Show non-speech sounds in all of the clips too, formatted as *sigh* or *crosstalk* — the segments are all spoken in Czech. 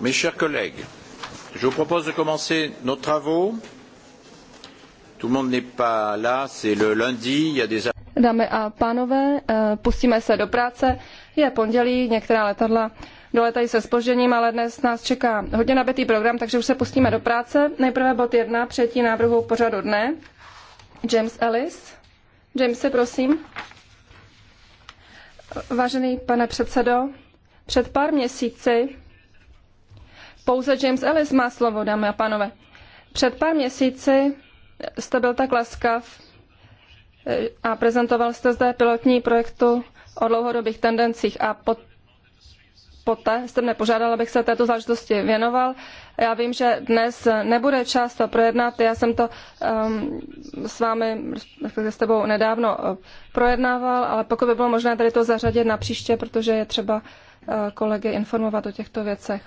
Mes chers collègues, je vous propose de commencer nos travaux. Tout le monde n'est pas là, c'est le lundi, il y a des... Dámy a pánové, eh, pustíme se do práce. Je pondělí, některá letadla doletají se spožděním, ale dnes nás čeká hodně nabitý program, takže už se pustíme do práce. Nejprve bod jedna, přijetí návrhu pořadu dne. James Ellis. Jamese, prosím. Vážený pane předsedo, před pár měsíci pouze James Ellis má slovo, dámy a pánové. Před pár měsíci jste byl tak laskav eh, a prezentoval jste zde pilotní projektu o dlouhodobých tendencích a pod poté jste mě požádal, abych se této záležitosti věnoval. Já vím, že dnes nebude čas to projednat. Já jsem to um, s vámi, s tebou nedávno eh, projednával, ale pokud by bylo možné tady to zařadit na příště, protože je třeba uh, kolegy informovat o těchto věcech.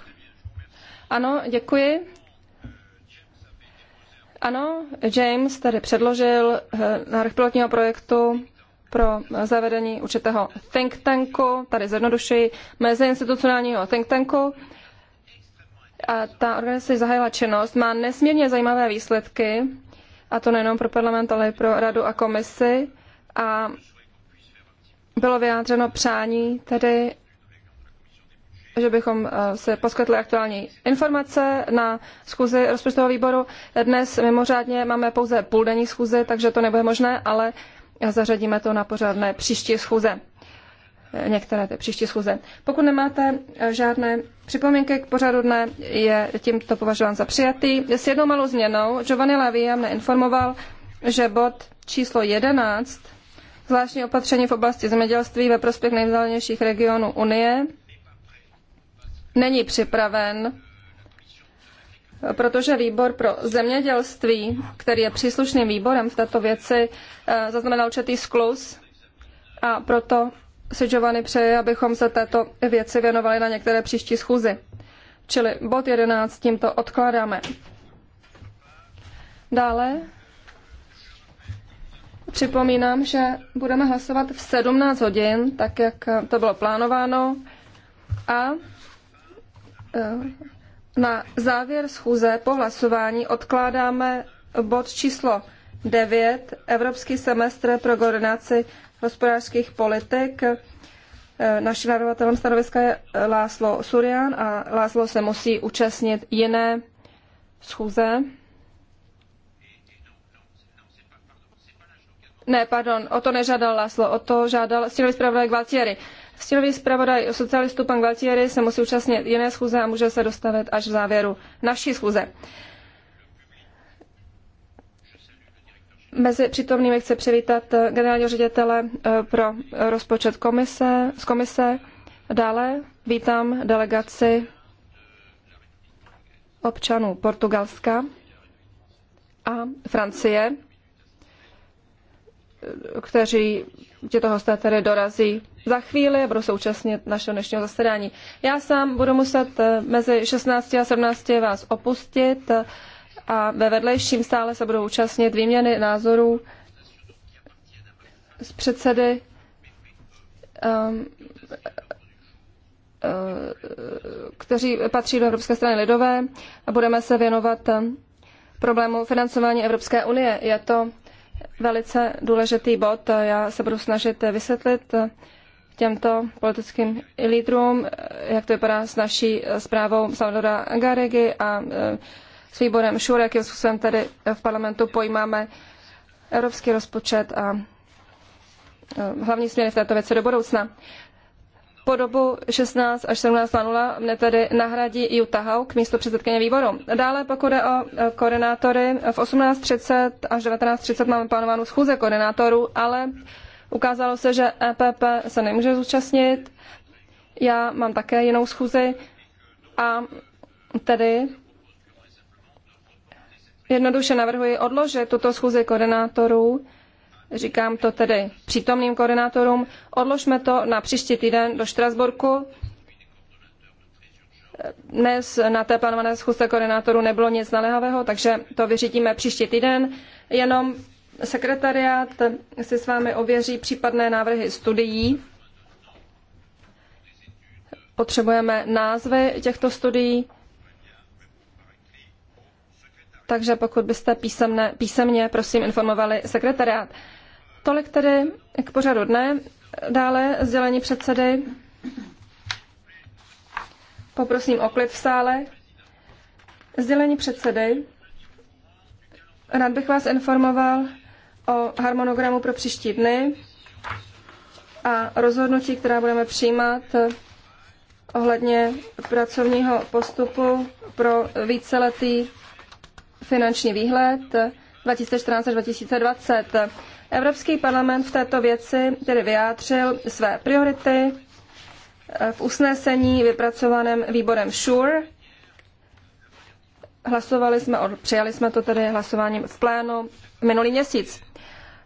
Ano, děkuji. Ano, James tady předložil eh, návrh pilotního projektu pro zavedení určitého think tanku, tady zjednodušuji, meziinstitucionálního think tanku. A ta organizace zahájila činnost, má nesmírně zajímavé výsledky, a to nejenom pro parlament, ale i pro radu a komisi. A bylo vyjádřeno přání tedy, že bychom eh, se poskytli aktuální informace na schůzi rozpočtového výboru. Dnes mimořádně máme pouze půldenní schůzi, takže to nebude možné, ale zařadíme to na pořádné příští schůze. Některé ty příští schůze. Pokud nemáte eh, žádné připomínky k pořadu dne, je tímto považován za přijatý. S jednou malou změnou Giovanni Lavia mě informoval, že bod číslo 11 zvláštní opatření v oblasti zemědělství ve prospěch nejvzdálenějších regionů Unie není připraven, protože výbor pro zemědělství, který je příslušným výborem v této věci, eh, zaznamenal určitý sklus a proto si Giovanni přeje, abychom se této věci věnovali na některé příští schůzi. Čili bod 11 tímto odkládáme. Dále připomínám, že budeme hlasovat v 17 hodin, tak jak to bylo plánováno. A Eh, na závěr schůze po hlasování odkládáme bod číslo 9, Evropský semestr pro koordinaci hospodářských politik. Eh, naším navrhovatelem stanoviska je Láslo Surian a Láslo se musí účastnit jiné schůze. Ne, pardon, o to nežádal Láslo, o to žádal stínový zpravodaj Gualtieri. Stínový zpravodaj socialistů pan Galtieri se musí účastnit jiné schůze a může se dostavit až v závěru naší schůze. Mezi přítomnými chci přivítat eh, generálního ředitele eh, pro rozpočet komise, z komise. Dále vítám delegaci občanů Portugalska a Francie, eh, kteří Tito hosté tedy dorazí za chvíli a budou současně našeho dnešního zasedání. Já sám budu muset eh, mezi 16 a 17 vás opustit eh, a ve vedlejším stále se budou účastnit výměny názorů z předsedy um, kteří patří do Evropské strany lidové a budeme se věnovat problému financování Evropské unie. Je to velice důležitý bod. Já se budu snažit vysvětlit těmto politickým lídrům, jak to vypadá s naší zprávou Salvadora Garigy a e, s výborem Šure, jakým způsobem tady v parlamentu pojímáme evropský rozpočet a e, hlavní směry v této věci do budoucna. Po dobu 16 až 17.00 mne tedy nahradí Jutta Haug, místo předsedkyně výboru. Dále, pokud jde o e, koordinátory, v 18.30 až 19.30 máme plánovanou schůze koordinátorů, ale ukázalo se, že EPP se nemůže zúčastnit. Já mám také jinou schůzi a tedy jednoduše navrhuji odložit tuto schůzi koordinátorů Říkám to tedy přítomným koordinátorům. Odložme to na příští týden do Štrasburku. Dnes na té plánované schůzce koordinátorů nebylo nic naléhavého, takže to vyřídíme příští týden. Jenom sekretariát si s vámi ověří případné návrhy studií. Potřebujeme názvy těchto studií. Takže pokud byste písemne, písemně, prosím, informovali sekretariát. Tolik tedy k pořadu dne. Dále sdělení předsedy. Poprosím o klid v sále. Sdělení předsedy. Rád bych vás informoval o harmonogramu pro příští dny a rozhodnutí, která budeme přijímat ohledně pracovního postupu pro víceletý finanční výhled 2014 až 2020. Evropský parlament v této věci tedy vyjádřil své priority eh, v usnesení vypracovaném výborem SURE. Hlasovali jsme, přijali jsme to tedy hlasováním v plénu minulý měsíc.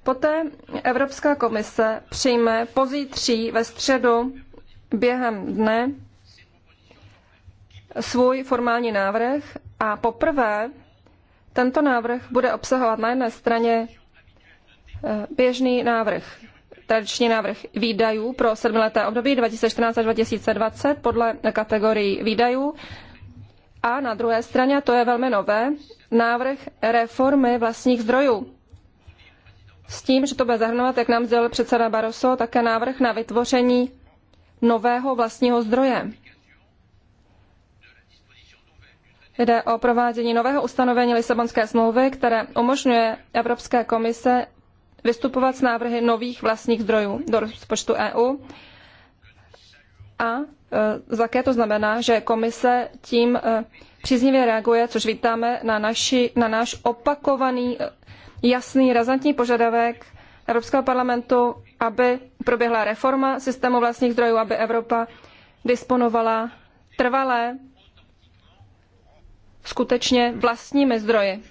Poté Evropská komise přijme pozítří ve středu během dne svůj formální návrh a poprvé tento návrh bude obsahovat na jedné straně Eh, běžný návrh, tradiční návrh výdajů pro sedmileté období 2014 až 2020 podle kategorií výdajů. A na druhé straně, to je velmi nové, návrh reformy vlastních zdrojů. S tím, že to bude zahrnovat, jak nám sdělil předseda Barroso, také návrh na vytvoření nového vlastního zdroje. Jde o provádění nového ustanovení Lisabonské smlouvy, které umožňuje Evropské komise vystupovat s návrhy nových vlastních zdrojů do rozpočtu EU. A e, také to znamená, že komise tím e, příznivě reaguje, což vítáme, na, naši, na náš opakovaný e, jasný razantní požadavek Evropského parlamentu, aby proběhla reforma systému vlastních zdrojů, aby Evropa disponovala trvalé skutečně vlastními zdroji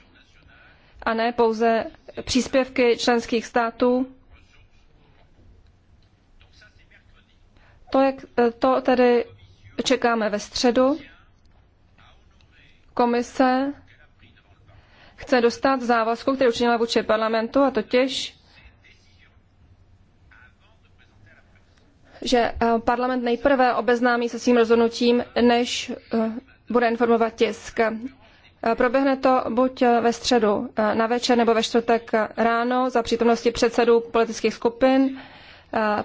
a ne pouze příspěvky členských států. To, jak, to tedy čekáme ve středu. Komise chce dostat závazku, který učinila vůči parlamentu, a totiž, že eh, parlament nejprve obeznámí se svým rozhodnutím, než eh, bude informovat tisk. Eh, proběhne to buď eh, ve středu eh, na večer nebo ve čtvrtek ráno za přítomnosti předsedů politických skupin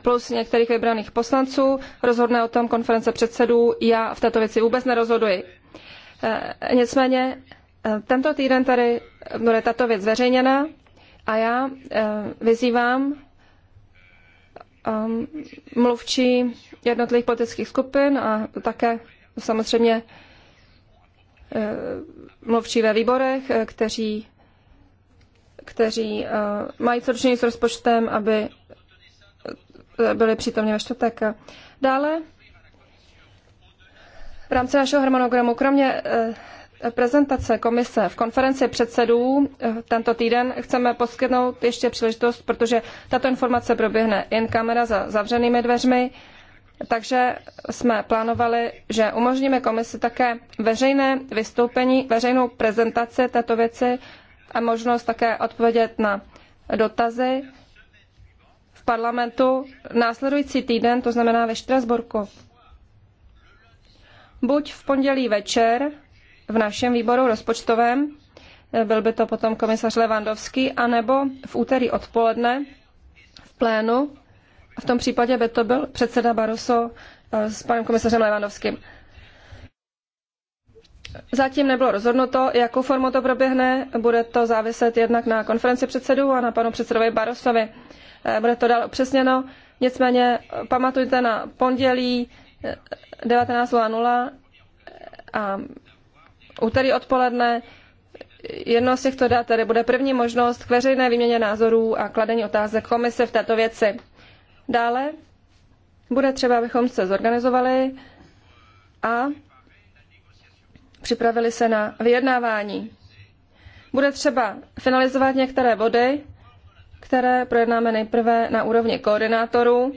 plus některých vybraných poslanců. Rozhodne o tom konference předsedů. Já v této věci vůbec nerozhoduji. Nicméně tento týden tady bude tato věc zveřejněna a já vyzývám ehm, mluvčí jednotlivých politických skupin a také samozřejmě Eh, mluvčí ve výborech, eh, kteří, kteří eh, mají co s rozpočtem, aby byli přítomni ve čtvrtek. Dále v rámci našeho harmonogramu, kromě prezentace komise v konferenci předsedů tento týden chceme poskytnout ještě příležitost, protože tato informace proběhne in kamera za zavřenými dveřmi takže jsme plánovali, že umožníme komisi také veřejné vystoupení, veřejnou prezentaci této věci a možnost také odpovědět na dotazy v parlamentu následující týden, to znamená ve Štrasburku. Buď v pondělí večer v našem výboru rozpočtovém, byl by to potom komisař Levandovský, anebo v úterý odpoledne v plénu v tom případě by to byl předseda Barroso eh, s panem komisařem Levandovským. Zatím nebylo rozhodnuto, jakou formou to proběhne. Bude to záviset jednak na konferenci předsedů a na panu předsedovi Barosovi. Eh, bude to dál upřesněno. Nicméně eh, pamatujte na pondělí 19.00 a úterý odpoledne. Jedno z těchto dat tedy bude první možnost k veřejné výměně názorů a kladení otázek komise v této věci. Dále bude třeba, abychom se zorganizovali a připravili se na vyjednávání. Bude třeba finalizovat některé body, které projednáme nejprve na úrovni koordinátorů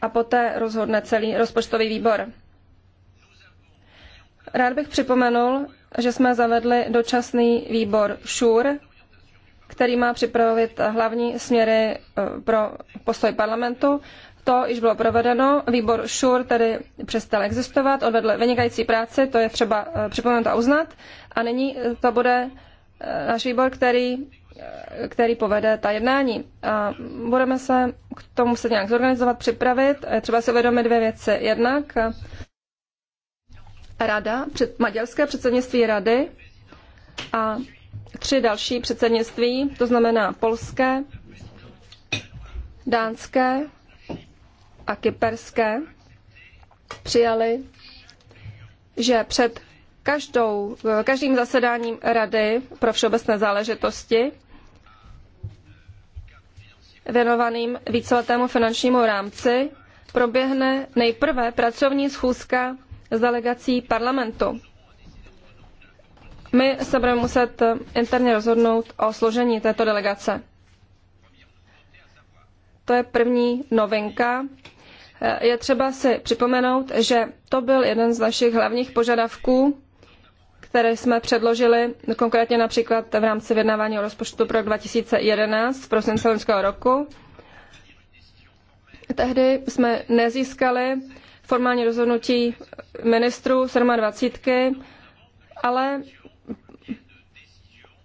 a poté rozhodne celý rozpočtový výbor. Rád bych připomenul, že jsme zavedli dočasný výbor ŠUR, který má připravit hlavní směry eh, pro postoj parlamentu. To již bylo provedeno, výbor ŠUR tedy přestal existovat, odvedl vynikající práci, to je třeba eh, připomenout a uznat. A nyní eh, to bude náš výbor, který, který povede ta jednání. A budeme se k tomu se nějak zorganizovat, připravit. Třeba si uvědomit dvě věci. Jednak rada, před, maďarské předsednictví rady a tři další předsednictví, to znamená polské, dánské a kyperské, přijali, že před každou, každým zasedáním Rady pro všeobecné záležitosti věnovaným víceletému finančnímu rámci proběhne nejprve pracovní schůzka s delegací parlamentu. My se budeme muset interně rozhodnout o složení této delegace. To je první novinka. Eh, je třeba si připomenout, že to byl jeden z našich hlavních požadavků, které jsme předložili, konkrétně například v rámci vyjednávání o rozpočtu pro rok 2011 v prosince loňského roku. Tehdy jsme nezískali formální rozhodnutí ministrů 27, ale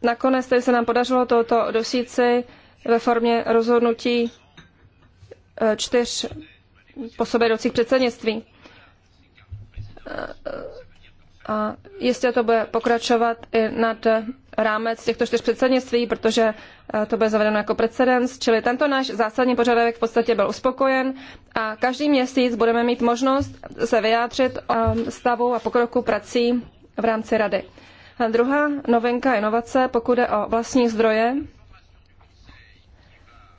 Nakonec tedy se nám podařilo toto dosíci ve formě rozhodnutí eh, čtyř po sobě jdoucích předsednictví. Eh, a jistě to bude pokračovat i nad rámec těchto čtyř předsednictví, protože eh, to bude zavedeno jako precedens, čili tento náš zásadní požadavek v podstatě byl uspokojen a každý měsíc budeme mít možnost se vyjádřit o stavu a pokroku prací v rámci rady druhá novinka inovace, pokud jde o vlastní zdroje,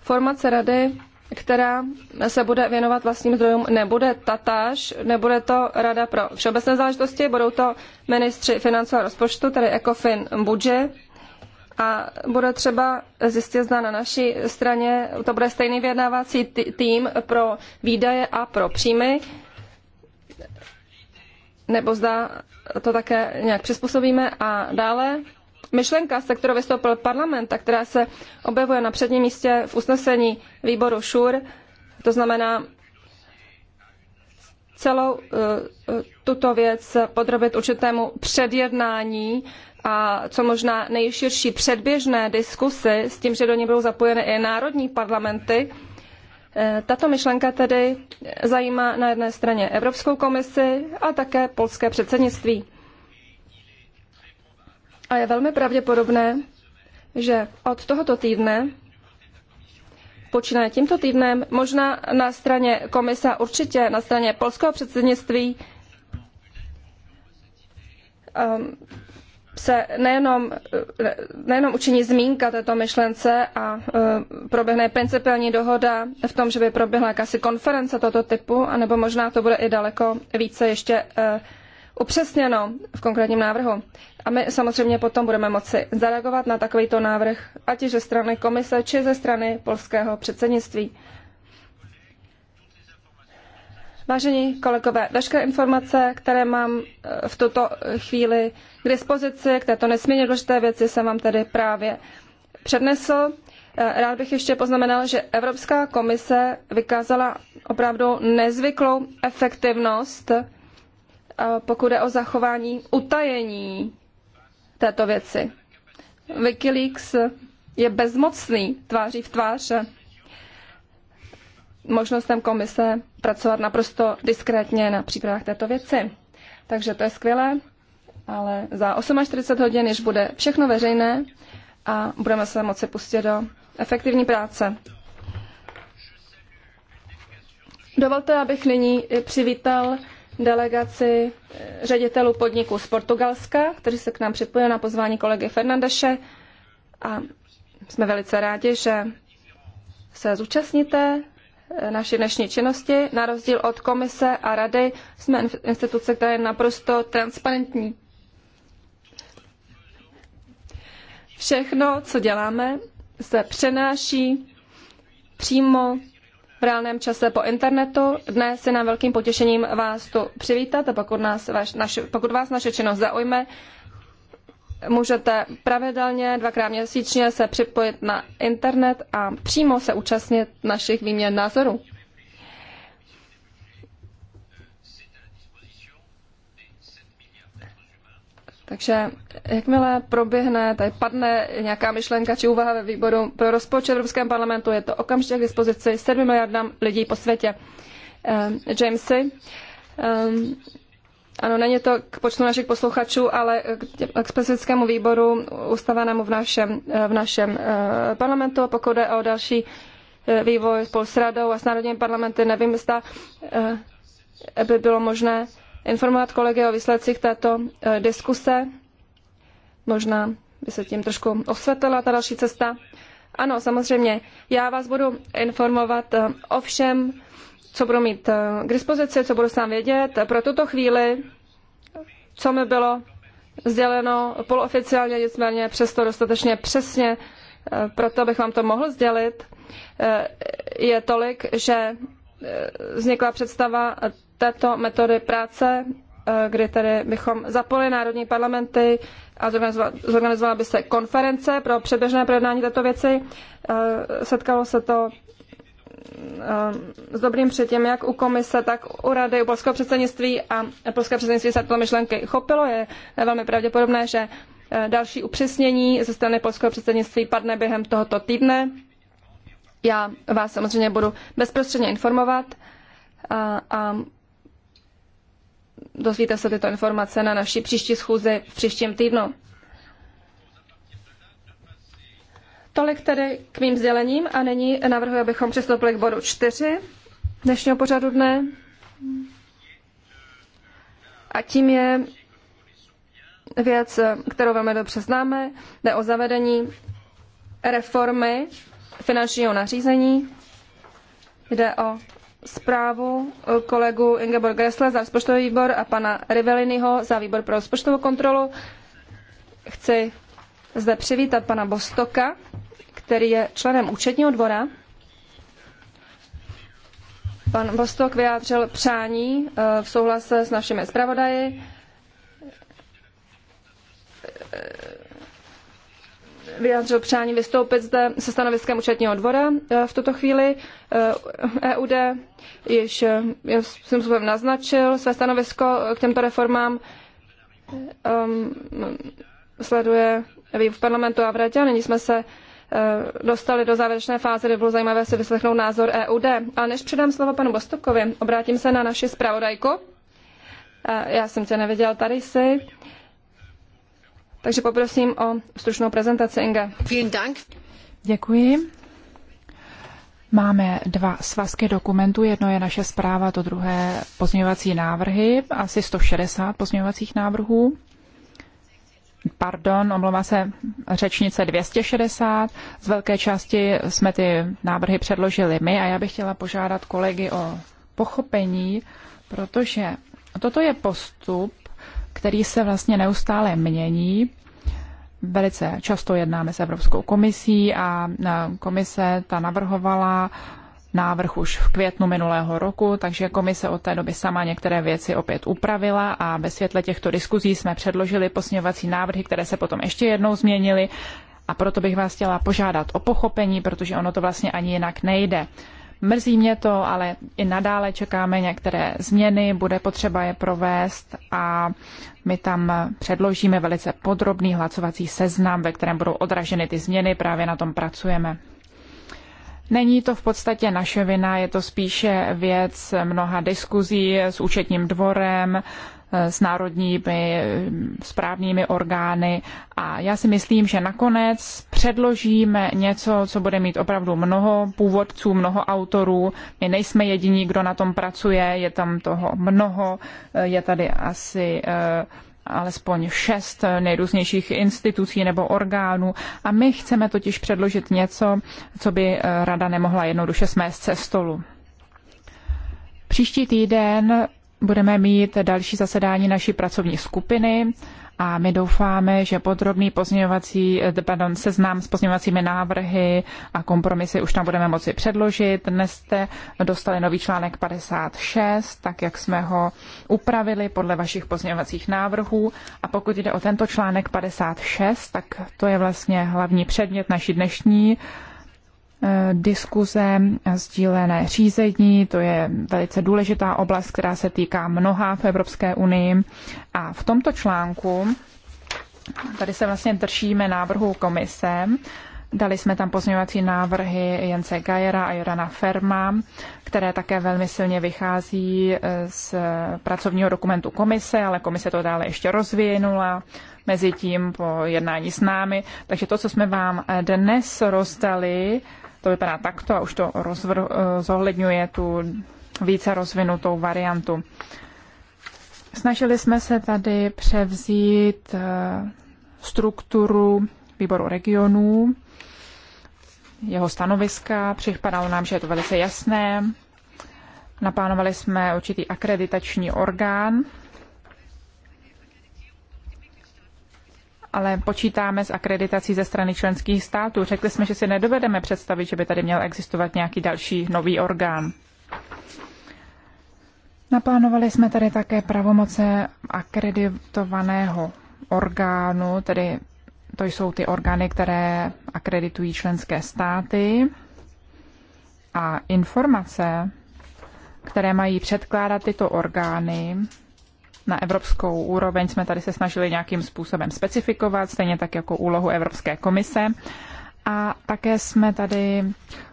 formace rady, která se bude věnovat vlastním zdrojům, nebude tatáž, nebude to rada pro všeobecné záležitosti, budou to ministři financí a rozpočtu, tedy ECOFIN budže, a bude třeba zjistit, zda na naší straně to bude stejný vyjednávací tým pro výdaje a pro příjmy nebo zda to také nějak přizpůsobíme. A dále myšlenka, se kterou vystoupil parlament a která se objevuje na předním místě v usnesení výboru ŠUR, to znamená celou eh, tuto věc podrobit určitému předjednání a co možná nejširší předběžné diskusy s tím, že do ní budou zapojeny i národní parlamenty, Eh, tato myšlenka tedy zajímá na jedné straně Evropskou komisi a také polské předsednictví. A je velmi pravděpodobné, že od tohoto týdne, počínaje tímto týdnem, možná na straně a určitě na straně polského předsednictví, ehm, se nejenom, nejenom učiní zmínka této myšlence a e, proběhne principiální dohoda v tom, že by proběhla jakási konference tohoto typu, anebo možná to bude i daleko více ještě e, upřesněno v konkrétním návrhu. A my samozřejmě potom budeme moci zareagovat na takovýto návrh, ať již ze strany komise, či ze strany polského předsednictví. Vážení kolegové, veškeré informace, které mám eh, v tuto chvíli k dispozici, k této nesmírně důležité věci jsem vám tedy právě přednesl. Eh, rád bych ještě poznamenal, že Evropská komise vykázala opravdu nezvyklou efektivnost, eh, pokud je o zachování utajení této věci. Wikileaks je bezmocný tváří v tvář možnostem komise pracovat naprosto diskrétně na přípravách této věci. Takže to je skvělé, ale za 48 hodin již bude všechno veřejné a budeme se moci pustit do efektivní práce. Dovolte, abych nyní přivítal delegaci eh, ředitelů podniků z Portugalska, kteří se k nám připojil na pozvání kolegy Fernandeše a jsme velice rádi, že se zúčastníte naší dnešní činnosti. Na rozdíl od komise a rady jsme instituce, která je naprosto transparentní. Všechno, co děláme, se přenáší přímo v reálném čase po internetu. Dnes je nám velkým potěšením vás tu přivítat a pokud, nás, vaš, naš, pokud vás naše činnost zaujme, můžete pravidelně dvakrát měsíčně se připojit na internet a přímo se účastnit našich výměn názorů. Takže jakmile proběhne, tady padne nějaká myšlenka či úvaha ve výboru pro rozpočet v Evropském parlamentu, je to okamžitě k dispozici 7 miliardám lidí po světě. Um, Jamesy, um, ano, není to k počtu našich posluchačů, ale k, k specifickému výboru ustavenému v našem, v našem eh, parlamentu. Pokud jde o další eh, vývoj spolu s radou a s národními parlamenty, nevím, zda eh, by bylo možné informovat kolegy o výsledcích této diskuse. Možná by se tím trošku osvětlila ta další cesta. Ano, samozřejmě. Já vás budu informovat o všem, co budu mít eh, k dispozici, co budu sám vědět. Pro tuto chvíli, co mi bylo sděleno poloficiálně, nicméně přesto dostatečně přesně, eh, proto bych vám to mohl sdělit, eh, je tolik, že vznikla představa této metody práce, kdy tedy bychom zapojili národní parlamenty a zorganizovala, zorganizovala by se konference pro předběžné projednání této věci. Setkalo se to Eh, s dobrým předtím, jak u komise, tak u rady, u polského předsednictví a polské předsednictví se této myšlenky chopilo. Je velmi pravděpodobné, že eh, další upřesnění ze strany polského předsednictví padne během tohoto týdne. Já vás samozřejmě budu bezprostředně informovat a, a dozvíte se tyto informace na naší příští schůzi v příštím týdnu. Tolik tedy k mým sdělením a nyní navrhuji, abychom přistoupili k bodu čtyři dnešního pořadu dne. A tím je věc, kterou velmi dobře známe, jde o zavedení reformy finančního nařízení. Jde o zprávu kolegu Ingeborg Gressle za rozpočtový výbor a pana Riveliniho za výbor pro rozpočtovou kontrolu. Chci zde přivítat pana Bostoka, který je členem účetního dvora. Pan Vostok vyjádřil přání eh, v souhlase s našimi zpravodaji eh, vyjádřil přání vystoupit zde se stanoviskem účetního dvora eh, v tuto chvíli. EUD e již jsem způsobem naznačil své stanovisko k těmto reformám. Ehm, sleduje v parlamentu a v radě nyní jsme se Eh, dostali do závěrečné fáze, kde bylo zajímavé si vyslechnout názor EUD. Ale než předám slovo panu Bostokovi, obrátím se na naši zpravodajku. Eh, já jsem tě neviděl, tady jsi. Takže poprosím o stručnou prezentaci, Inge. Děkuji. Máme dva svazky dokumentů, jedno je naše zpráva, to druhé pozměňovací návrhy, asi 160 pozměňovacích návrhů pardon, omlouvá se řečnice 260. Z velké části jsme ty návrhy předložili my a já bych chtěla požádat kolegy o pochopení, protože toto je postup, který se vlastně neustále mění. Velice často jednáme s Evropskou komisí a komise ta navrhovala návrh už v květnu minulého roku, takže komise od té doby sama některé věci opět upravila a ve světle těchto diskuzí jsme předložili posměvací návrhy, které se potom ještě jednou změnily a proto bych vás chtěla požádat o pochopení, protože ono to vlastně ani jinak nejde. Mrzí mě to, ale i nadále čekáme některé změny, bude potřeba je provést a my tam předložíme velice podrobný hlacovací seznam, ve kterém budou odraženy ty změny, právě na tom pracujeme. Není to v podstatě naše vina, je to spíše věc mnoha diskuzí s účetním dvorem, s národními správními orgány a já si myslím, že nakonec předložíme něco, co bude mít opravdu mnoho původců, mnoho autorů. My nejsme jediní, kdo na tom pracuje, je tam toho mnoho, je tady asi eh, alespoň šest nejrůznějších institucí nebo orgánů. A my chceme totiž předložit něco, co by eh, rada nemohla jednoduše smést ze stolu. Příští týden budeme mít další zasedání naší pracovní skupiny a my doufáme, že podrobný pozměňovací, eh, pardon, seznam s pozměňovacími návrhy a kompromisy už tam budeme moci předložit. Dnes jste dostali nový článek 56, tak jak jsme ho upravili podle vašich pozměňovacích návrhů. A pokud jde o tento článek 56, tak to je vlastně hlavní předmět naší dnešní uh, Eh, diskuze, sdílené řízení, to je velice důležitá oblast, která se týká mnoha v Evropské unii. A v tomto článku, tady se vlastně držíme návrhu komise, Dali jsme tam pozměňovací návrhy Jence Gajera a Jorana Ferma, které také velmi silně vychází eh, z pracovního dokumentu komise, ale komise to dále ještě rozvinula mezi tím po jednání s námi. Takže to, co jsme vám dnes rozdali, to vypadá takto a už to rozvr- eh, zohledňuje tu více rozvinutou variantu. Snažili jsme se tady převzít eh, strukturu výboru regionů, jeho stanoviska, připadalo nám, že je to velice jasné. Naplánovali jsme určitý akreditační orgán, ale počítáme s akreditací ze strany členských států. Řekli jsme, že si nedovedeme představit, že by tady měl existovat nějaký další nový orgán. Naplánovali jsme tady také pravomoce akreditovaného orgánu, tedy to jsou ty orgány, které akreditují členské státy a informace, které mají předkládat tyto orgány, na evropskou úroveň jsme tady se snažili nějakým způsobem specifikovat, stejně tak jako úlohu Evropské komise. A také jsme tady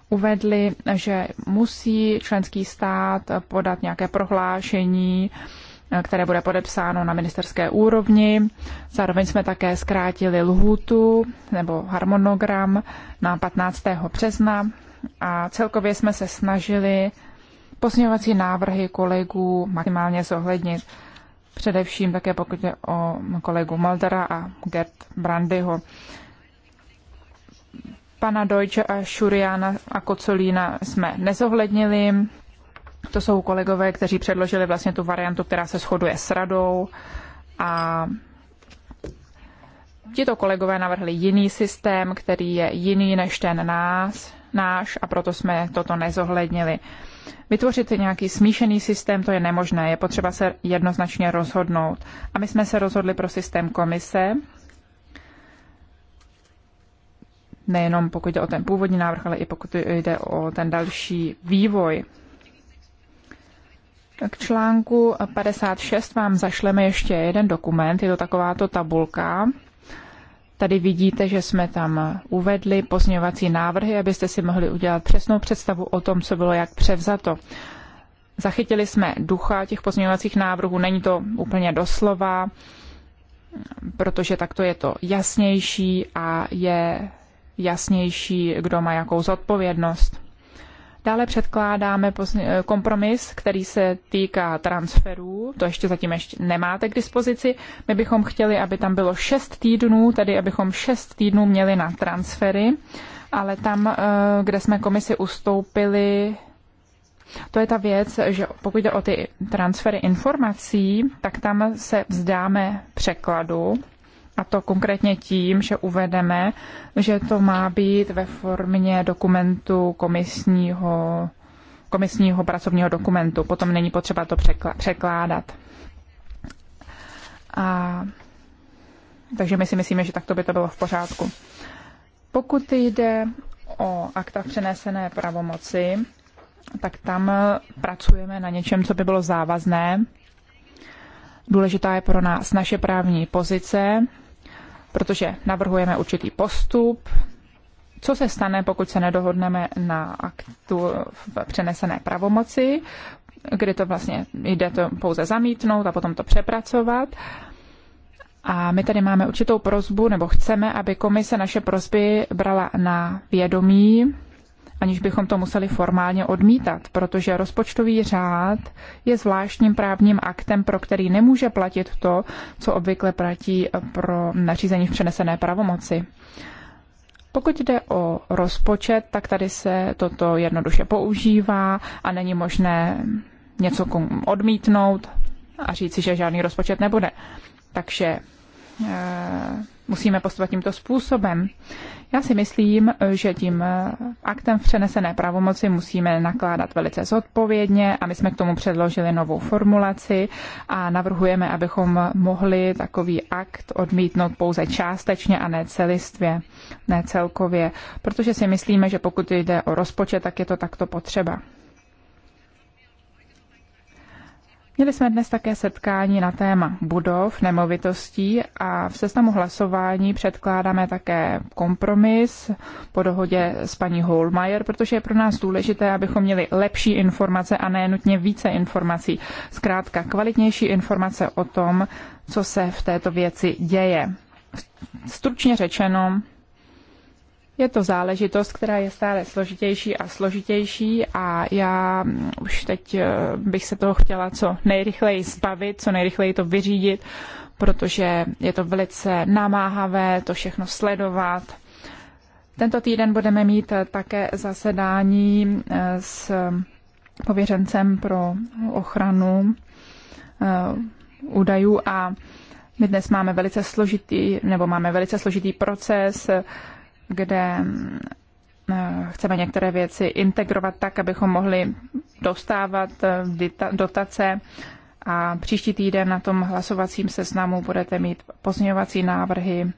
uvedli, že musí členský stát podat nějaké prohlášení, které bude podepsáno na ministerské úrovni. Zároveň jsme také zkrátili lhůtu nebo harmonogram na 15. března a celkově jsme se snažili posměvací návrhy kolegů maximálně zohlednit především také pokud je o kolegu Maldera a Gert Brandyho. Pana Deutsche a Šuriana a Kocolína jsme nezohlednili. To jsou kolegové, kteří předložili vlastně tu variantu, která se shoduje s radou a Tito kolegové navrhli jiný systém, který je jiný než ten nás, náš a proto jsme toto nezohlednili. Vytvořit nějaký smíšený systém, to je nemožné, je potřeba se jednoznačně rozhodnout. A my jsme se rozhodli pro systém komise, nejenom pokud jde o ten původní návrh, ale i pokud jde o ten další vývoj. K článku 56 vám zašleme ještě jeden dokument, je to takováto tabulka, Tady vidíte, že jsme tam uvedli pozměňovací návrhy, abyste si mohli udělat přesnou představu o tom, co bylo jak převzato. Zachytili jsme ducha těch pozměňovacích návrhů, není to úplně doslova, protože takto je to jasnější a je jasnější, kdo má jakou zodpovědnost. Dále předkládáme eh, kompromis, který se týká transferů. To ještě zatím ještě nemáte k dispozici. My bychom chtěli, aby tam bylo šest týdnů, tedy abychom šest týdnů měli na transfery, ale tam, eh, kde jsme komisi ustoupili, to je ta věc, že pokud jde o ty transfery informací, tak tam se vzdáme překladu a to konkrétně tím, že uvedeme, že to má být ve formě dokumentu komisního, komisního pracovního dokumentu. Potom není potřeba to překládat. A, takže my si myslíme, že takto by to bylo v pořádku. Pokud jde o akta přenesené pravomoci, tak tam pracujeme na něčem, co by bylo závazné. Důležitá je pro nás naše právní pozice protože navrhujeme určitý postup. Co se stane, pokud se nedohodneme na aktu v přenesené pravomoci, kdy to vlastně jde to pouze zamítnout a potom to přepracovat. A my tady máme určitou prozbu, nebo chceme, aby komise naše prozby brala na vědomí aniž bychom to museli formálně odmítat, protože rozpočtový řád je zvláštním právním aktem, pro který nemůže platit to, co obvykle platí pro nařízení v přenesené pravomoci. Pokud jde o rozpočet, tak tady se toto jednoduše používá a není možné něco odmítnout a říci, že žádný rozpočet nebude. Takže e, musíme postupovat tímto způsobem. Já si myslím, že tím eh, aktem v přenesené pravomoci musíme nakládat velice zodpovědně a my jsme k tomu předložili novou formulaci a navrhujeme, abychom mohli takový akt odmítnout pouze částečně a ne celistvě, ne celkově, protože si myslíme, že pokud jde o rozpočet, tak je to takto potřeba. Měli jsme dnes také setkání na téma budov, nemovitostí a v seznamu hlasování předkládáme také kompromis po dohodě s paní Holmeier, protože je pro nás důležité, abychom měli lepší informace a ne nutně více informací. Zkrátka kvalitnější informace o tom, co se v této věci děje. Stručně řečeno, je to záležitost, která je stále složitější a složitější a já mm, už teď eh, bych se toho chtěla co nejrychleji zbavit, co nejrychleji to vyřídit, protože je to velice namáhavé to všechno sledovat. Tento týden budeme mít eh, také zasedání eh, s pověřencem pro ochranu údajů a my dnes máme velice složitý, nebo máme velice složitý proces, kde eh, chceme některé věci integrovat tak, abychom mohli dostávat eh, dotace. A příští týden na tom hlasovacím seznamu budete mít pozměňovací návrhy,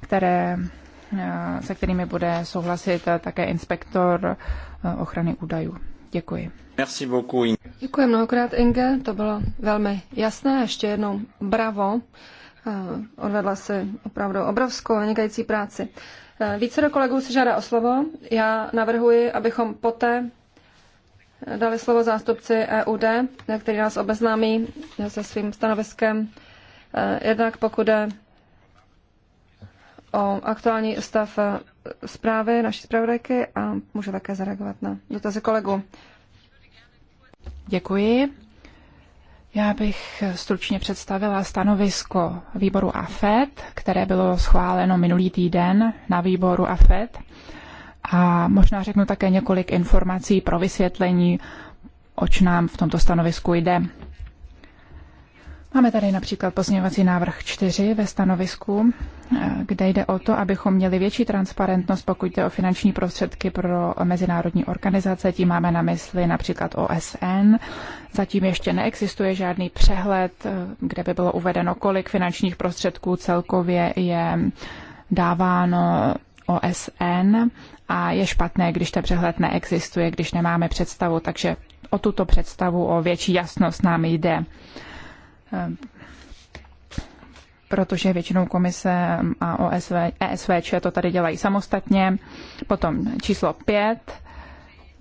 které, eh, se kterými bude souhlasit také inspektor ochrany údajů. Děkuji. Merci beaucoup, Inge. Děkuji mnohokrát, Inge. To bylo velmi jasné. Ještě jednou bravo Eh, odvedla si opravdu obrovskou vynikající práci. Eh, více kolegů si žádá o slovo. Já navrhuji, abychom poté eh, dali slovo zástupci EUD, který nás obeznámí se svým stanoviskem. Jednak pokud je o aktuální stav zprávy naší zpravodajky a může také zareagovat na dotazy kolegu. Děkuji. Já bych stručně představila stanovisko výboru AFED, které bylo schváleno minulý týden na výboru AFED. A možná řeknu také několik informací pro vysvětlení, oč nám v tomto stanovisku jde. Máme tady například pozměňovací návrh 4 ve stanovisku, eh, kde jde o to, abychom měli větší transparentnost, pokud jde o finanční prostředky pro mezinárodní organizace. Tím máme na mysli například OSN. Zatím ještě neexistuje žádný přehled, eh, kde by bylo uvedeno, kolik finančních prostředků celkově je dáváno OSN a je špatné, když ten přehled neexistuje, když nemáme představu, takže o tuto představu, o větší jasnost nám jde. Eh, protože většinou komise a OSV, ESVČ to tady dělají samostatně. Potom číslo 5,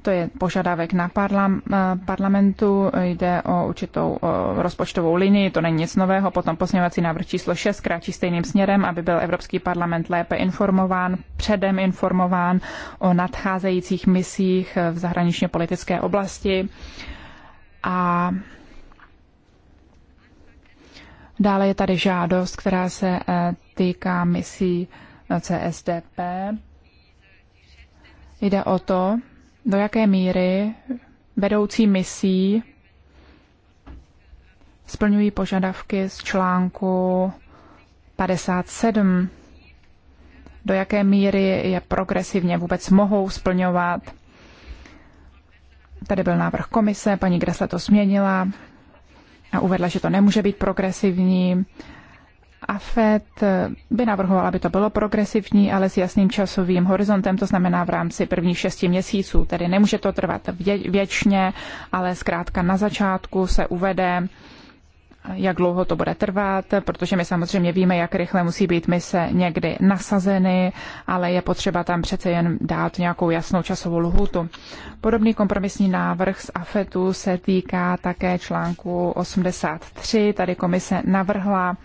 to je požadavek na parlam, eh, parlamentu, jde o určitou o eh, rozpočtovou linii, to není nic nového. Potom posměvací návrh číslo 6 kráčí stejným směrem, aby byl Evropský parlament lépe informován, předem informován o nadcházejících misích v zahraničně politické oblasti. A Dále je tady žádost, která se eh, týká misí eh, CSDP. Jde o to, do jaké míry vedoucí misí splňují požadavky z článku 57, do jaké míry je progresivně vůbec mohou splňovat. Tady byl návrh komise, paní Gressle to změnila, a uvedla, že to nemůže být progresivní. A FED by navrhovala, aby to bylo progresivní, ale s jasným časovým horizontem, to znamená v rámci prvních šesti měsíců. Tedy nemůže to trvat vě- věčně, ale zkrátka na začátku se uvede, jak dlouho to bude trvat, protože my samozřejmě víme, jak rychle musí být mise někdy nasazeny, ale je potřeba tam přece jen dát nějakou jasnou časovou lhutu. Podobný kompromisní návrh z AFETu se týká také článku 83. Tady komise navrhla,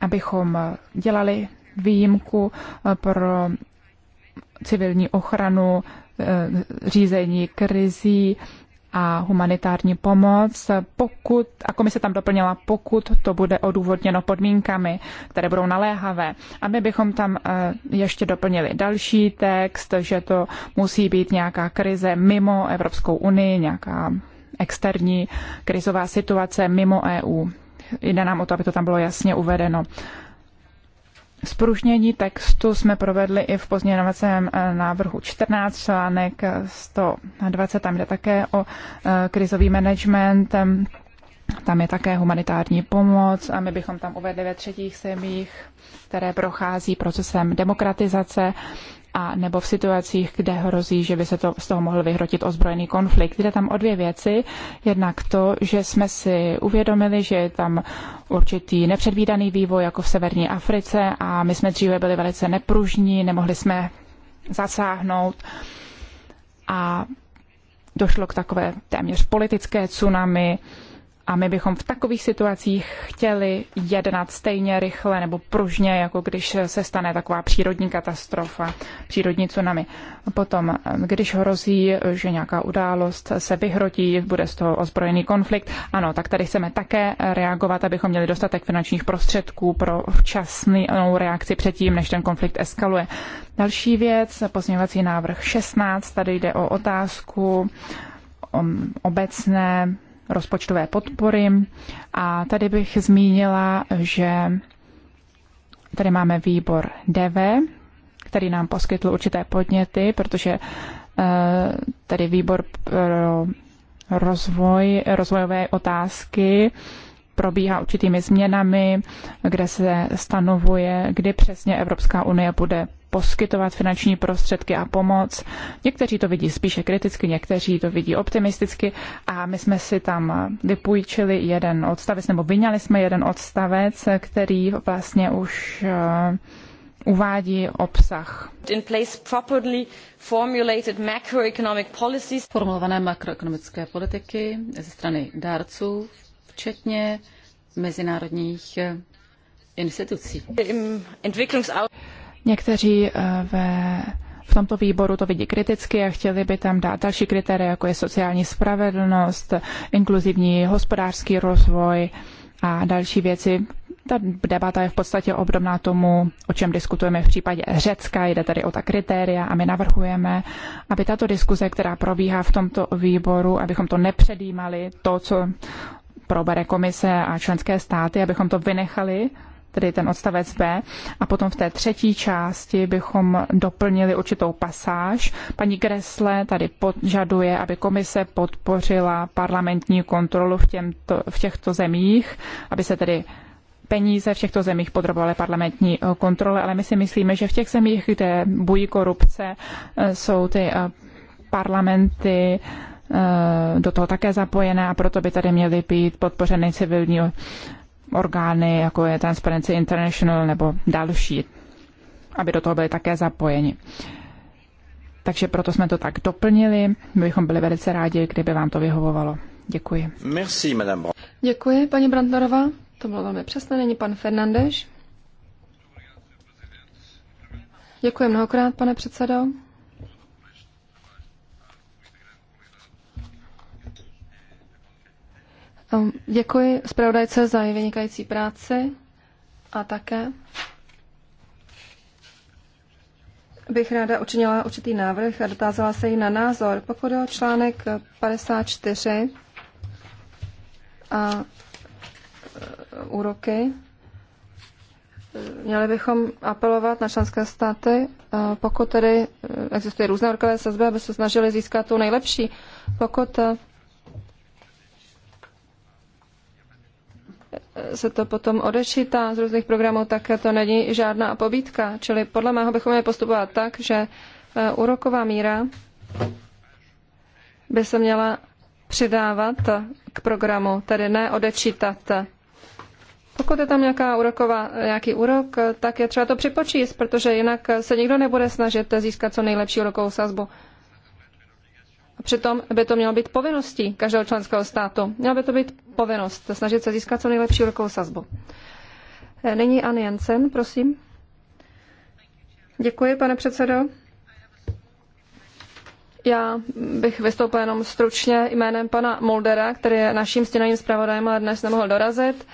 abychom dělali výjimku eh, pro civilní ochranu eh, řízení krizí a humanitární pomoc, pokud, a komise tam doplnila, pokud to bude odůvodněno podmínkami, které budou naléhavé. A my bychom tam eh, ještě doplnili další text, že to musí být nějaká krize mimo Evropskou unii, nějaká externí krizová situace mimo EU. Jde nám o to, aby to tam bylo jasně uvedeno. Spružnění textu jsme provedli i v pozměňovacím eh, návrhu 14, článek 120, tam jde také o eh, krizový management, tam je také humanitární pomoc a my bychom tam uvedli ve třetích zemích, které prochází procesem demokratizace a nebo v situacích, kde hrozí, že by se to, z toho mohl vyhrotit ozbrojený konflikt. Jde tam o dvě věci. Jednak to, že jsme si uvědomili, že je tam určitý nepředvídaný vývoj, jako v severní Africe a my jsme dříve byli velice nepružní, nemohli jsme zasáhnout a došlo k takové téměř politické tsunami, a my bychom v takových situacích chtěli jednat stejně rychle nebo pružně, jako když se stane taková přírodní katastrofa, přírodní tsunami. Potom, když hrozí, že nějaká událost se vyhrotí, bude z toho ozbrojený konflikt, ano, tak tady chceme také reagovat, abychom měli dostatek finančních prostředků pro včasnou reakci předtím, než ten konflikt eskaluje. Další věc, pozměňovací návrh 16, tady jde o otázku o um, obecné rozpočtové podpory. A tady bych zmínila, že tady máme výbor DV, který nám poskytl určité podněty, protože eh, tady výbor pro rozvoj, rozvojové otázky probíhá určitými změnami, kde se stanovuje, kdy přesně Evropská unie bude poskytovat finanční prostředky a pomoc. Někteří to vidí spíše kriticky, někteří to vidí optimisticky a my jsme si tam vypůjčili jeden odstavec, nebo vyňali jsme jeden odstavec, který vlastně už eh, uvádí obsah. Formulované makroekonomické politiky ze strany dárců, včetně mezinárodních eh, institucí. Někteří eh, ve v tomto výboru to vidí kriticky a chtěli by tam dát další kritéria, jako je sociální spravedlnost, inkluzivní hospodářský rozvoj a další věci. Ta debata je v podstatě obdobná tomu, o čem diskutujeme v případě Řecka. Jde tady o ta kritéria a my navrhujeme, aby tato diskuze, která probíhá v tomto výboru, abychom to nepředjímali, to, co probere komise a členské státy, abychom to vynechali tedy ten odstavec B. A potom v té třetí části bychom doplnili určitou pasáž. Paní Gresle tady požaduje, aby komise podpořila parlamentní kontrolu v, těmto, v těchto zemích, aby se tedy peníze v těchto zemích podrobovaly parlamentní eh, kontrole, ale my si myslíme, že v těch zemích, kde bují korupce, eh, jsou ty eh, parlamenty do toho také zapojené a proto by tady měly být podpořeny civilní orgány, jako je Transparency International nebo další, aby do toho byli také zapojeni. Takže proto jsme to tak doplnili. My bychom byli velice rádi, kdyby vám to vyhovovalo. Děkuji. Merci, madame. Děkuji, paní Brandnerová. To bylo velmi přesné. Není pan Fernandeš. Děkuji mnohokrát, pane předsedo. Ehm, děkuji zpravodajce za její vynikající práci a také bych ráda učinila určitý návrh a dotázala se jí na názor. Pokud je o článek 54 a e, úroky, e, měli bychom apelovat na členské státy, e, pokud tedy existuje různé úrokové sazby, aby se snažili získat tu nejlepší. Pokud se to potom odečítá z různých programů, tak to není žádná pobítka. Čili podle mého bychom měli postupovat tak, že e, úroková míra by se měla přidávat k programu, tedy ne odečítat. Pokud je tam nějaká úroková, nějaký úrok, tak je třeba to připočíst, protože jinak se nikdo nebude snažit získat co nejlepší úrokovou sazbu. Přitom by to mělo být povinností každého členského státu. Měla by to být povinnost snažit se získat co nejlepší úrokovou sazbu. Eh, nyní Ann Jensen, prosím. Děkuji, pane předsedo. Já bych vystoupil jenom stručně jménem pana Moldera, který je naším stěnovým zpravodajem, ale dnes nemohl dorazit.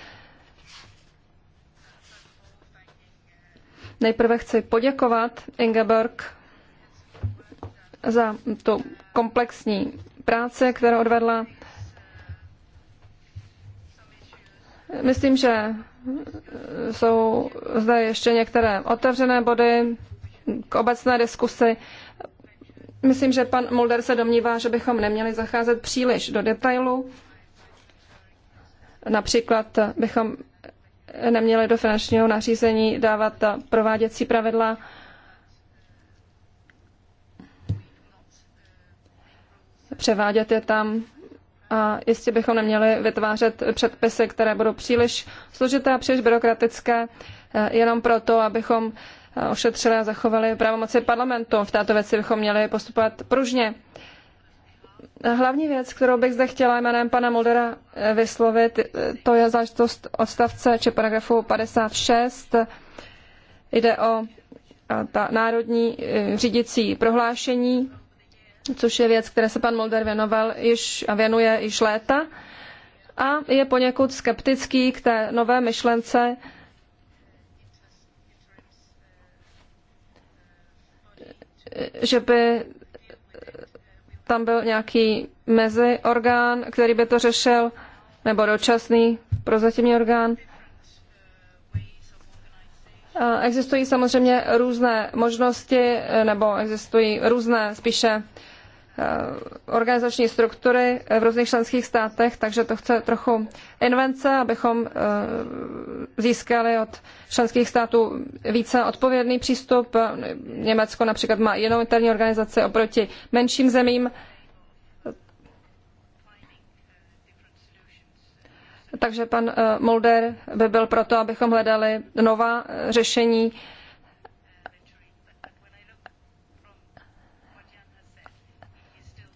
Nejprve chci poděkovat Ingeborg za tu komplexní práce, kterou odvedla. Myslím, že jsou zde ještě některé otevřené body k obecné diskusi. Myslím, že pan Mulder se domnívá, že bychom neměli zacházet příliš do detailu. Například bychom neměli do finančního nařízení dávat prováděcí pravidla převádět je tam a jistě bychom neměli vytvářet předpisy, které budou příliš složité a příliš byrokratické, eh, jenom proto, abychom eh, ošetřili a zachovali pravomoci parlamentu. V této věci bychom měli postupovat pružně. Hlavní věc, kterou bych zde chtěla jménem pana Muldera eh, vyslovit, to je záležitost odstavce či paragrafu 56. Jde o ta národní řídící prohlášení což je věc, které se pan Mulder věnoval již a věnuje již léta a je poněkud skeptický k té nové myšlence že by tam byl nějaký meziorgán, který by to řešil, nebo dočasný prozatímní orgán. Existují samozřejmě různé možnosti, nebo existují různé spíše Eh, organizační struktury v různých členských státech, takže to chce trochu invence, abychom eh, získali od členských států více odpovědný přístup. Německo například má jinou interní organizaci oproti menším zemím. Takže pan eh, Mulder by byl proto, abychom hledali nová řešení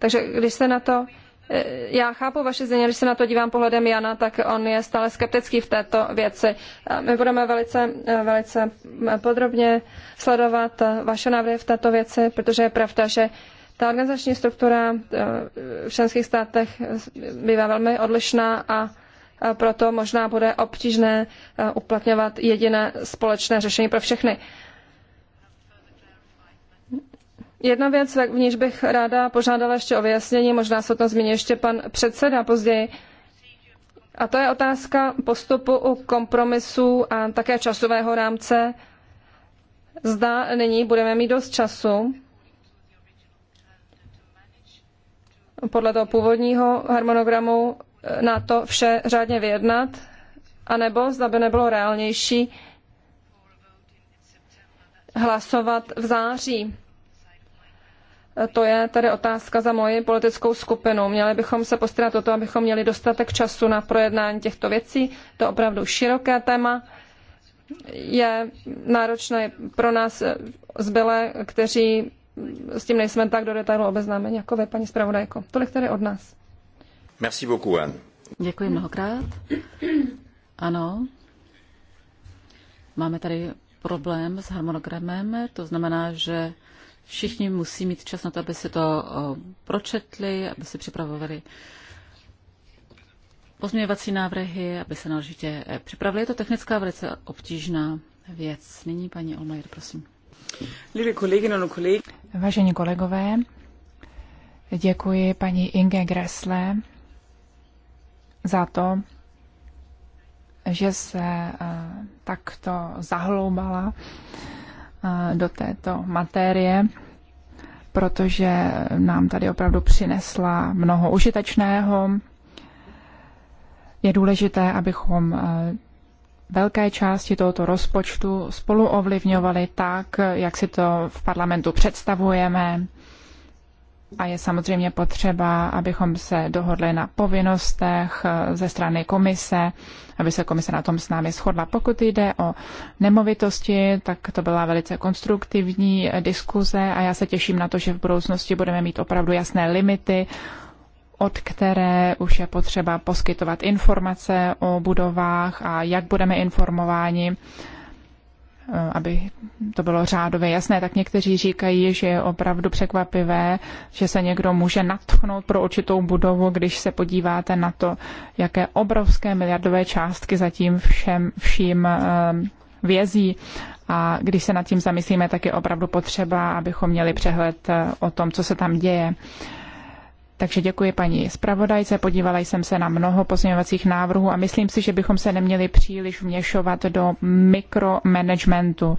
Takže když se na to eh, já chápu vaše země, když se na to dívám pohledem Jana, tak on je stále skeptický v této věci. My budeme velice, eh, velice podrobně sledovat eh, vaše návrhy v této věci, protože je pravda, že ta organizační struktura v členských státech bývá velmi odlišná a proto možná bude obtížné uplatňovat jediné společné řešení pro všechny. Jedna věc, v níž bych ráda požádala ještě o vyjasnění, možná se o tom zmíní ještě pan předseda později, a to je otázka postupu u kompromisu a také časového rámce. Zda nyní budeme mít dost času podle toho původního harmonogramu eh, na to vše řádně vyjednat, anebo zda by nebylo reálnější hlasovat v září to je tedy otázka za moji politickou skupinu. Měli bychom se postarat o to, abychom měli dostatek času na projednání těchto věcí. To je opravdu široké téma. Je náročné pro nás eh, zbylé, kteří mm, s tím nejsme tak do detailu obeznámeni, jako vy, paní zpravodajko. Tolik tedy od nás. Merci beaucoup, Anne. Děkuji mnohokrát. Ano. Máme tady problém s harmonogramem, to znamená, že Všichni musí mít čas na to, aby si to eh, pročetli, aby si připravovali pozměňovací návrhy, aby se náležitě eh, připravili. Je to technická velice obtížná věc. Nyní paní Olmajer, prosím. Vážení kolegové, děkuji paní Inge Gressle za to, že se eh, takto zahloubala do této matérie, protože nám tady opravdu přinesla mnoho užitečného. Je důležité, abychom velké části tohoto rozpočtu spolu ovlivňovali tak, jak si to v parlamentu představujeme. A je samozřejmě potřeba, abychom se dohodli na povinnostech ze strany komise aby se komise na tom s námi shodla. Pokud jde o nemovitosti, tak to byla velice konstruktivní eh, diskuze a já se těším na to, že v budoucnosti budeme mít opravdu jasné limity, od které už je potřeba poskytovat informace o budovách a jak budeme informováni Eh, aby to bylo řádově jasné, tak někteří říkají, že je opravdu překvapivé, že se někdo může natchnout pro určitou budovu, když se podíváte na to, jaké obrovské miliardové částky zatím všem, vším eh, vězí. A když se nad tím zamyslíme, tak je opravdu potřeba, abychom měli přehled eh, o tom, co se tam děje. Takže děkuji paní zpravodajce, podívala jsem se na mnoho pozměňovacích návrhů a myslím si, že bychom se neměli příliš vměšovat do mikromanagementu.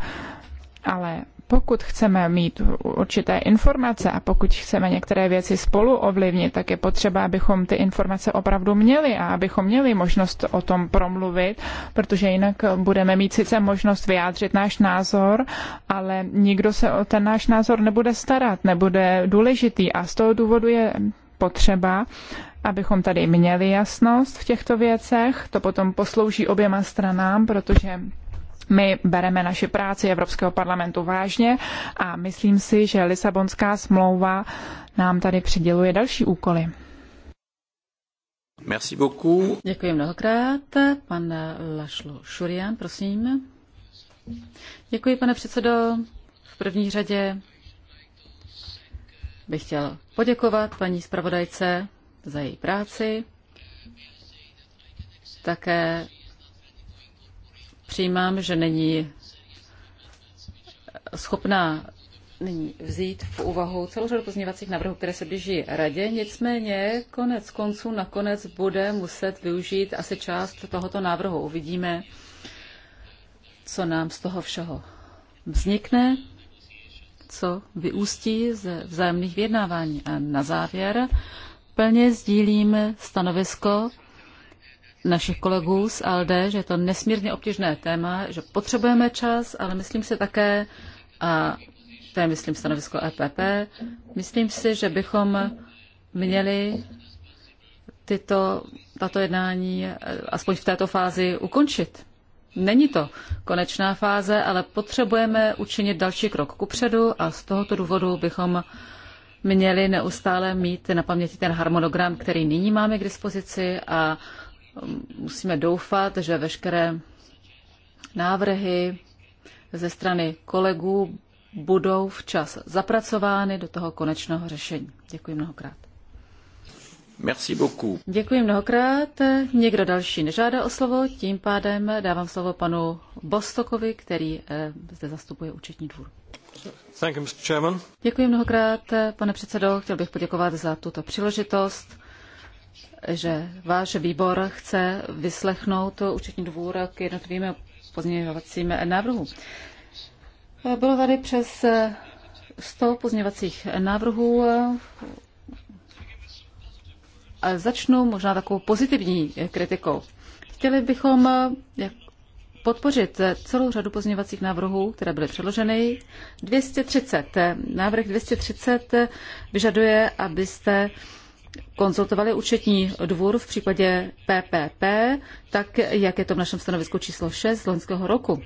Ale pokud chceme mít určité informace a pokud chceme některé věci spolu ovlivnit, tak je potřeba, abychom ty informace opravdu měli a abychom měli možnost o tom promluvit, protože jinak budeme mít sice možnost vyjádřit náš názor, ale nikdo se o ten náš názor nebude starat, nebude důležitý a z toho důvodu je potřeba, abychom tady měli jasnost v těchto věcech. To potom poslouží oběma stranám, protože my bereme naši práci Evropského parlamentu vážně a myslím si, že Lisabonská smlouva nám tady přiděluje další úkoly. Merci beaucoup. Děkuji mnohokrát. Pan Lašlo Šurian, prosím. Děkuji, pane předsedo. V první řadě bych chtěl poděkovat paní zpravodajce za její práci. Také přijímám, že není schopná nyní vzít v úvahu celou řadu pozměňovacích návrhů, které se blíží radě. Nicméně konec konců nakonec bude muset využít asi část tohoto návrhu. Uvidíme, co nám z toho všeho vznikne co vyústí ze vzájemných vyjednávání. A na závěr plně sdílím stanovisko našich kolegů z ALDE, že je to nesmírně obtížné téma, že potřebujeme čas, ale myslím si také, a to je myslím stanovisko EPP, myslím si, že bychom měli tyto, tato jednání eh, aspoň v této fázi ukončit. Není to konečná fáze, ale potřebujeme učinit další krok kupředu a z tohoto důvodu bychom měli neustále mít na paměti ten harmonogram, který nyní máme k dispozici a musíme doufat, že veškeré návrhy ze strany kolegů budou včas zapracovány do toho konečného řešení. Děkuji mnohokrát. Merci beaucoup. Děkuji mnohokrát. Někdo další nežádá o slovo, tím pádem dávám slovo panu Bostokovi, který eh, zde zastupuje účetní dvůr. Thank you, Mr. Chairman. Děkuji mnohokrát, pane předsedo. Chtěl bych poděkovat za tuto příležitost, že váš výbor chce vyslechnout účetní dvůr k jednotlivým pozměňovacím návrhům. Bylo tady přes 100 pozměňovacích návrhů Začnu možná takovou pozitivní kritikou. Chtěli bychom eh, podpořit eh, celou řadu pozměňovacích návrhů, které byly předloženy. 230. Eh, návrh 230 vyžaduje, abyste konzultovali účetní dvůr v případě PPP, tak jak je to v našem stanovisku číslo 6 z loňského roku.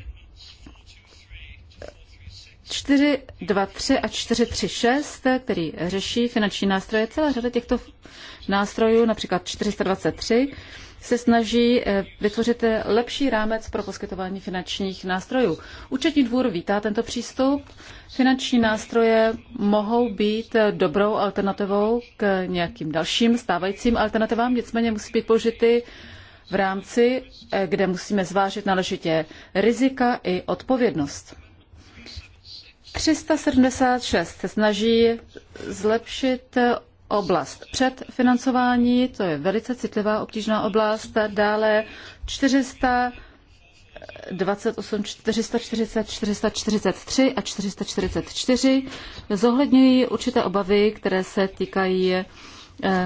423 a 436, který řeší finanční nástroje. Celá řada těchto nástrojů, například 423, se snaží eh, vytvořit lepší rámec pro poskytování finančních nástrojů. Účetní dvůr vítá tento přístup. Finanční nástroje mohou být dobrou alternativou k nějakým dalším stávajícím alternativám, nicméně musí být použity v rámci, eh, kde musíme zvážit náležitě rizika i odpovědnost. 376 se snaží zlepšit oblast předfinancování, to je velice citlivá obtížná oblast, dále 400 28, 440, 443 a 444 zohledňují určité obavy, které se týkají eh,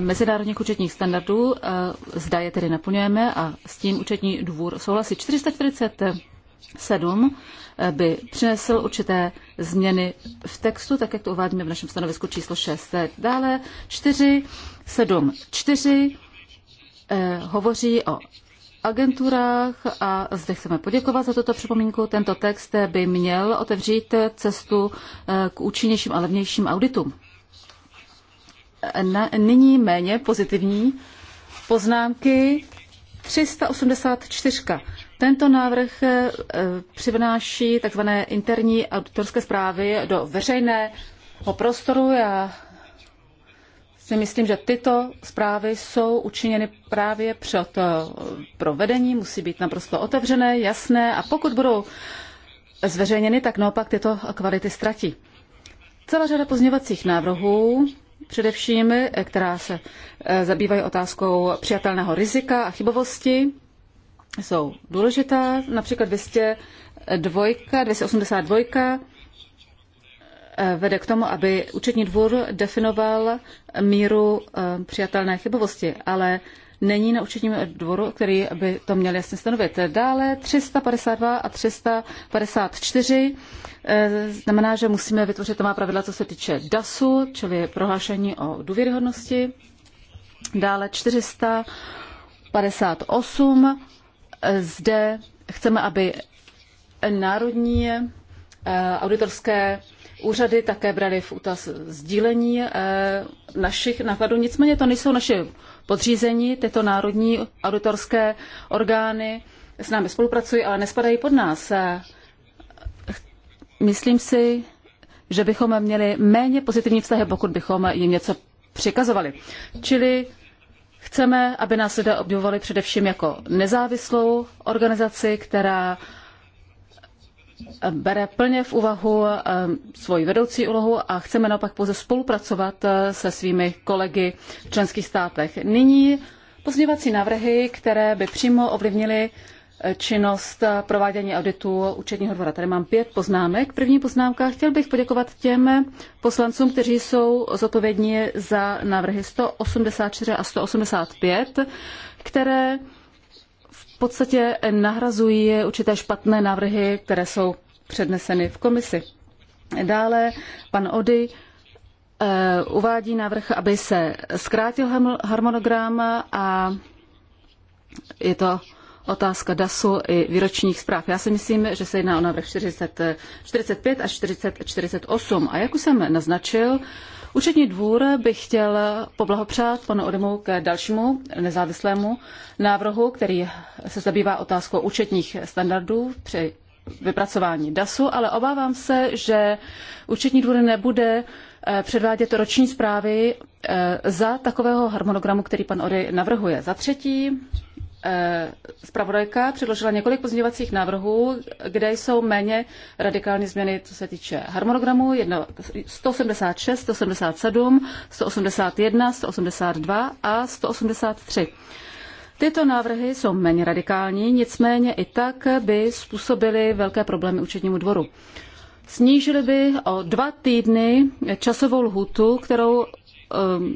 mezinárodních účetních standardů. Eh, zda je tedy naplňujeme a s tím účetní dvůr souhlasí. 440 7 eh, by přinesl určité změny v textu, tak jak to uvádíme v našem stanovisku číslo 6. Eh, dále 4, 7, 4 eh, hovoří o agenturách a zde chceme poděkovat za tuto připomínku. Tento text by měl otevřít cestu eh, k účinnějším a levnějším auditům. Na, nyní méně pozitivní poznámky 384. Tento návrh eh, přivnáší takzvané interní autorské zprávy do veřejného prostoru. Já si myslím, že tyto zprávy jsou učiněny právě před eh, provedení, musí být naprosto otevřené, jasné a pokud budou zveřejněny, tak naopak tyto kvality ztratí. Celá řada pozněvacích návrhů, především, eh, která se zabývají otázkou přijatelného rizika a chybovosti, jsou důležitá, například 202, 282 eh, vede k tomu, aby účetní dvůr definoval míru eh, přijatelné chybovosti, ale není na účetním dvoru, který by to měl jasně stanovit. Dále 352 a 354 eh, znamená, že musíme vytvořit to má pravidla, co se týče DASu, čili prohlášení o důvěryhodnosti. Dále 458 zde chceme, aby národní eh, auditorské úřady také brali v útaz sdílení eh, našich nákladů. Nicméně to nejsou naše podřízení, tyto národní auditorské orgány s námi spolupracují, ale nespadají pod nás. Eh, myslím si, že bychom měli méně pozitivní vztahy, pokud bychom jim něco přikazovali. Čili Chceme, aby nás lidé obdivovali především jako nezávislou organizaci, která eh, bere plně v úvahu eh, svoji vedoucí úlohu a chceme naopak pouze spolupracovat eh, se svými kolegy v členských státech. Nyní pozměvací návrhy, které by přímo ovlivnily činnost provádění auditu účetního dvora. Tady mám pět poznámek. První poznámka, chtěl bych poděkovat těm poslancům, kteří jsou zodpovědní za návrhy 184 a 185, které v podstatě nahrazují určité špatné návrhy, které jsou předneseny v komisi. Dále pan Ody eh, uvádí návrh, aby se zkrátil harmonogram a je to otázka DASu i výročních zpráv. Já si myslím, že se jedná o návrh 40, 45 a 40, 48. A jak už jsem naznačil, Účetní dvůr bych chtěl poblahopřát panu Odemu k dalšímu nezávislému návrhu, který se zabývá otázkou účetních standardů při vypracování DASu, ale obávám se, že účetní dvůr nebude eh, předvádět roční zprávy eh, za takového harmonogramu, který pan Ory navrhuje. Za třetí, Eh, zpravodajka předložila několik pozměňovacích návrhů, kde jsou méně radikální změny, co se týče harmonogramu, 186, 177, 181, 182 a 183. Tyto návrhy jsou méně radikální, nicméně i tak by způsobily velké problémy účetnímu dvoru. Snížily by o dva týdny časovou lhutu, kterou Um,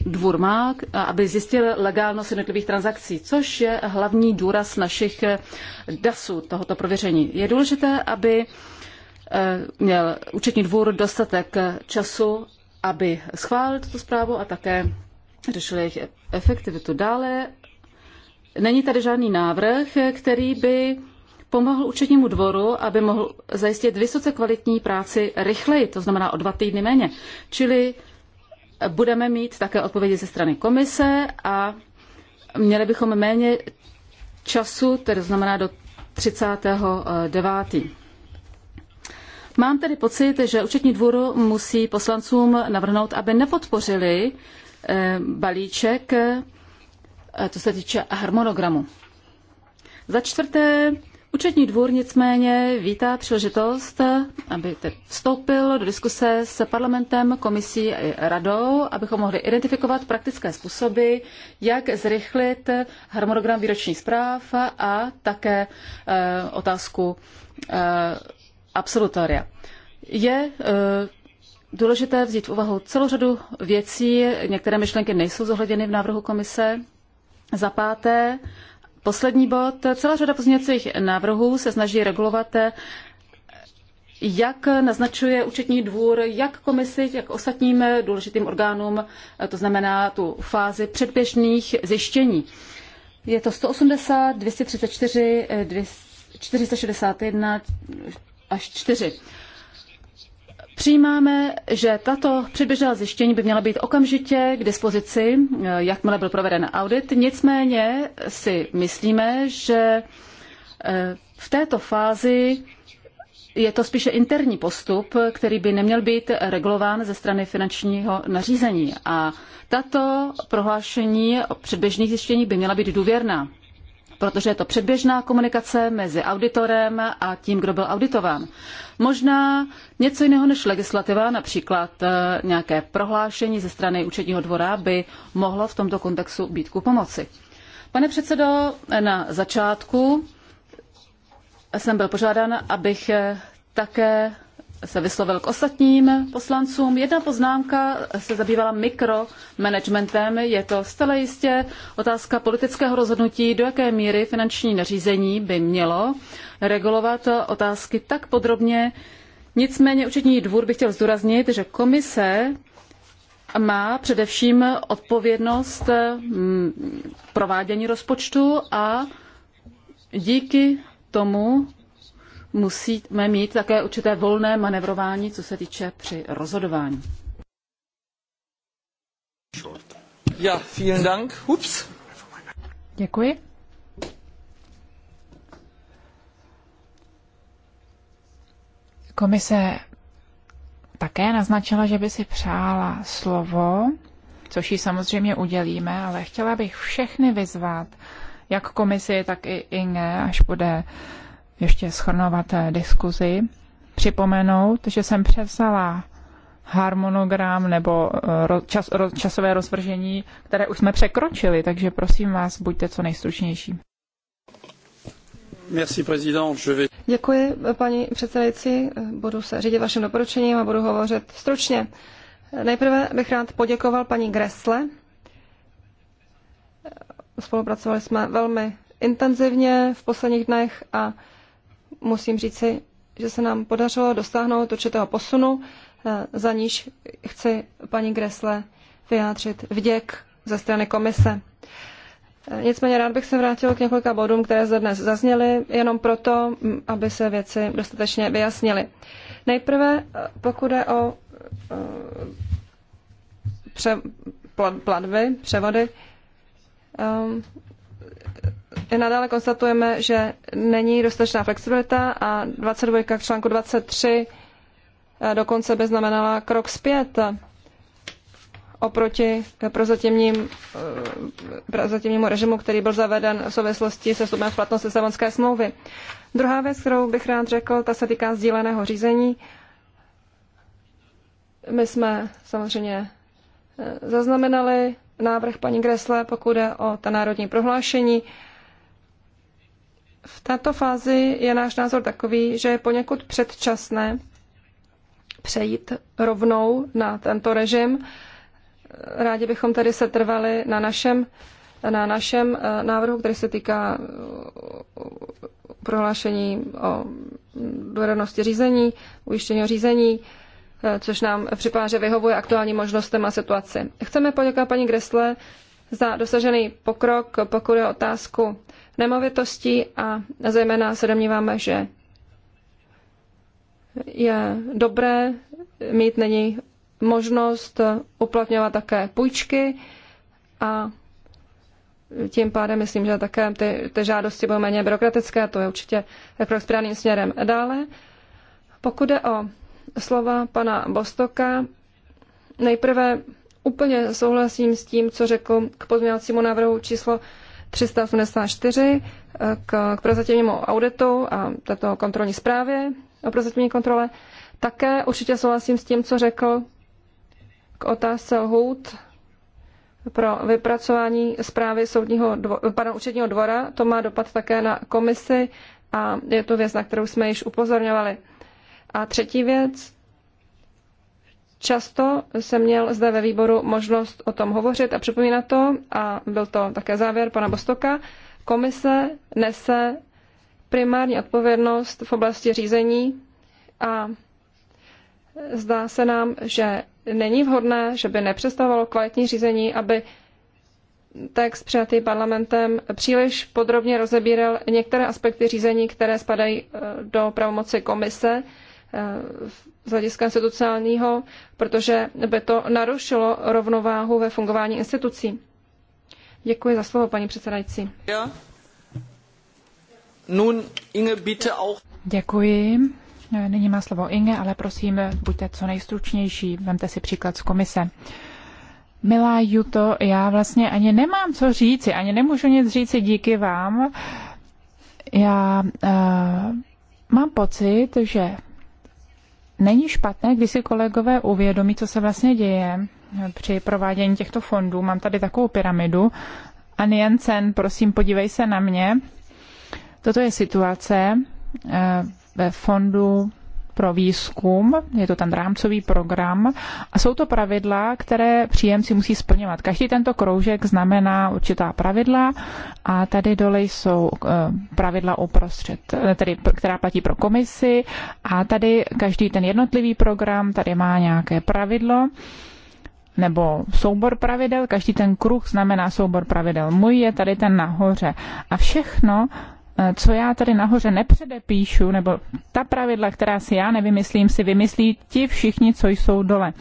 dvůr má, aby zjistil legálnost jednotlivých transakcí, což je hlavní důraz našich eh, DASů, tohoto prověření. Je důležité, aby eh, měl účetní dvůr dostatek času, aby schválil tuto zprávu a také řešil jejich efektivitu. Dále není tady žádný návrh, který by pomohl účetnímu dvoru, aby mohl zajistit vysoce kvalitní práci rychleji, to znamená o dva týdny méně. Čili budeme mít také odpovědi ze strany komise a měli bychom méně času, tedy znamená do 39. Mám tedy pocit, že účetní dvůr musí poslancům navrhnout, aby nepodpořili eh, balíček, eh, co se týče harmonogramu. Za čtvrté, Účetní dvůr nicméně vítá příležitost, aby vstoupil do diskuse s parlamentem, komisí a radou, abychom mohli identifikovat praktické způsoby, jak zrychlit harmonogram výročních zpráv a také e, otázku e, absolutoria. Je e, důležité vzít v úvahu celou řadu věcí. Některé myšlenky nejsou zohleděny v návrhu komise. Za páté, poslední bod. Celá řada pozměňovacích návrhů se snaží regulovat, eh, jak naznačuje účetní dvůr, jak komisi, jak ostatním eh, důležitým orgánům, eh, to znamená tu fázi předběžných zjištění. Je to 180, 234, 200, 461 až 4. Přijímáme, že tato předběžná zjištění by měla být okamžitě k dispozici, eh, jakmile byl proveden audit. Nicméně si myslíme, že eh, v této fázi je to spíše interní postup, který by neměl být regulován ze strany finančního nařízení. A tato prohlášení o předběžných zjištění by měla být důvěrná protože je to předběžná komunikace mezi auditorem a tím, kdo byl auditován. Možná něco jiného než legislativa, například eh, nějaké prohlášení ze strany účetního dvora by mohlo v tomto kontextu být ku pomoci. Pane předsedo, na začátku jsem byl požádán, abych eh, také se vyslovil k ostatním poslancům. Jedna poznámka se zabývala mikromanagementem. Je to stále jistě otázka politického rozhodnutí, do jaké míry finanční nařízení by mělo regulovat otázky tak podrobně. Nicméně účetní dvůr bych chtěl zdůraznit, že komise má především odpovědnost mm, provádění rozpočtu a díky tomu musíme mít také určité volné manevrování, co se týče při rozhodování. Ja, vielen Dank. Ups. Děkuji. Komise také naznačila, že by si přála slovo, což ji samozřejmě udělíme, ale chtěla bych všechny vyzvat, jak komisi, tak i Inge, až bude uh, ještě schrnovat eh, diskuzi, připomenout, že jsem převzala harmonogram nebo eh, čas, časové rozvržení, které už jsme překročili, takže prosím vás, buďte co nejstručnější. Děkuji, paní předsedající. Budu se řídit vašim doporučením a budu hovořit stručně. Nejprve bych rád poděkoval paní Gressle. Spolupracovali jsme velmi intenzivně v posledních dnech a musím říci, že se nám podařilo dosáhnout určitého posunu, eh, za níž chci paní Gresle vyjádřit vděk ze strany komise. Eh, nicméně rád bych se vrátil k několika bodům, které zde dnes zazněly, jenom proto, mm, aby se věci dostatečně vyjasnily. Nejprve, eh, pokud je o pře- platby, převody, ehm, Nadále konstatujeme, že není dostatečná flexibilita a 22 k článku 23 eh, dokonce by znamenala krok zpět eh, oproti prozatímním, eh, prozatímnímu režimu, který byl zaveden v souvislosti se vstupem v platnost Lisabonské smlouvy. Druhá věc, kterou bych rád řekl, ta se týká sdíleného řízení. My jsme samozřejmě zaznamenali návrh paní Gresle, pokud jde o ta národní prohlášení. V této fázi je náš názor takový, že je poněkud předčasné přejít rovnou na tento režim. Rádi bychom tedy se trvali na našem, na našem eh, návrhu, který se týká eh, prohlášení o důvodnosti řízení, ujištění o řízení, eh, což nám připadá, že vyhovuje aktuální možnostem a situaci. Chceme poděkovat paní Gresle za dosažený pokrok, pokud je otázku nemovitostí a zejména se domníváme, že je dobré mít není možnost uplatňovat také půjčky a tím pádem myslím, že také ty, ty žádosti budou méně byrokratické, to je určitě krok správným směrem. Dále, pokud jde o slova pana Bostoka, nejprve Úplně souhlasím s tím, co řekl k pozměňovacímu návrhu číslo 384 eh, k, k prozatímnímu auditu a této kontrolní zprávě o prozatímní kontrole. Také určitě souhlasím s tím, co řekl k otázce lhůt pro vypracování zprávy soudního dvo, pardon, účetního dvora. To má dopad také na komisi a je to věc, na kterou jsme již upozorňovali. A třetí věc, Často jsem měl zde ve výboru možnost o tom hovořit a připomínat to, a byl to také závěr pana Bostoka, komise nese primární odpovědnost v oblasti řízení a zdá se nám, že není vhodné, že by nepředstavovalo kvalitní řízení, aby text přijatý parlamentem příliš podrobně rozebíral některé aspekty řízení, které spadají eh, do pravomoci komise, z hlediska institucionálního, protože by to narušilo rovnováhu ve fungování institucí. Děkuji za slovo, paní předsedající. Děkuji. Nyní má slovo Inge, ale prosím, buďte co nejstručnější. Vemte si příklad z komise. Milá Juto, já vlastně ani nemám co říci, ani nemůžu nic říci díky vám. Já uh, mám pocit, že není špatné, když si kolegové uvědomí, co se vlastně děje při provádění těchto fondů. Mám tady takovou pyramidu. Ann Jensen, prosím, podívej se na mě. Toto je situace eh, ve fondu pro výzkum, je to ten rámcový program a jsou to pravidla, které příjemci musí splňovat. Každý tento kroužek znamená určitá pravidla a tady dole jsou eh, pravidla uprostřed, eh, tedy, která platí pro komisi a tady každý ten jednotlivý program, tady má nějaké pravidlo nebo soubor pravidel, každý ten kruh znamená soubor pravidel. Můj je tady ten nahoře. A všechno Eh, co já tady nahoře nepředepíšu, nebo ta pravidla, která si já nevymyslím, si vymyslí ti všichni, co jsou dole.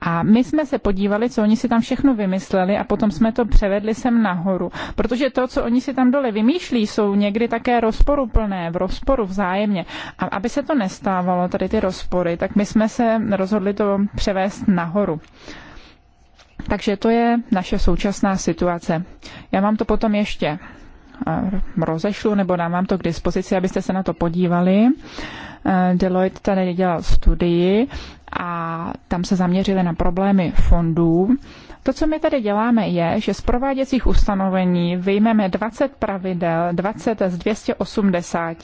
A my jsme se podívali, co oni si tam všechno vymysleli a potom jsme to převedli sem nahoru. Protože to, co oni si tam dole vymýšlí, jsou někdy také rozporuplné, v rozporu vzájemně. A aby se to nestávalo, tady ty rozpory, tak my jsme se rozhodli to převést nahoru. Takže to je naše současná situace. Já vám to potom ještě Eh, rozešlu nebo dám vám to k dispozici, abyste se na to podívali. Eh, Deloitte tady dělal studii a tam se zaměřili na problémy fondů to, co my tady děláme, je, že z prováděcích ustanovení vyjmeme 20 pravidel, 20 z 280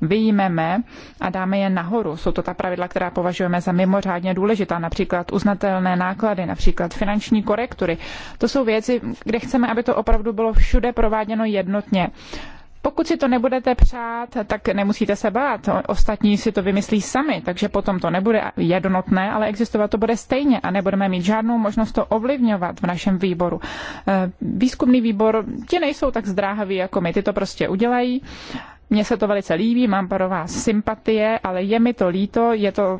vyjmeme a dáme je nahoru. Jsou to ta pravidla, která považujeme za mimořádně důležitá, například uznatelné náklady, například finanční korektury. To jsou věci, kde chceme, aby to opravdu bylo všude prováděno jednotně. Pokud si to nebudete přát, tak nemusíte se bát. Ostatní si to vymyslí sami, takže potom to nebude jednotné, ale existovat to bude stejně a nebudeme mít žádnou možnost to ovlivňovat v našem výboru. Eh, výzkumný výbor, ti nejsou tak zdráhaví jako my, ty to prostě udělají mně se to velice líbí, mám pro vás sympatie, ale je mi to líto, je to,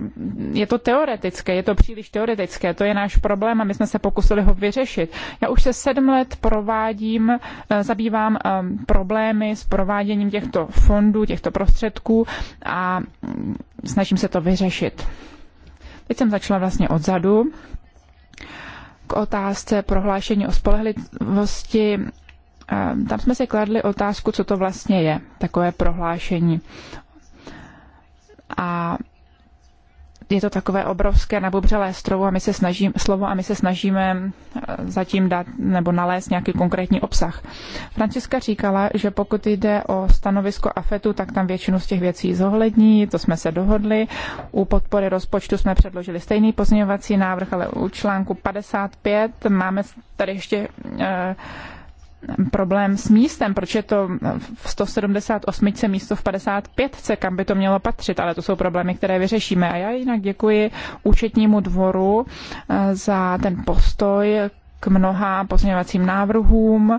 je to teoretické, je to příliš teoretické, to je náš problém a my jsme se pokusili ho vyřešit. Já už se sedm let provádím, eh, zabývám ehm, problémy s prováděním těchto fondů, těchto prostředků a mm, snažím se to vyřešit. Teď jsem začala vlastně odzadu k otázce prohlášení o spolehlivosti Ehm, tam jsme si kladli otázku, co to vlastně je, takové prohlášení. A je to takové obrovské nabubřelé slovo a my se, snažím, slovo a my se snažíme eh, zatím dát nebo nalézt nějaký konkrétní obsah. Franciska říkala, že pokud jde o stanovisko AFETu, tak tam většinu z těch věcí zohlední, to jsme se dohodli. U podpory rozpočtu jsme předložili stejný pozměňovací návrh, ale u článku 55 máme tady ještě eh, problém s místem, proč je to v 178 místo v 55, kam by to mělo patřit, ale to jsou problémy, které vyřešíme. A já jinak děkuji účetnímu dvoru eh, za ten postoj k mnoha pozměňovacím návrhům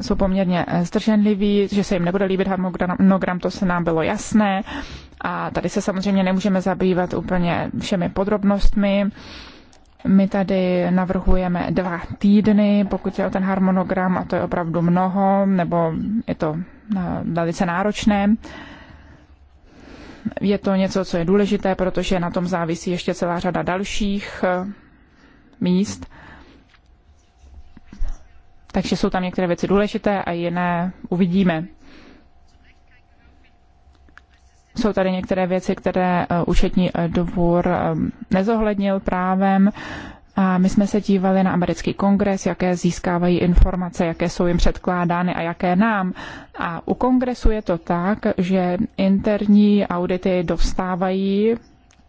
jsou poměrně eh, zdrženliví, že se jim nebude líbit harmonogram, to se nám bylo jasné. A tady se samozřejmě nemůžeme zabývat úplně všemi podrobnostmi. My tady navrhujeme dva týdny, pokud je o ten harmonogram, a to je opravdu mnoho, nebo je to eh, velice náročné. Je to něco, co je důležité, protože na tom závisí ještě celá řada dalších eh, míst. Takže jsou tam některé věci důležité a jiné uvidíme. Jsou tady některé věci, které eh, účetní eh, dvůr eh, nezohlednil právem. A my jsme se dívali na americký kongres, jaké získávají informace, jaké jsou jim předkládány a jaké nám. A u kongresu je to tak, že interní audity dostávají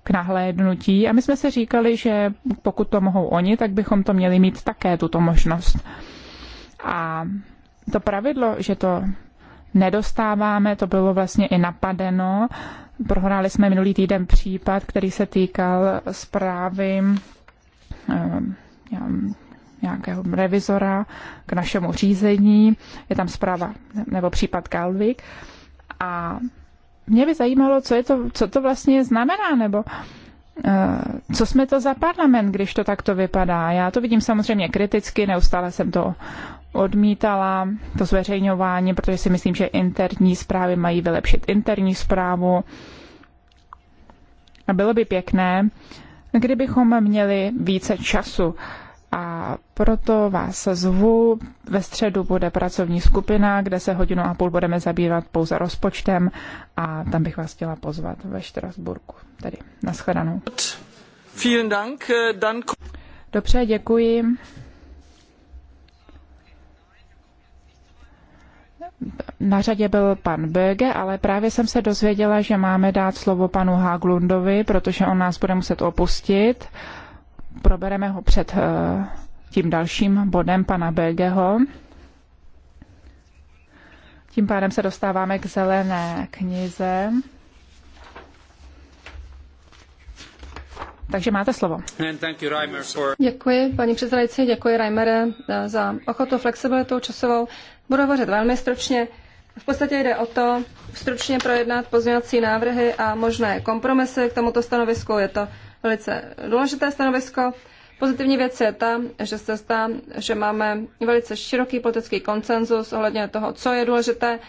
k nahlédnutí a my jsme se říkali, že pokud to mohou oni, tak bychom to měli mít také tuto možnost. A to pravidlo, že to nedostáváme, to bylo vlastně i napadeno. Prohráli jsme minulý týden případ, který se týkal zprávy ehm, nějakého revizora k našemu řízení. Je tam zpráva nebo případ Kalvik. A mě by zajímalo, co, je to, co to vlastně znamená, nebo eh, co jsme to za parlament, když to takto vypadá. Já to vidím samozřejmě kriticky, neustále jsem to odmítala to zveřejňování, protože si myslím, že interní zprávy mají vylepšit interní zprávu. A bylo by pěkné, kdybychom měli více času. A proto vás zvu. Ve středu bude pracovní skupina, kde se hodinu a půl budeme zabývat pouze rozpočtem a tam bych vás chtěla pozvat ve Štrasburku. Tedy naschledanou. Äh, Dobře, děkuji. Na řadě byl pan Böge, ale právě jsem se dozvěděla, že máme dát slovo panu Haglundovi, protože on nás bude muset opustit. Probereme ho před eh, tím dalším bodem pana Bögeho. Tím pádem se dostáváme k zelené knize. Takže máte slovo. Děkuji, paní předsedající, děkuji Reimere za ochotu, flexibilitu časovou. Budu hovořit velmi stručně. V podstatě jde o to stručně projednat pozměňovací návrhy a možné kompromisy k tomuto stanovisku. Je to velice důležité stanovisko. Pozitivní věc je ta, že se zdá, že máme velice široký politický konsenzus ohledně toho, co je důležité.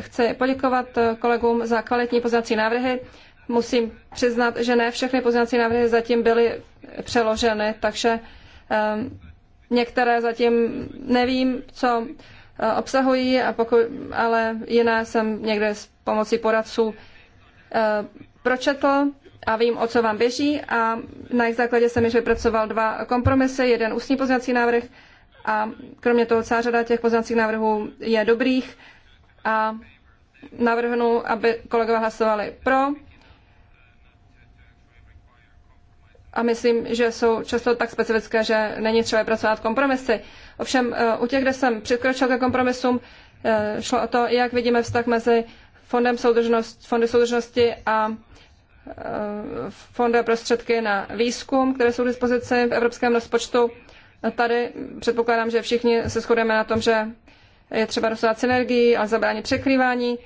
Chci poděkovat kolegům za kvalitní pozměňovací návrhy. Musím přiznat, že ne všechny pozměňovací návrhy zatím byly přeloženy, takže um, některé zatím nevím, co E, obsahují, a poku, ale jiné jsem někde s pomocí poradců e, pročetl a vím, o co vám běží a na jejich základě jsem již vypracoval dva kompromisy, jeden ústní poznací návrh a kromě toho celá řada těch poznacích návrhů je dobrých a navrhnu, aby kolegové hlasovali pro a myslím, že jsou často tak specifické, že není třeba pracovat kompromisy. Ovšem eh, u těch, kde jsem přikročil ke kompromisům, eh, šlo o to, jak vidíme vztah mezi fondem soudržnost, fondy soudržnosti a eh, fondy prostředky na výzkum, které jsou k dispozici v evropském rozpočtu. Tady předpokládám, že všichni se shodujeme na tom, že je třeba dosáhnout synergii a zabránit překrývání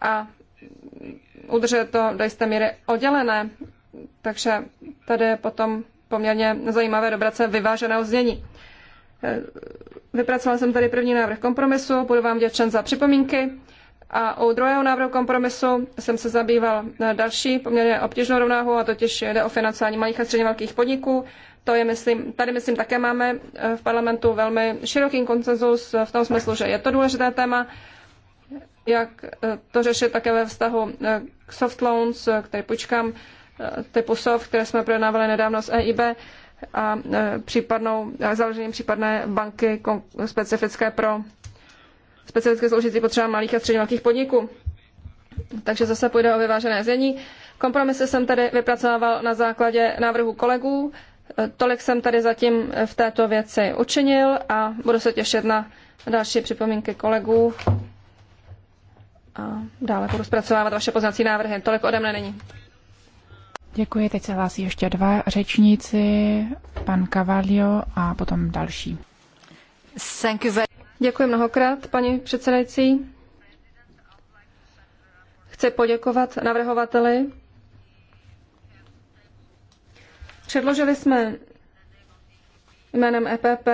a udržet to do jisté míry oddělené takže tady je potom poměrně zajímavé dobrat se vyváženého znění. Eh, vypracoval jsem tady první návrh kompromisu, budu vám děčen za připomínky. A u druhého návrhu kompromisu jsem se zabýval eh, další poměrně obtížnou rovnáhu a totiž jde o financování malých a středně velkých podniků. To je, myslím, tady myslím také máme eh, v parlamentu velmi široký koncenzus v tom smyslu, že je to důležité téma, jak to řešit také ve vztahu k soft loans, který půjčkám typu SOV, které jsme projednávali nedávno s EIB a e, případnou, a založením případné banky specifické pro specifické sloužící potřeba malých a středně velkých podniků. Takže zase půjde o vyvážené zjení. Kompromisy jsem tady vypracoval na základě návrhu kolegů. E, tolik jsem tady zatím v této věci učinil a budu se těšit na další připomínky kolegů a dále budu zpracovávat vaše poznací návrhy. Tolik ode mne není. Děkuji, teď se hlásí ještě dva řečníci, pan Cavalio a potom další. Thank you very... Děkuji mnohokrát, paní předsedající. Chci poděkovat navrhovateli. Předložili jsme jménem EPP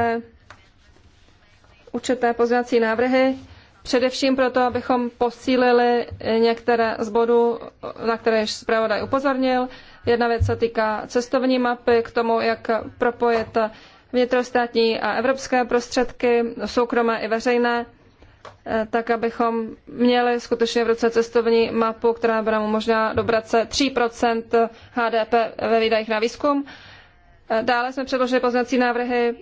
určité pozvací návrhy. Především proto, abychom posílili některé z bodů, na které již zpravodaj upozornil. Jedna věc se týká cestovní mapy k tomu, jak propojit vnitrostátní a evropské prostředky, soukromé i veřejné, eh, tak abychom měli skutečně v roce cestovní mapu, která by nám umožnila dobrat se 3 HDP ve výdajích na výzkum. Eh, dále jsme předložili poznací návrhy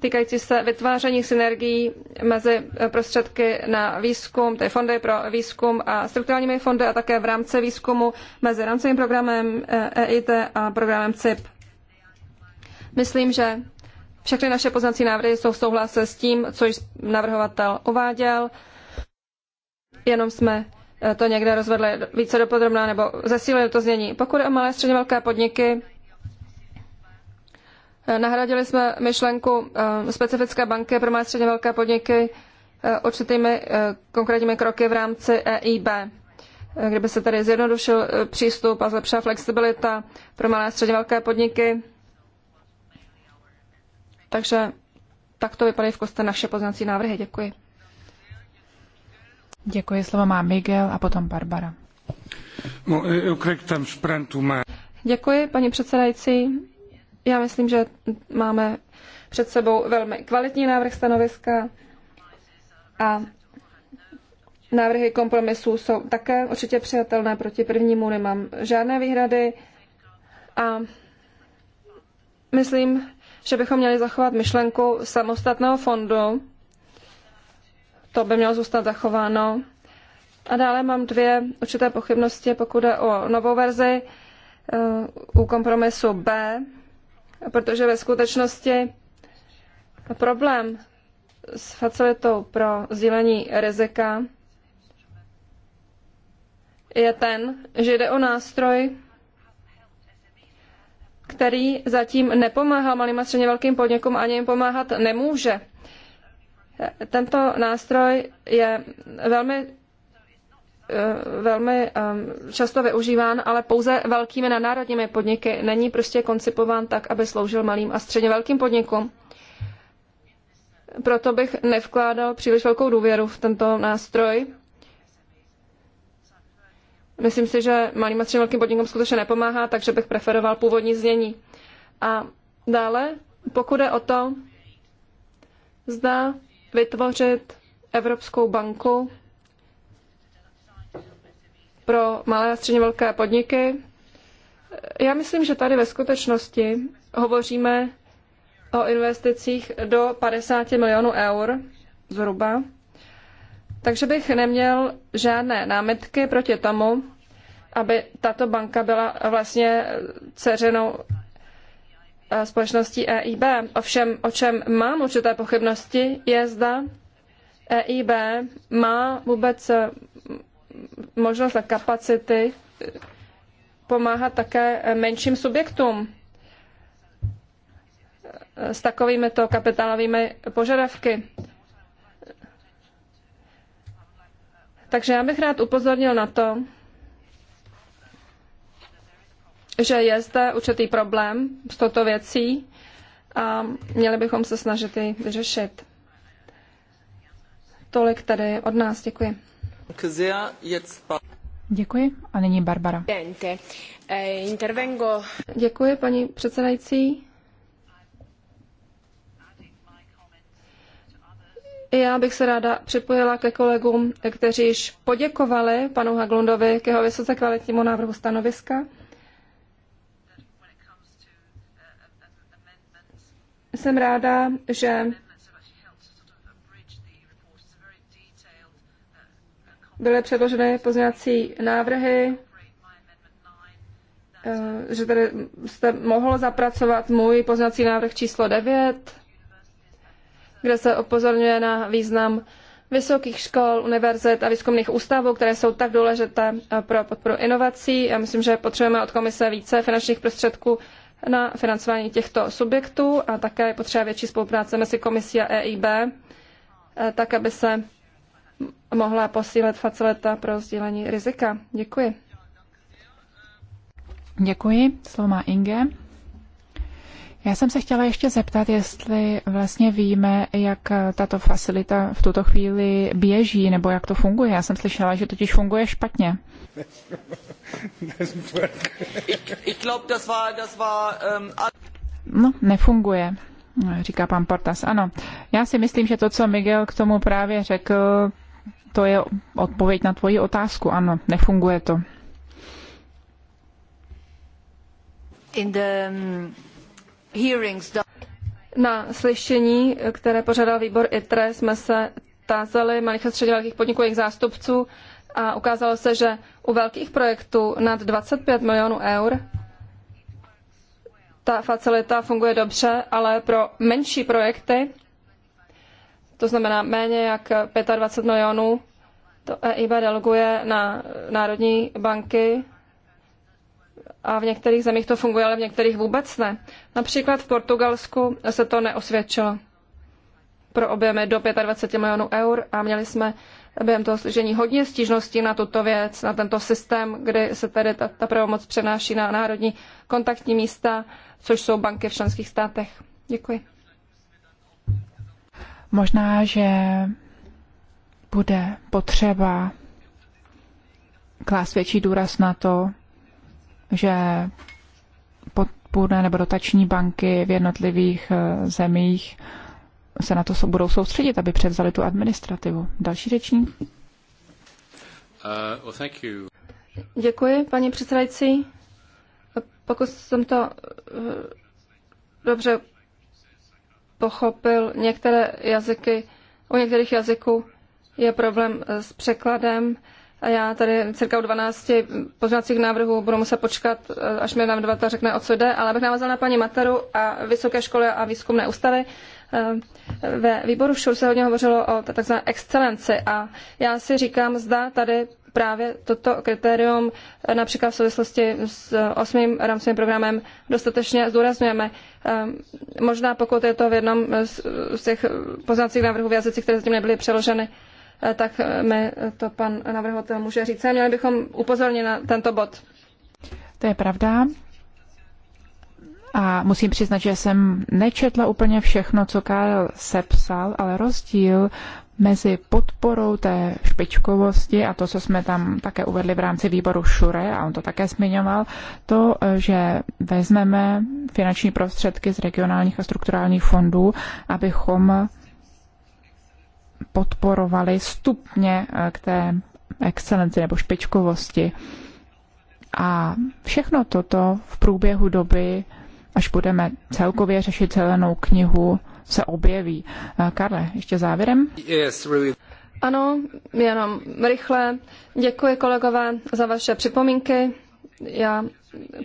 týkající se vytváření synergií mezi prostředky na výzkum, tedy fondy pro výzkum a strukturálními fondy a také v rámci výzkumu mezi rámcovým programem EIT eh, e a programem CIP. Myslím, že všechny naše poznací návrhy jsou v souhlase s tím, co již navrhovatel uváděl. Jenom jsme eh, to někde rozvedli více dopodrobná nebo zesílili to znění. Pokud o malé středně velké podniky, Nahradili jsme myšlenku eh, specifické banky pro malé středně velké podniky eh, určitými eh, konkrétními kroky v rámci EIB, kdyby se tedy zjednodušil přístup a zlepšila flexibilita pro malé a středně velké podniky. Takže takto vypadají v koste naše poznací návrhy. Děkuji. Děkuji, slovo má Miguel a potom Barbara. Děkuji, paní předsedající. Já myslím, že máme před sebou velmi kvalitní návrh stanoviska a návrhy kompromisů jsou také určitě přijatelné. Proti prvnímu nemám žádné výhrady a myslím, že bychom měli zachovat myšlenku samostatného fondu. To by mělo zůstat zachováno. A dále mám dvě určité pochybnosti, pokud je o novou verzi eh, u kompromisu B, protože ve skutečnosti problém s facilitou pro sdílení rizika je ten, že jde o nástroj, který zatím nepomáhá malým a středně velkým podnikům ani jim pomáhat nemůže. Tento nástroj je velmi Eh, velmi eh, často využíván, ale pouze velkými nadnárodními podniky. Není prostě koncipován tak, aby sloužil malým a středně velkým podnikům. Proto bych nevkládal příliš velkou důvěru v tento nástroj. Myslím si, že malým a středně velkým podnikům skutečně nepomáhá, takže bych preferoval původní znění. A dále, pokud je o to, zda vytvořit Evropskou banku pro malé a středně velké podniky. Já myslím, že tady ve skutečnosti hovoříme o investicích do 50 milionů eur zhruba. Takže bych neměl žádné námitky proti tomu, aby tato banka byla vlastně dceřinou eh, společností EIB. Ovšem, o čem mám určité pochybnosti, je zda EIB má vůbec možnost a kapacity pomáhat také menším subjektům s takovými to kapitálovými požadavky. Takže já bych rád upozornil na to, že je zde určitý problém s touto věcí a měli bychom se snažit ji vyřešit. Tolik tady od nás. Děkuji. Děkuji a nyní Barbara. Eh, Děkuji, paní předsedající. I já bych se ráda připojila ke kolegům, kteří již poděkovali panu Haglundovi k jeho vysoce kvalitnímu návrhu stanoviska. Jsem ráda, že byly předloženy pozměňovací návrhy, eh, že tady jste mohl zapracovat můj pozměňovací návrh číslo 9, kde se opozorňuje na význam vysokých škol, univerzit a výzkumných ústavů, které jsou tak důležité eh, pro podporu inovací. Já myslím, že potřebujeme od komise více finančních prostředků na financování těchto subjektů a také potřeba větší spolupráce mezi komisí a EIB, eh, tak aby se mohla posílit facileta pro sdílení rizika. Děkuji. Děkuji. Slovo má Inge. Já jsem se chtěla ještě zeptat, jestli vlastně víme, jak tato facilita v tuto chvíli běží, nebo jak to funguje. Já jsem slyšela, že totiž funguje špatně. Ähm, no, nefunguje, říká pan Portas. Ano, já si myslím, že to, co Miguel k tomu právě řekl, to je odpověď na tvoji otázku. Ano, nefunguje to. In the um, hearings, Na slyšení, které pořádal výbor ITRE, jsme se tázali malých a středně velkých podniků jejich zástupců a ukázalo se, že u velkých projektů nad 25 milionů eur ta facilita funguje dobře, ale pro menší projekty to znamená méně jak 25 milionů, to EIB deleguje na národní banky a v některých zemích to funguje, ale v některých vůbec ne. Například v Portugalsku se to neosvědčilo pro objemy do 25 milionů eur a měli jsme během toho slyšení hodně stížností na tuto věc, na tento systém, kdy se tedy ta, ta pravomoc přenáší na národní kontaktní místa, což jsou banky v členských státech. Děkuji. Možná, že bude potřeba klást větší důraz na to, že podpůrné nebo dotační banky v jednotlivých eh, zemích se na to budou soustředit, aby převzali tu administrativu. Další řečník. Uh, well, thank you. Děkuji, paní předsedající. Pokud jsem to eh, dobře pochopil některé jazyky, u některých jazyků je problém eh, s překladem. A já tady cirka u 12 pozměňovacích návrhů budu muset počkat, eh, až mi nám dva řekne, o co jde, ale abych navázala na paní Materu a Vysoké školy a výzkumné ústavy. Eh, ve výboru ŠUR se hodně hovořilo o tzv. excelenci a já si říkám, zda tady právě toto kritérium například v souvislosti s eh, osmým rámcovým programem dostatečně zdůrazňujeme. Eh, možná pokud je to v jednom eh, z těch poznacích návrhů v jazycích, které zatím nebyly přeloženy, tak mi to pan navrhovatel může říct. A měli bychom upozornit na tento bod. To je pravda. A musím přiznat, že jsem nečetla úplně všechno, co Karel sepsal, ale rozdíl mezi podporou té špičkovosti a to, co jsme tam také uvedli v rámci výboru Šure, a on to také zmiňoval, to, že vezmeme finanční prostředky z regionálních a strukturálních fondů, abychom podporovali stupně eh, k té excelenci nebo špičkovosti. A všechno toto v průběhu doby, až budeme celkově řešit zelenou knihu, se objeví. Eh, Karle, ještě závěrem. Yes, really. Ano, jenom rychle. Děkuji kolegové za vaše připomínky. Já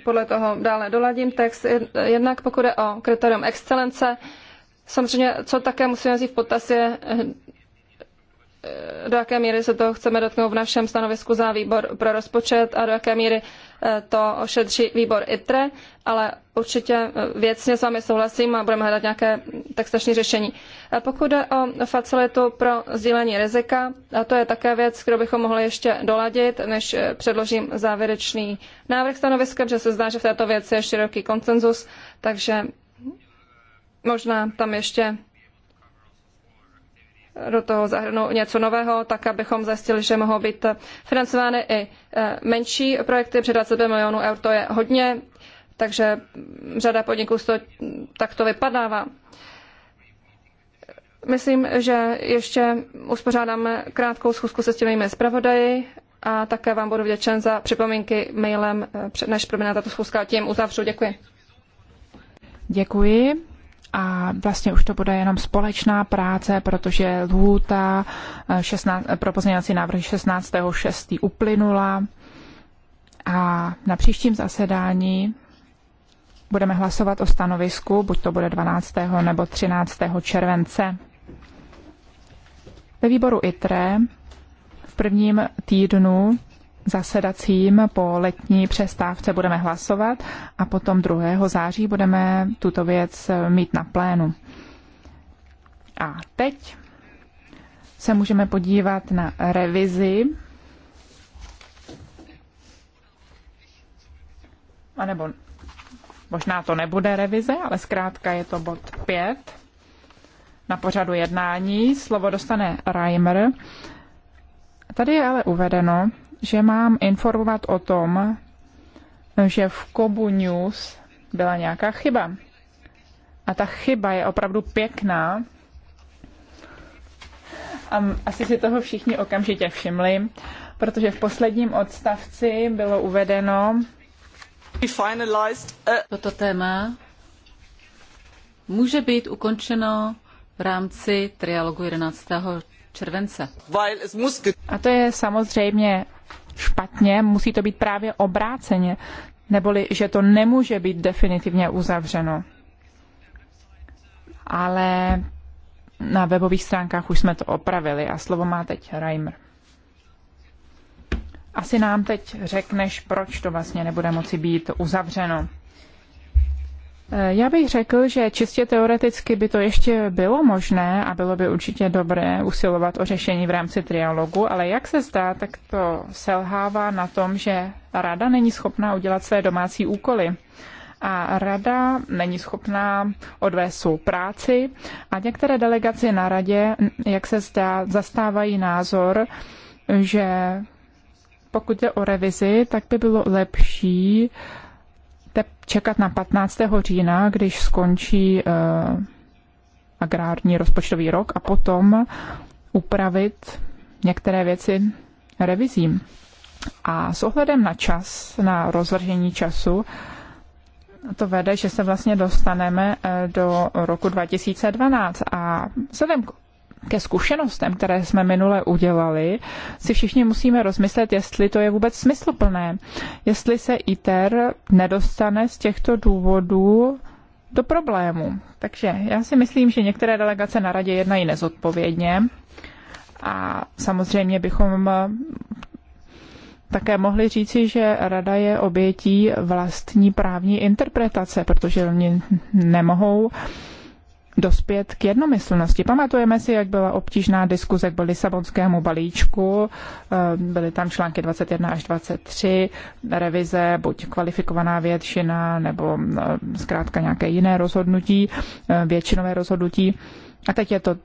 podle toho dále doladím text. Jednak pokud je o kritérium excelence, samozřejmě, co také musíme vzít v potaz je, eh, do jaké míry se to chceme dotknout v našem stanovisku za výbor pro rozpočet a do jaké míry Eh, to ošetří výbor ITRE, ale určitě eh, věcně s vámi souhlasím a budeme hledat nějaké textační řešení. Eh, pokud jde o facilitu pro sdílení rizika, a to je také věc, kterou bychom mohli ještě doladit, než předložím závěrečný návrh stanoviska, protože se zdá, že v této věci je široký konsenzus, takže možná tam ještě do toho zahrnout něco nového, tak abychom zjistili, že mohou být financovány i eh, menší projekty. Před 25 milionů eur to je hodně, takže řada podniků to takto vypadává. Myslím, že ještě uspořádáme krátkou schůzku se stěnými zpravodaji a také vám budu vděčen za připomínky mailem, eh, než proběhne tato schůzka. Tím uzavřu. Děkuji. Děkuji a vlastně už to bude jenom společná práce, protože lhůta 16, eh, eh, pro pozměňovací návrh 16.6. uplynula a na příštím zasedání budeme hlasovat o stanovisku, buď to bude 12. nebo 13. července. Ve výboru ITRE v prvním týdnu zasedacím po letní přestávce budeme hlasovat a potom 2. září budeme tuto věc mít na plénu. A teď se můžeme podívat na revizi a nebo možná to nebude revize, ale zkrátka je to bod 5 na pořadu jednání. Slovo dostane Reimer. Tady je ale uvedeno, že mám informovat o tom, že v Kobu News byla nějaká chyba. A ta chyba je opravdu pěkná. A asi si toho všichni okamžitě všimli, protože v posledním odstavci bylo uvedeno, Toto téma může být ukončeno v rámci trialogu 11. července. A to je samozřejmě špatně, musí to být právě obráceně, neboli že to nemůže být definitivně uzavřeno. Ale na webových stránkách už jsme to opravili a slovo má teď Reimer. Asi nám teď řekneš, proč to vlastně nebude moci být uzavřeno. Eh, já bych řekl, že čistě teoreticky by to ještě bylo možné a bylo by určitě dobré usilovat o řešení v rámci trialogu, ale jak se zdá, tak to selhává na tom, že rada není schopná udělat své domácí úkoly a rada není schopná odvést svou práci a některé delegaci na radě, jak se zdá, zastávají názor, že pokud je o revizi, tak by bylo lepší uh, budete čekat na 15. října, když skončí uh, agrární rozpočtový rok a potom upravit některé věci revizím. A s ohledem na čas, na rozvržení času, to vede, že se vlastně dostaneme eh, do roku 2012 a vzhledem k ke zkušenostem, které jsme minule udělali, si všichni musíme rozmyslet, jestli to je vůbec smysluplné. Jestli se ITER nedostane z těchto důvodů do problému. Takže já si myslím, že některé delegace na radě jednají nezodpovědně a samozřejmě bychom také mohli říci, že rada je obětí vlastní právní interpretace, protože oni nemohou dospět k jednomyslnosti. Pamatujeme si, jak byla obtížná diskuze k Lisabonskému balíčku. Eh, byly tam články 21 až 23, revize, buď kvalifikovaná většina, nebo eh, zkrátka nějaké jiné rozhodnutí, eh, většinové rozhodnutí. A teď je to,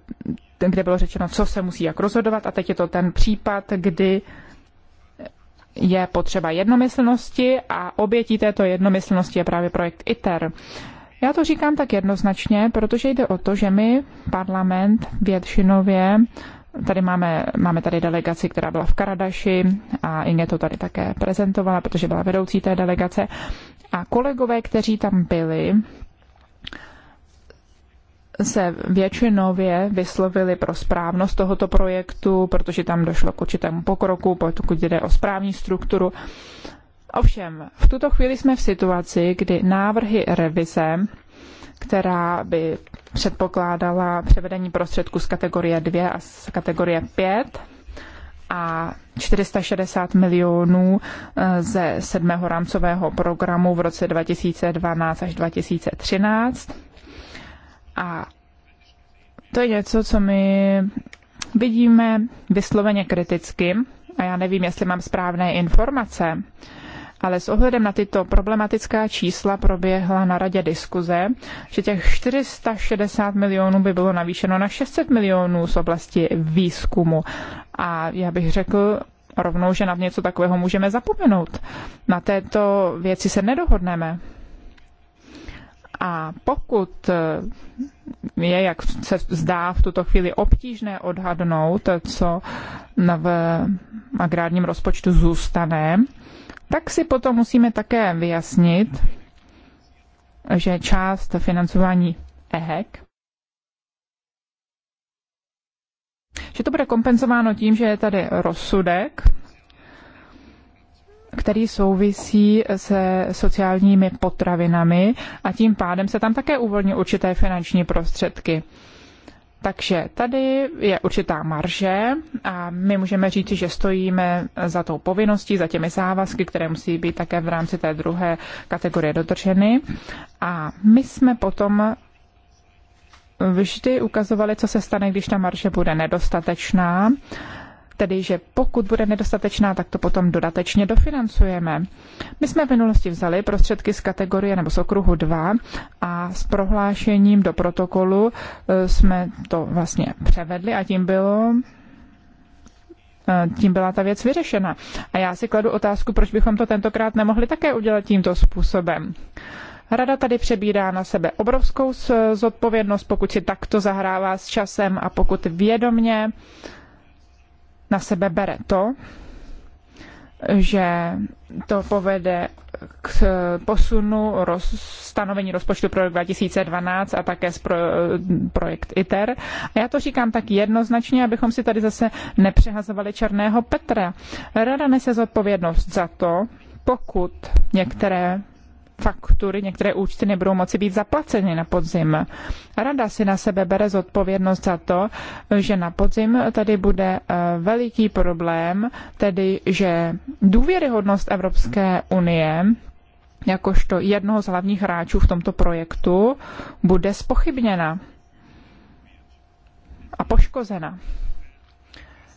kde bylo řečeno, co se musí jak rozhodovat, a teď je to ten případ, kdy je potřeba jednomyslnosti a obětí této jednomyslnosti je právě projekt ITER. Já to říkám tak jednoznačně, protože jde o to, že my, parlament, většinově, tady máme, máme tady delegaci, která byla v Karadaši a Inge to tady také prezentovala, protože byla vedoucí té delegace. A kolegové, kteří tam byli, se většinově vyslovili pro správnost tohoto projektu, protože tam došlo k určitému pokroku, pokud jde o správní strukturu. Ovšem, v tuto chvíli jsme v situaci, kdy návrhy revize, která by předpokládala převedení prostředků z kategorie 2 a z kategorie 5, a 460 milionů eh, ze sedmého rámcového programu v roce 2012 až 2013. A to je něco, co my vidíme vysloveně kriticky. A já nevím, jestli mám správné informace, ale s ohledem na tyto problematická čísla proběhla na radě diskuze, že těch 460 milionů by bylo navýšeno na 600 milionů z oblasti výzkumu. A já bych řekl rovnou, že na něco takového můžeme zapomenout. Na této věci se nedohodneme. A pokud je, jak se zdá v tuto chvíli obtížné odhadnout, co v agrárním rozpočtu zůstane, tak si potom musíme také vyjasnit, že část financování EHEC, že to bude kompenzováno tím, že je tady rozsudek, který souvisí se sociálními potravinami a tím pádem se tam také uvolní určité finanční prostředky. Takže tady je určitá marže a my můžeme říct, že stojíme za tou povinností, za těmi závazky, které musí být také v rámci té druhé kategorie dotrženy. A my jsme potom vždy ukazovali, co se stane, když ta marže bude nedostatečná tedy že pokud bude nedostatečná, tak to potom dodatečně dofinancujeme. My jsme v minulosti vzali prostředky z kategorie nebo z okruhu 2 a s prohlášením do protokolu e, jsme to vlastně převedli a tím bylo e, tím byla ta věc vyřešena. A já si kladu otázku, proč bychom to tentokrát nemohli také udělat tímto způsobem. Rada tady přebírá na sebe obrovskou zodpovědnost, pokud si takto zahrává s časem a pokud vědomně uh, na sebe bere to, že to povede k posunu roz, stanovení rozpočtu pro rok 2012 a také z pro, projekt ITER. A já to říkám tak jednoznačně, abychom si tady zase nepřehazovali černého Petra. Rada nese zodpovědnost za to, pokud některé faktury, některé účty nebudou moci být zaplaceny na podzim. Rada si na sebe bere zodpovědnost za to, že na podzim tady bude eh, veliký problém, tedy že důvěryhodnost Evropské unie jakožto jednoho z hlavních hráčů v tomto projektu bude spochybněna a poškozena.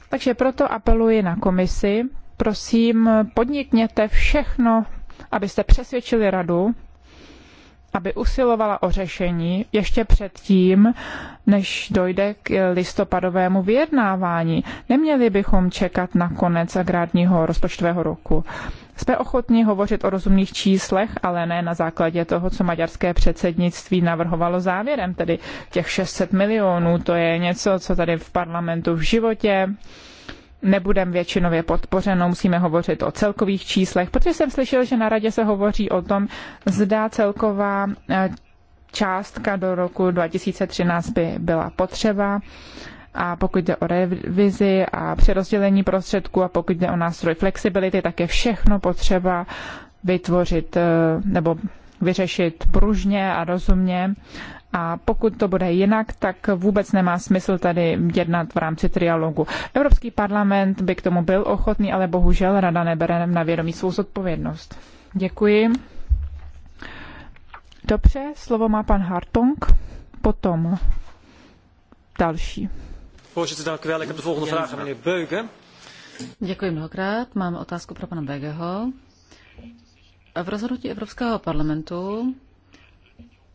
Takže proto apeluji na komisi, prosím, podnikněte všechno abyste přesvědčili radu, aby usilovala o řešení ještě předtím, než dojde k listopadovému vyjednávání. Neměli bychom čekat na konec agrárního rozpočtového roku. Jsme ochotní hovořit o rozumných číslech, ale ne na základě toho, co maďarské předsednictví navrhovalo závěrem, tedy těch 600 milionů, to je něco, co tady v parlamentu v životě nebudem většinově podpořeno, musíme hovořit o celkových číslech, protože jsem slyšel, že na radě se hovoří o tom, zda celková eh, částka do roku 2013 by byla potřeba a pokud jde o revizi a přerozdělení prostředků a pokud jde o nástroj flexibility, tak je všechno potřeba vytvořit eh, nebo vyřešit pružně a rozumně a pokud to bude jinak, tak vůbec nemá smysl tady jednat v rámci trialogu. Evropský parlament by k tomu byl ochotný, ale bohužel rada nebere na vědomí svou zodpovědnost. Děkuji. Dobře, slovo má pan Hartong, potom další. Beuge. Děkuji mnohokrát. Mám otázku pro pana Begeho. V rozhodnutí Evropského parlamentu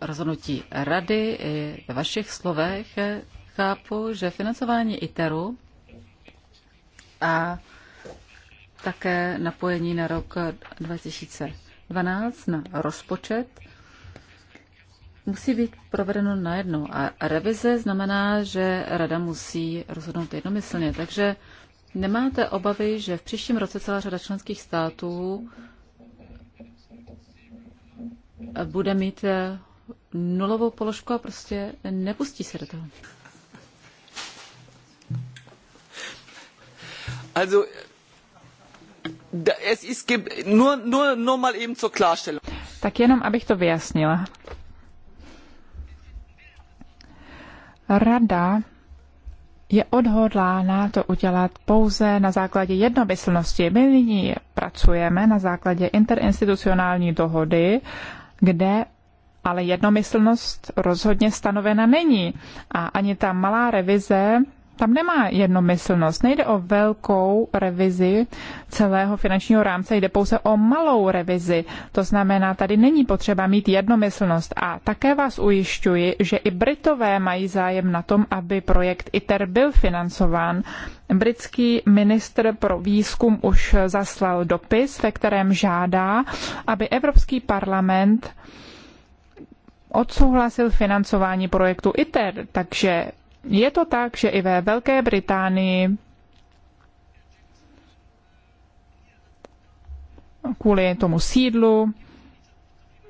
rozhodnutí rady i ve vašich slovech chápu, že financování ITERu a také napojení na rok 2012 na rozpočet musí být provedeno najednou. A revize znamená, že rada musí rozhodnout jednomyslně. Takže nemáte obavy, že v příštím roce celá řada členských států bude mít nulovou položku a prostě nepustí se do toho. Also, es ist nur, nur, nur mal eben zur Klarstellung. Tak jenom, abych to vyjasnila. Rada je odhodlána to udělat pouze na základě jednomyslnosti. My nyní pracujeme na základě interinstitucionální dohody, kde ale jednomyslnost rozhodně stanovena není. A ani ta malá revize tam nemá jednomyslnost. Nejde o velkou revizi celého finančního rámce, jde pouze o malou revizi. To znamená, tady není potřeba mít jednomyslnost. A také vás ujišťuji, že i Britové mají zájem na tom, aby projekt ITER byl financován. Britský ministr pro výzkum už zaslal dopis, ve kterém žádá, aby Evropský parlament odsouhlasil financování projektu ITER, takže je to tak, že i ve Velké Británii kvůli tomu sídlu,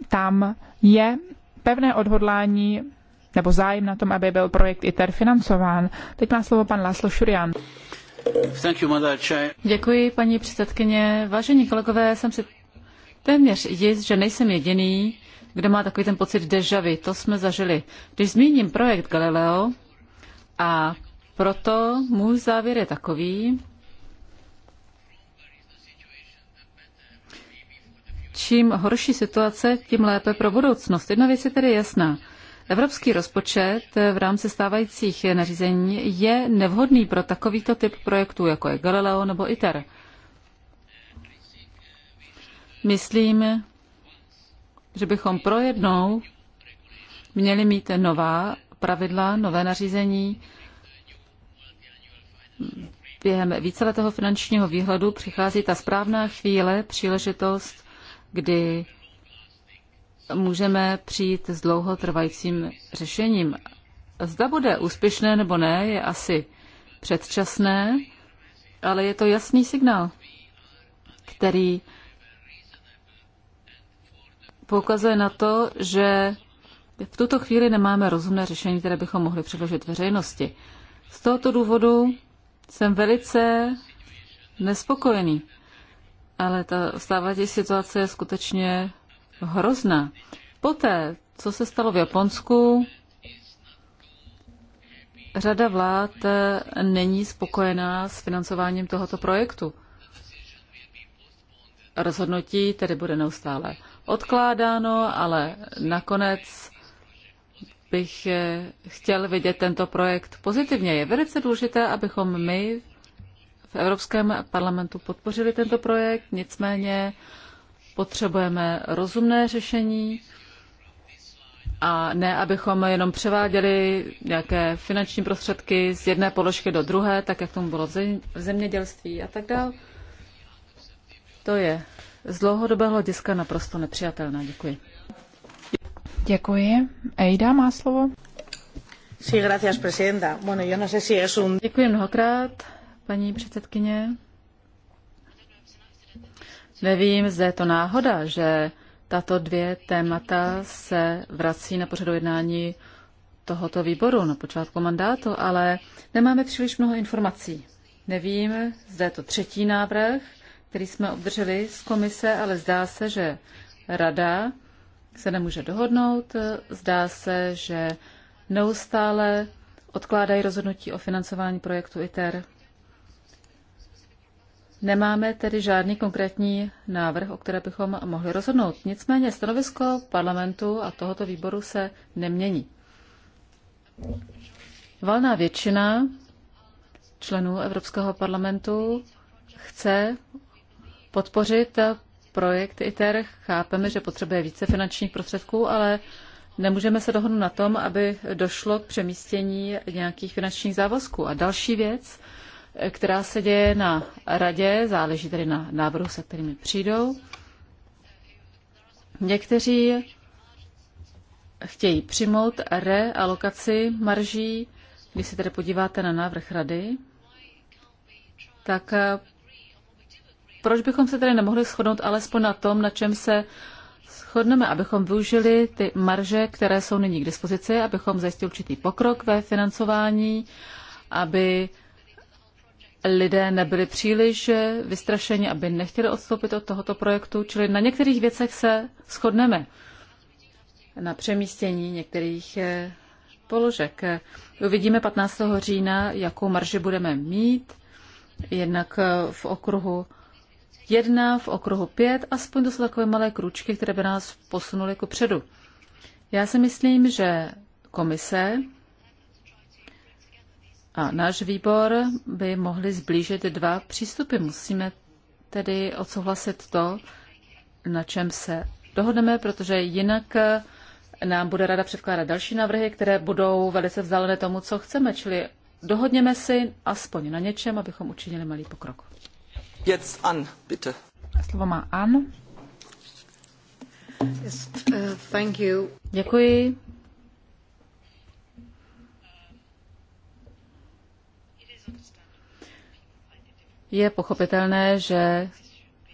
tam je pevné odhodlání nebo zájem na tom, aby byl projekt ITER financován. Teď má slovo pan Laslo Šurian. Děkuji, paní předsedkyně. Vážení kolegové, jsem si téměř jist, že nejsem jediný, kde má takový ten pocit dežavy. To jsme zažili. Když zmíním projekt Galileo a proto můj závěr je takový, čím horší situace, tím lépe pro budoucnost. Jedna věc je tedy jasná. Evropský rozpočet v rámci stávajících nařízení je nevhodný pro takovýto typ projektů, jako je Galileo nebo ITER. Myslím, že bychom projednou měli mít nová pravidla, nové nařízení. Během víceletého finančního výhledu přichází ta správná chvíle, příležitost, kdy můžeme přijít s dlouhotrvajícím řešením. Zda bude úspěšné nebo ne, je asi předčasné, ale je to jasný signál, který poukazuje na to, že v tuto chvíli nemáme rozumné řešení, které bychom mohli předložit veřejnosti. Z tohoto důvodu jsem velice nespokojený. Ale ta stávající situace je skutečně hrozná. Poté, co se stalo v Japonsku, řada vlád není spokojená s financováním tohoto projektu rozhodnutí tedy bude neustále odkládáno, ale nakonec bych eh, chtěl vidět tento projekt pozitivně. Je velice důležité, abychom my v Evropském parlamentu podpořili tento projekt, nicméně potřebujeme rozumné řešení a ne, abychom jenom převáděli nějaké finanční prostředky z jedné položky do druhé, tak jak tomu bylo v zemědělství a tak dále. To je z dlouhodobého hlediska naprosto nepřijatelné. Děkuji. Děkuji. Ejda má slovo. Sí, gracias, presidenta. Bueno, yo no sé si es un... Děkuji mnohokrát, paní předsedkyně. Nevím, zda je to náhoda, že tato dvě témata se vrací na pořadu jednání tohoto výboru na počátku mandátu, ale nemáme příliš mnoho informací. Nevím, zda je to třetí návrh, který jsme obdrželi z komise, ale zdá se, že rada se nemůže dohodnout. Zdá se, že neustále odkládají rozhodnutí o financování projektu ITER. Nemáme tedy žádný konkrétní návrh, o které bychom mohli rozhodnout. Nicméně stanovisko parlamentu a tohoto výboru se nemění. Valná většina členů Evropského parlamentu chce podpořit projekt ITER. Chápeme, že potřebuje více finančních prostředků, ale nemůžeme se dohodnout na tom, aby došlo k přemístění nějakých finančních závazků. A další věc, která se děje na radě, záleží tedy na návrhu, se kterými přijdou. Někteří chtějí přijmout realokaci marží. Když se tedy podíváte na návrh rady, tak proč bychom se tedy nemohli shodnout alespoň na tom, na čem se shodneme, abychom využili ty marže, které jsou nyní k dispozici, abychom zajistili určitý pokrok ve financování, aby lidé nebyli příliš vystrašeni, aby nechtěli odstoupit od tohoto projektu, čili na některých věcech se shodneme. Na přemístění některých eh, položek. Uvidíme 15. října, jakou marži budeme mít, jednak eh, v okruhu Jedna v okruhu pět, aspoň to jsou takové malé kručky, které by nás posunuly ku předu. Já si myslím, že komise a náš výbor by mohli zblížit dva přístupy. Musíme tedy odsouhlasit to, na čem se dohodneme, protože jinak nám bude rada předkládat další návrhy, které budou velice vzdálené tomu, co chceme, čili dohodněme si aspoň na něčem, abychom učinili malý pokrok. Uh, je pochopitelné, že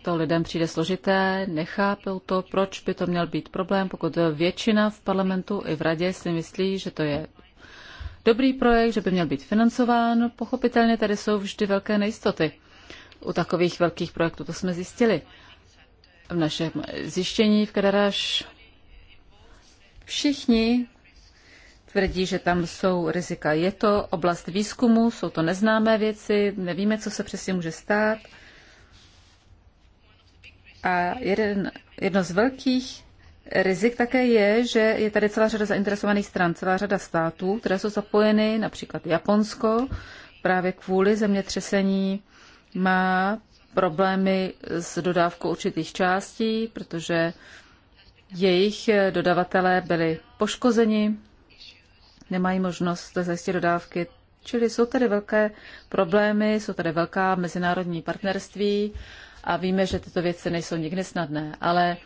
to lidem přijde složité, nechápou to, proč by to měl být problém, pokud většina v parlamentu i v radě si myslí, že to je dobrý projekt, že by měl být financován. Pochopitelně tady jsou vždy velké nejistoty u takových velkých projektů. To jsme zjistili v našem zjištění v Kadaráš. Všichni tvrdí, že tam jsou rizika. Je to oblast výzkumu, jsou to neznámé věci, nevíme, co se přesně může stát. A jeden, jedno z velkých rizik také je, že je tady celá řada zainteresovaných stran, celá řada států, které jsou zapojeny, například Japonsko, právě kvůli zemětřesení má problémy s dodávkou určitých částí, protože jejich dodavatelé byli poškozeni, nemají možnost zajistit dodávky. Čili jsou tady velké problémy, jsou tady velká mezinárodní partnerství a víme, že tyto věci nejsou nikdy snadné. Ale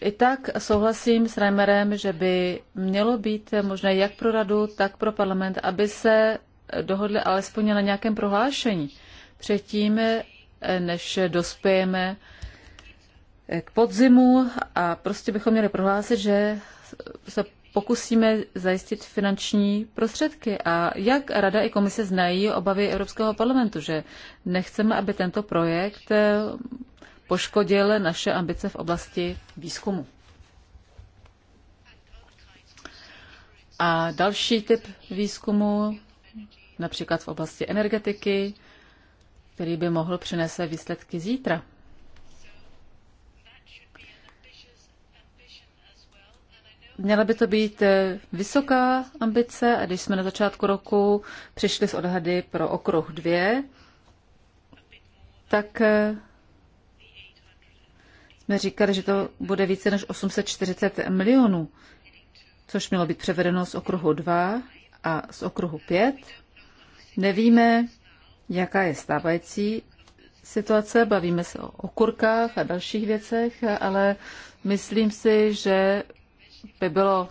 i tak souhlasím s Reimerem, že by mělo být možné jak pro radu, tak pro parlament, aby se dohodli alespoň na nějakém prohlášení předtím, než dospějeme k podzimu a prostě bychom měli prohlásit, že se pokusíme zajistit finanční prostředky. A jak Rada i komise znají obavy Evropského parlamentu, že nechceme, aby tento projekt poškodil naše ambice v oblasti výzkumu. A další typ výzkumu, například v oblasti energetiky, který by mohl přinést výsledky zítra. Měla by to být eh, vysoká ambice a když jsme na začátku roku přišli s odhady pro okruh 2, tak eh, jsme říkali, že to bude více než 840 milionů, což mělo být převedeno z okruhu 2 a z okruhu 5. Nevíme, jaká je stávající situace. Bavíme se o okurkách a dalších věcech, ale myslím si, že by bylo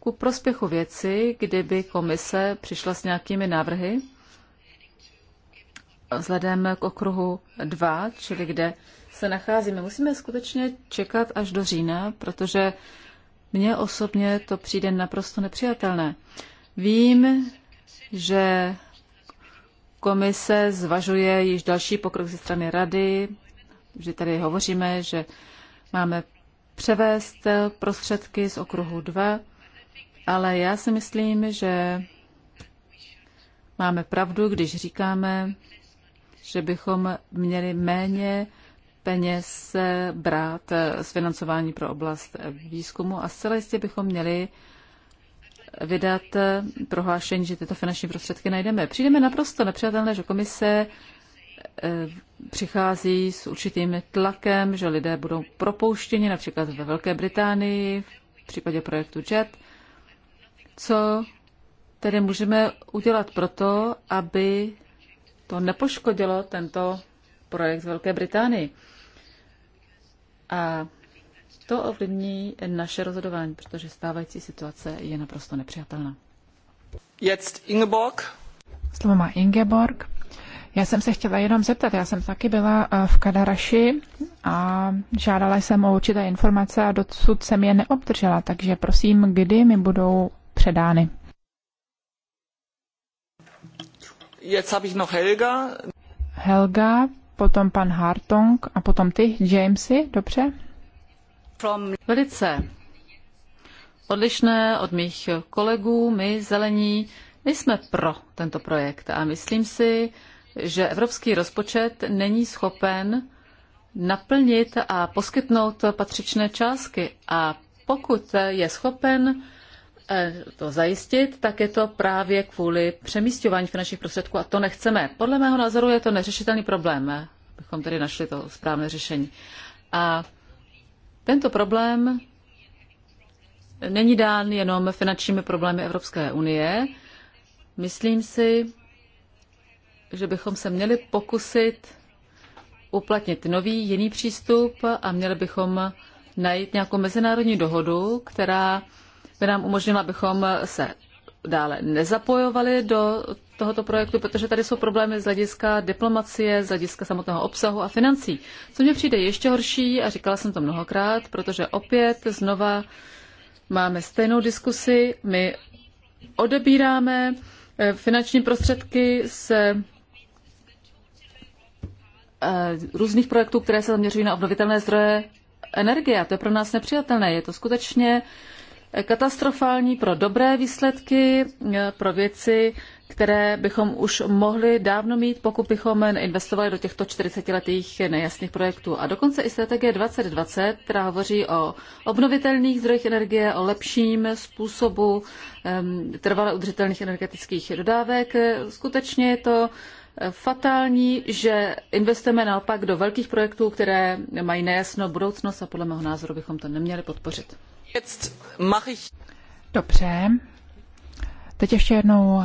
ku prospěchu věci, kdyby komise přišla s nějakými návrhy vzhledem k okruhu 2, čili kde se nacházíme. Musíme skutečně čekat až do října, protože mně osobně to přijde naprosto nepřijatelné. Vím, že Komise zvažuje již další pokrok ze strany rady, že tady hovoříme, že máme převést prostředky z okruhu 2, ale já si myslím, že máme pravdu, když říkáme, že bychom měli méně peněz brát z financování pro oblast výzkumu a zcela jistě bychom měli vydat eh, prohlášení, že tyto finanční prostředky najdeme. Přijdeme naprosto nepřijatelné, že komise eh, přichází s určitým tlakem, že lidé budou propouštěni, například ve Velké Británii, v případě projektu JET. Co tedy můžeme udělat proto, aby to nepoškodilo tento projekt Velké Británii? A to ovlivní naše rozhodování, protože stávající situace je naprosto nepřijatelná. Jetzt Ingeborg. Slovo má Ingeborg. Já jsem se chtěla jenom zeptat, já jsem taky byla eh, v Kadaraši a žádala jsem o určité informace a dosud jsem je neobdržela, takže prosím, kdy mi budou předány. Jetzt habe ich noch Helga. Helga, potom pan Hartong a potom ty, Jamesy, dobře? Velice odlišné od mých kolegů, my zelení, my jsme pro tento projekt a myslím si, že evropský rozpočet není schopen naplnit a poskytnout patřičné částky. A pokud je schopen eh, to zajistit, tak je to právě kvůli přemístování finančních prostředků a to nechceme. Podle mého názoru je to neřešitelný problém, abychom tedy našli to správné řešení. A tento problém není dán jenom finančními problémy Evropské unie. Myslím si, že bychom se měli pokusit uplatnit nový, jiný přístup a měli bychom najít nějakou mezinárodní dohodu, která by nám umožnila, abychom se dále nezapojovali do tohoto projektu, protože tady jsou problémy z hlediska diplomacie, z hlediska samotného obsahu a financí. Co mě přijde ještě horší, a říkala jsem to mnohokrát, protože opět znova máme stejnou diskusi, my odebíráme eh, finanční prostředky z eh, různých projektů, které se zaměřují na obnovitelné zdroje energie. A to je pro nás nepřijatelné. Je to skutečně katastrofální pro dobré výsledky, eh, pro věci, které bychom už mohli dávno mít, pokud bychom investovali do těchto 40-letých nejasných projektů. A dokonce i strategie 2020, která hovoří o obnovitelných zdrojích energie, o lepším způsobu um, trvale udržitelných energetických dodávek. Skutečně je to fatální, že investujeme naopak do velkých projektů, které mají nejasnou budoucnost a podle mého názoru bychom to neměli podpořit. Dobře. Teď ještě jednou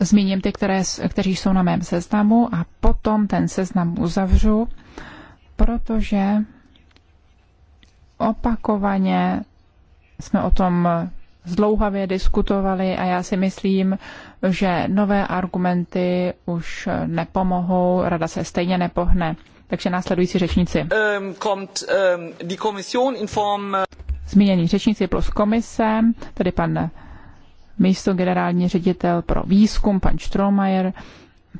zmíním ty, které, kteří jsou na mém seznamu a potom ten seznam uzavřu, protože opakovaně jsme o tom zdlouhavě diskutovali a já si myslím, že nové argumenty už nepomohou, rada se stejně nepohne. Takže následující řečníci. Ehm, ehm, eh, Zmíněný řečníci plus komise, tedy pan místo generální ředitel pro výzkum, pan Strohmajer,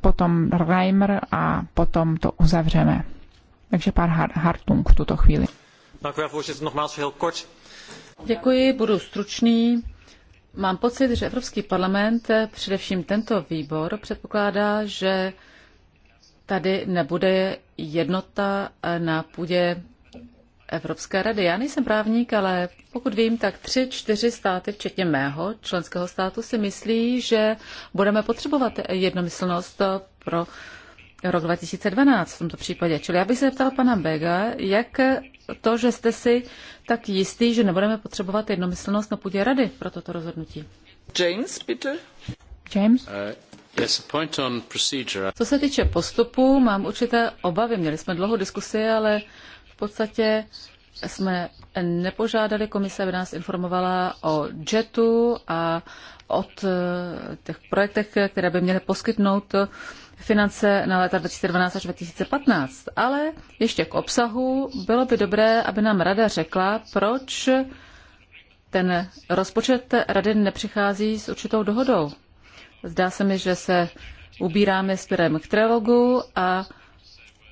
potom Reimer a potom to uzavřeme. Takže pár hartung v tuto chvíli. Děkuji, budu stručný. Mám pocit, že Evropský parlament, především tento výbor, předpokládá, že tady nebude jednota na půdě Evropské rady. Já nejsem právník, ale pokud vím, tak tři, čtyři státy, včetně mého členského státu, si myslí, že budeme potřebovat jednomyslnost pro rok 2012 v tomto případě. Čili já bych se zeptal pana Bega, jak to, že jste si tak jistý, že nebudeme potřebovat jednomyslnost na půdě rady pro toto rozhodnutí. James, bitte. James? Uh, point on procedure. Co se týče postupu, mám určité obavy. Měli jsme dlouhou diskusi, ale v podstatě jsme nepožádali komise, aby nás informovala o JETu a od eh, těch projektech, které by měly poskytnout finance na léta 2012 až 2015. Ale ještě k obsahu, bylo by dobré, aby nám rada řekla, proč ten rozpočet rady nepřichází s určitou dohodou. Zdá se mi, že se ubíráme směrem k trilogu a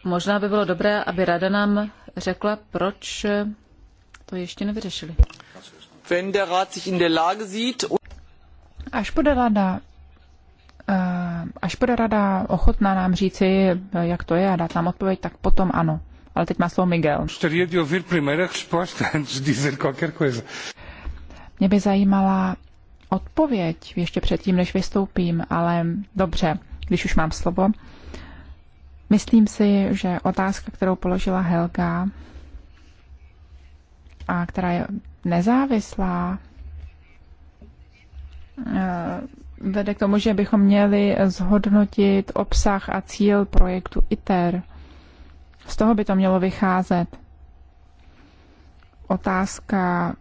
možná by bylo dobré, aby rada nám řekla, proč to ještě nevyřešili. Až bude rada eh, Až bude rada ochotná nám říci, jak to je a dát nám odpověď, tak potom ano. Ale teď má slovo Miguel. *laughs* Mě by zajímala odpověď ještě předtím, než vystoupím, ale dobře, když už mám slovo. Myslím si, že otázka, kterou položila Helga, a která je nezávislá, eh, vede k tomu, že bychom měli zhodnotit obsah a cíl projektu ITER. Z toho by to mělo vycházet. Otázka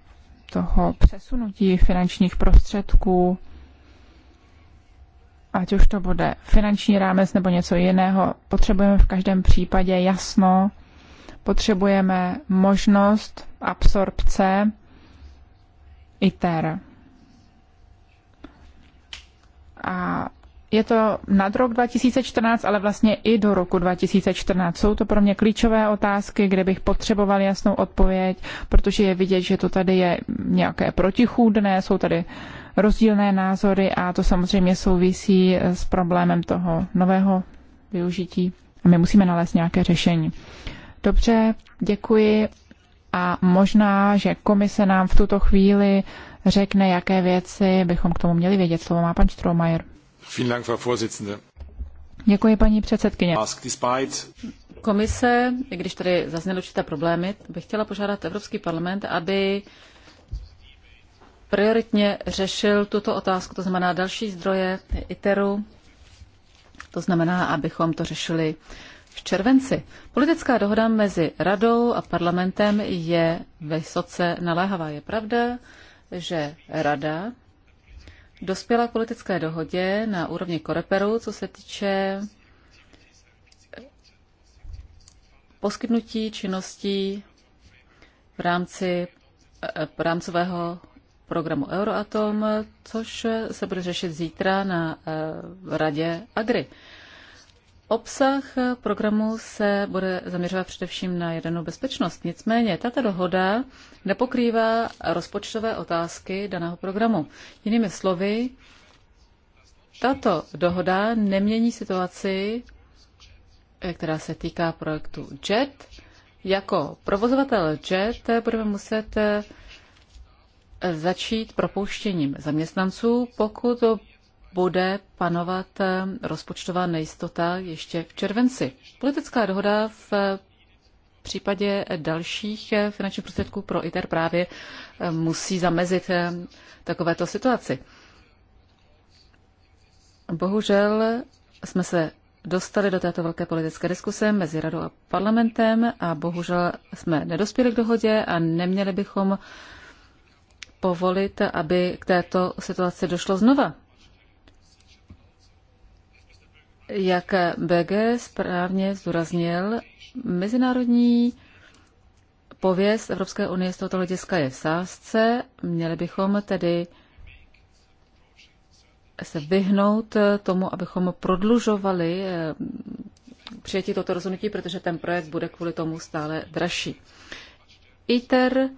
toho přesunutí finančních prostředků ať už to bude finanční rámec nebo něco jiného, potřebujeme v každém případě jasno, potřebujeme možnost absorpce ITER. A je to nad rok 2014, ale vlastně i do roku 2014. Jsou to pro mě klíčové otázky, kde bych potřeboval jasnou odpověď, protože je vidět, že to tady je nějaké protichůdné, jsou tady uh, rozdílné názory a to samozřejmě souvisí s problémem toho nového využití a my musíme nalézt nějaké řešení. Dobře, děkuji a možná, že komise nám v tuto chvíli řekne, jaké věci bychom k tomu měli vědět. Slovo má pan Strohmajer. Děkuji, paní předsedkyně. Komise, když tady zazněly určité problémy, bych chtěla požádat Evropský parlament, aby prioritně řešil tuto otázku, to znamená další zdroje ITERu, to znamená, abychom to řešili v červenci. Politická dohoda mezi radou a parlamentem je vysoce naléhavá. Je pravda, že rada dospěla k politické dohodě na úrovni koreperu, co se týče poskytnutí činností v rámci eh, eh, rámcového programu Euroatom, což se bude řešit zítra na eh, radě Agri. Obsah programu se bude zaměřovat především na jadernou bezpečnost. Nicméně tato dohoda nepokrývá rozpočtové otázky daného programu. Jinými slovy, tato dohoda nemění situaci, eh, která se týká projektu JET. Jako provozovatel JET budeme muset eh, začít propouštěním zaměstnanců, pokud bude panovat eh, rozpočtová nejistota ještě v červenci. Politická dohoda v eh, případě dalších eh, finančních prostředků pro ITER právě musí zamezit takovéto situaci. Bohužel jsme se dostali do této velké politické diskuse mezi radou a parlamentem a bohužel jsme nedospěli k dohodě a neměli bychom povolit, aby k této situaci došlo znova. Jak BG správně zdůraznil, mezinárodní pověst Evropské unie z tohoto hlediska je v sázce. Měli bychom tedy se vyhnout tomu, abychom prodlužovali eh, přijetí toto rozhodnutí, protože ten projekt bude kvůli tomu stále dražší. ITER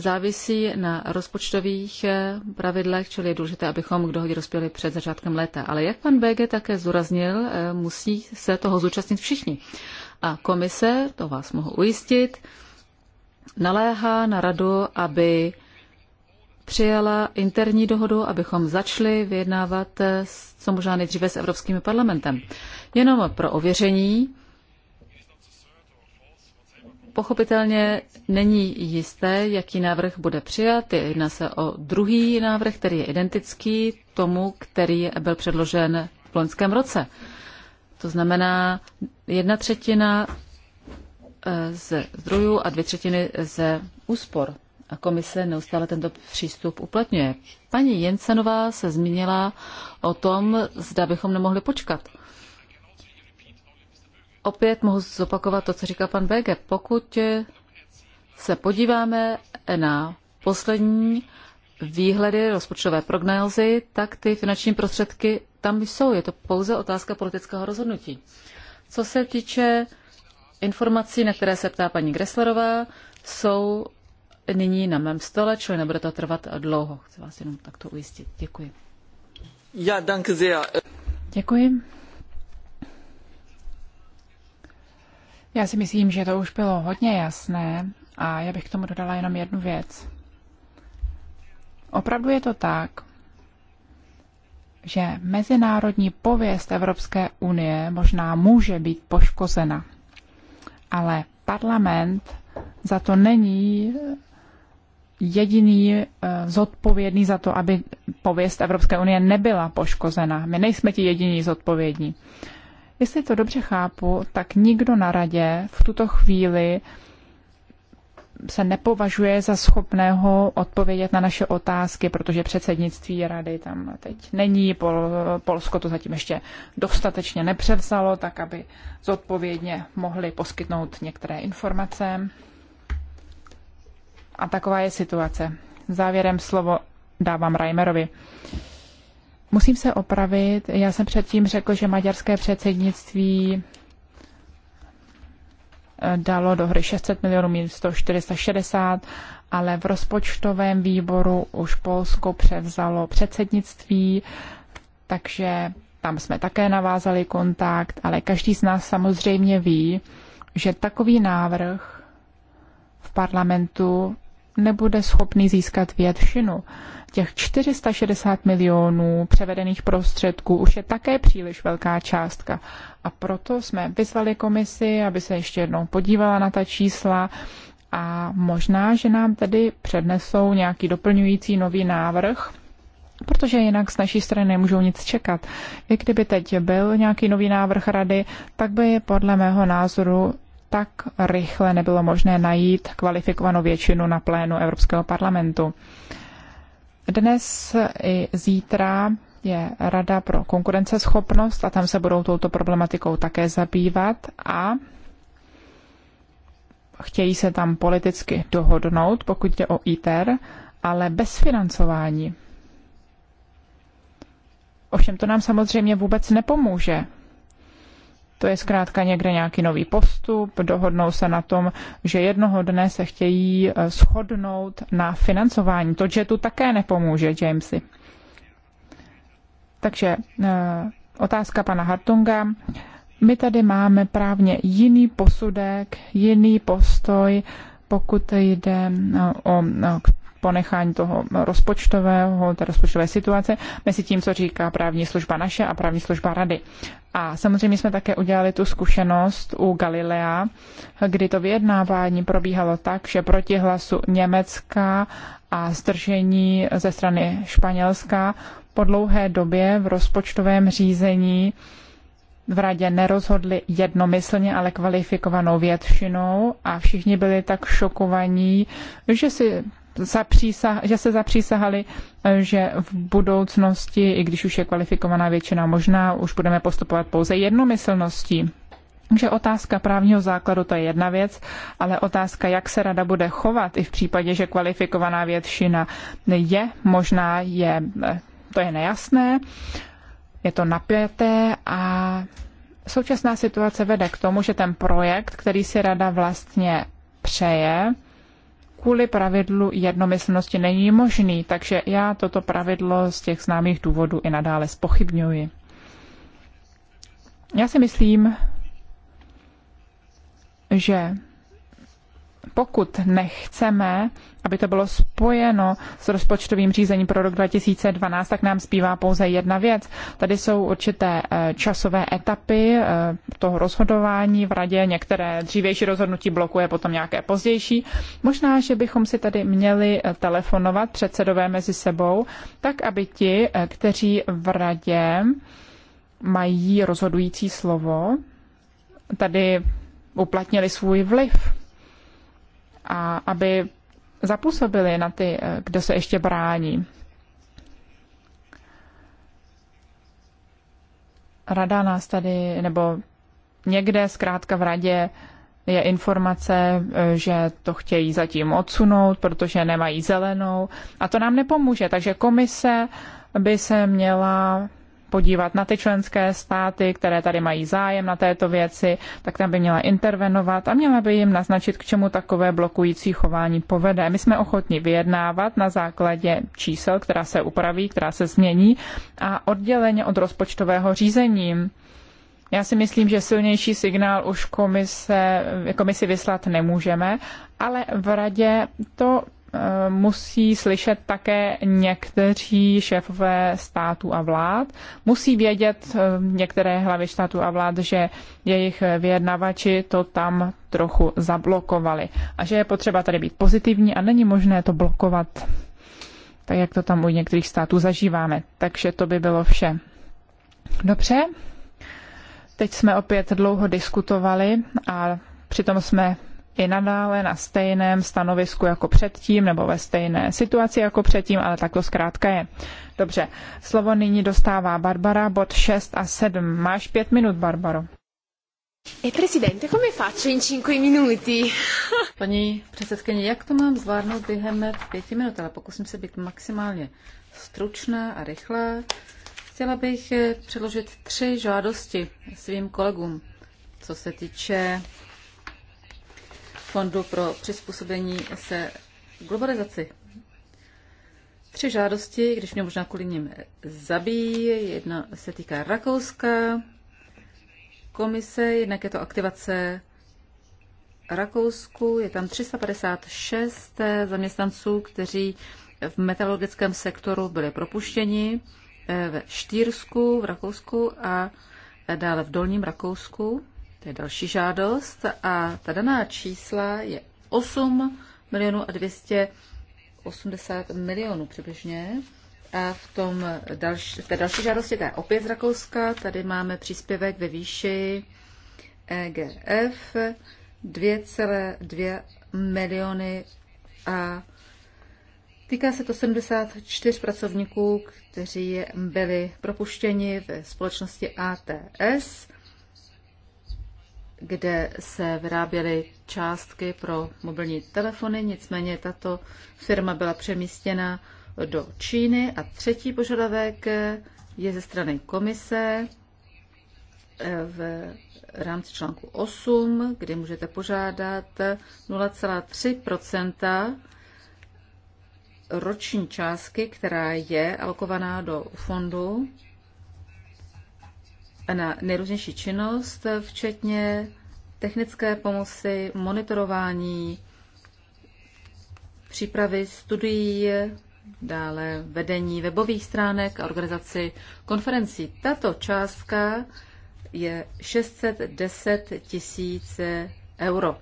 závisí na rozpočtových eh, pravidlech, čili je důležité, abychom k dohodě dospěli před začátkem léta. Ale jak pan BG také zúraznil, eh, musí se toho zúčastnit všichni. A komise, to vás mohu ujistit, naléhá na radu, aby přijala interní dohodu, abychom začali vyjednávat eh, co možná nejdříve s Evropským parlamentem. Jenom pro ověření, Pochopitelně není jisté, jaký návrh bude přijat. Jedná se o druhý návrh, který je identický tomu, který byl předložen v loňském roce. To znamená jedna třetina eh, ze zdrojů a dvě třetiny ze úspor. A komise neustále tento přístup uplatňuje. Paní Jensenová se zmínila o tom, zda bychom nemohli počkat opět mohu zopakovat to, co říkal pan Bege. Pokud se podíváme na poslední výhledy, rozpočtové prognózy, tak ty finanční prostředky tam jsou. Je to pouze otázka politického rozhodnutí. Co se týče informací, na které se ptá paní Greslerová, jsou nyní na mém stole, čili nebude to trvat dlouho. Chci vás jenom takto ujistit. Děkuji. Já děkuji. sehr. Děkuji. Já si myslím, že to už bylo hodně jasné a já bych k tomu dodala jenom jednu věc. Opravdu je to tak, že mezinárodní pověst Evropské unie možná může být poškozena, ale parlament za to není jediný eh, zodpovědný za to, aby pověst Evropské unie nebyla poškozena. My nejsme ti jediní zodpovědní. Jestli to dobře chápu, tak nikdo na radě v tuto chvíli se nepovažuje za schopného odpovědět na naše otázky, protože předsednictví rady tam teď není. Pol, Polsko to zatím ještě dostatečně nepřevzalo, tak aby zodpovědně mohli poskytnout některé informace. A taková je situace. Závěrem slovo dávám Reimerovi. Uh, Musím se opravit. Já jsem předtím řekl, že maďarské předsednictví eh, dalo do hry 600 milionů místo 460, ale v rozpočtovém výboru už Polsko převzalo předsednictví, takže tam jsme také navázali kontakt, ale každý z nás samozřejmě ví, že takový návrh v parlamentu nebude schopný získat většinu. Těch 460 milionů převedených prostředků už je také příliš velká částka. A proto jsme vyzvali komisi, aby se ještě jednou podívala na ta čísla a možná, že nám tedy přednesou nějaký doplňující nový návrh, protože jinak z naší strany nemůžou nic čekat. I kdyby teď byl nějaký nový návrh rady, tak by podle mého názoru tak rychle nebylo možné najít kvalifikovanou většinu na plénu Evropského parlamentu. Dnes i zítra je Rada pro konkurenceschopnost a tam se budou touto problematikou také zabývat a chtějí se tam politicky dohodnout, pokud jde o ITER, ale bez financování. Ovšem to nám samozřejmě vůbec nepomůže, to je zkrátka někde nějaký nový postup, dohodnou se na tom, že jednoho dne se chtějí eh, shodnout na financování. To že tu také nepomůže, Jamesy. Takže eh, otázka pana Hartunga. My tady máme právně jiný posudek, jiný postoj, pokud jde eh, o ponechání toho rozpočtového, té rozpočtové situace mezi tím, co říká právní služba naše a právní služba rady. A samozřejmě jsme také udělali tu zkušenost u Galilea, kdy to vyjednávání probíhalo tak, že proti hlasu Německa a zdržení ze strany Španělska po dlouhé době v rozpočtovém řízení v radě nerozhodli jednomyslně, ale kvalifikovanou většinou a všichni byli tak šokovaní, že si zapřísah, že se zapřísahali, eh, že v budoucnosti, i když už je kvalifikovaná většina možná, už budeme postupovat pouze jednomyslností. Takže otázka právního základu to je jedna věc, ale otázka, jak se rada bude chovat i v případě, že kvalifikovaná většina je možná, je, eh, to je nejasné, je to napěté a současná situace vede k tomu, že ten projekt, který si rada vlastně přeje, kvůli pravidlu jednomyslnosti není možný, takže já toto pravidlo z těch známých důvodů i nadále spochybňuji. Já si myslím, že pokud nechceme, aby to bylo spojeno s rozpočtovým řízením pro rok 2012, tak nám zpívá pouze jedna věc. Tady jsou určité eh, časové etapy eh, toho rozhodování v radě. Některé dřívější rozhodnutí blokuje potom nějaké pozdější. Možná, že bychom si tady měli eh, telefonovat předsedové mezi sebou, tak aby ti, kteří v radě mají rozhodující slovo, tady uplatnili svůj vliv a aby zapůsobili na ty, eh, kdo se ještě brání. Rada nás tady, nebo někde zkrátka v radě je informace, eh, že to chtějí zatím odsunout, protože nemají zelenou a to nám nepomůže. Takže komise by se měla podívat na ty členské státy, které tady mají zájem na této věci, tak tam by měla intervenovat a měla by jim naznačit, k čemu takové blokující chování povede. My jsme ochotni vyjednávat na základě čísel, která se upraví, která se změní a odděleně od rozpočtového řízení. Já si myslím, že silnější signál už komise, komisi vyslat nemůžeme, ale v radě to Eh, musí slyšet také někteří šéfové států a vlád. Musí vědět eh, některé hlavy států a vlád, že jejich vyjednavači to tam trochu zablokovali a že je potřeba tady být pozitivní a není možné to blokovat, tak jak to tam u některých států zažíváme. Takže to by bylo vše. Dobře, teď jsme opět dlouho diskutovali a přitom jsme i nadále na stejném stanovisku jako předtím, nebo ve stejné situaci jako předtím, ale tak to zkrátka je. Dobře, slovo nyní dostává Barbara, bod 6 a 7. Máš pět minut, Barbaro. E presidente, come faccio in 5 minuti? *laughs* Paní předsedkyně, jak to mám zvládnout během pěti minut, ale pokusím se být maximálně stručná a rychlá. Chtěla bych eh, předložit tři žádosti svým kolegům, co se týče Fondu pro přizpůsobení se globalizaci. Tři žádosti, když mě možná kvůli nim zabíjí. Jedna se týká Rakouska, komise, jednak je to aktivace Rakousku, je tam 356 zaměstnanců, kteří v metalurgickém sektoru byli propuštěni eh, ve Štýrsku, v Rakousku a dále v Dolním Rakousku. To je další žádost a ta daná čísla je 8 milionů a 280 milionů přibližně. A v, tom další, v té další žádosti, to je opět z Rakouska, tady máme příspěvek ve výši EGF 2,2 miliony a Týká se to 74 pracovníků, kteří byli propuštěni ve společnosti ATS kde se vyráběly částky pro mobilní telefony, nicméně tato firma byla přemístěna do Číny. A třetí požadavek je ze strany komise eh, v rámci článku 8, kdy můžete požádat 0,3 roční částky, která je alokovaná do fondu na nejrůznější činnost, včetně technické pomoci, monitorování, přípravy studií, dále vedení webových stránek a organizaci konferencí. Tato částka je 610 tisíc euro.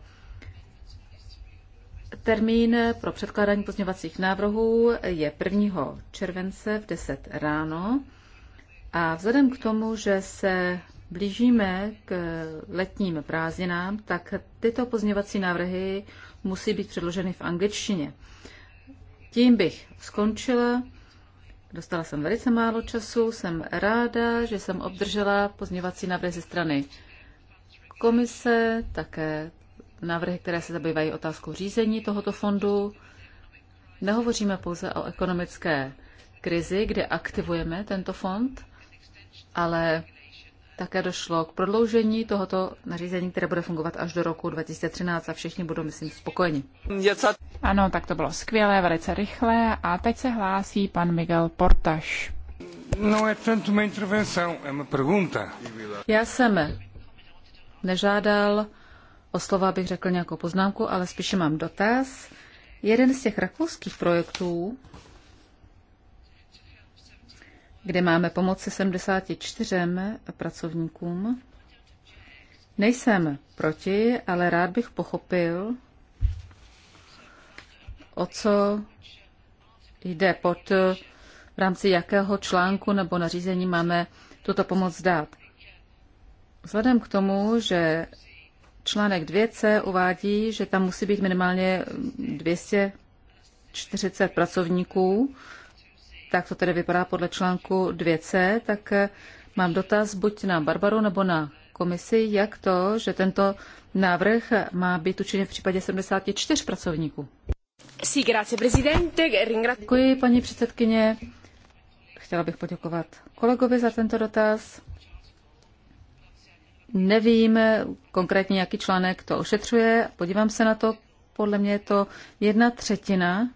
Termín pro předkládání pozměňovacích návrhů je 1. července v 10 ráno. A vzhledem k tomu, že se blížíme k letním prázdninám, tak tyto pozměvací návrhy musí být předloženy v angličtině. Tím bych skončila. Dostala jsem velice málo času, jsem ráda, že jsem obdržela pozměvací návrhy ze strany komise, také návrhy, které se zabývají otázkou řízení tohoto fondu. Nehovoříme pouze o ekonomické krizi, kde aktivujeme tento fond, ale také došlo k prodloužení tohoto nařízení, které bude fungovat až do roku 2013 a všichni budou, myslím, spokojeni. Ano, tak to bylo skvělé, velice rychlé a teď se hlásí pan Miguel Portaš. No, je Já jsem nežádal o slova, abych řekl nějakou poznámku, ale spíše mám dotaz. Jeden z těch rakouských projektů kde máme pomoci 74 pracovníkům. Nejsem proti, ale rád bych pochopil, o co jde pod v rámci jakého článku nebo nařízení máme tuto pomoc dát. Vzhledem k tomu, že článek 2c uvádí, že tam musí být minimálně 240 pracovníků, tak to tedy vypadá podle článku 2c, tak eh, mám dotaz buď na Barbaru nebo na komisi, jak to, že tento návrh má být učiněn v případě 74 pracovníků. Děkuji, paní předsedkyně. Chtěla bych poděkovat kolegovi za tento dotaz. Nevím konkrétně, jaký článek to ošetřuje. Podívám se na to. Podle mě je to jedna třetina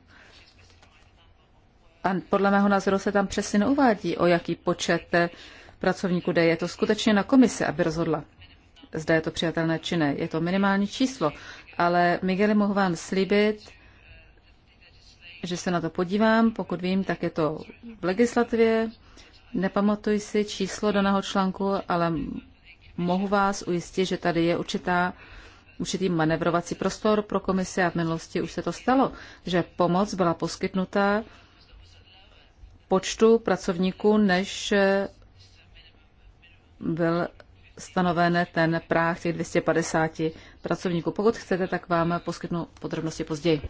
a podle mého názoru se tam přesně neuvádí, o jaký počet eh, pracovníků jde. Je to skutečně na komisi, aby rozhodla. Zda je to přijatelné či ne. Je to minimální číslo. Ale Migueli, mohu vám slíbit, že se na to podívám. Pokud vím, tak je to v legislativě. Nepamatuji si číslo daného článku, ale mohu vás ujistit, že tady je určitá určitý manevrovací prostor pro komisi a v minulosti už se to stalo, že pomoc byla poskytnuta počtu pracovníků, než eh, byl stanoven ten práh těch 250 pracovníků. Pokud chcete, tak vám poskytnu podrobnosti později.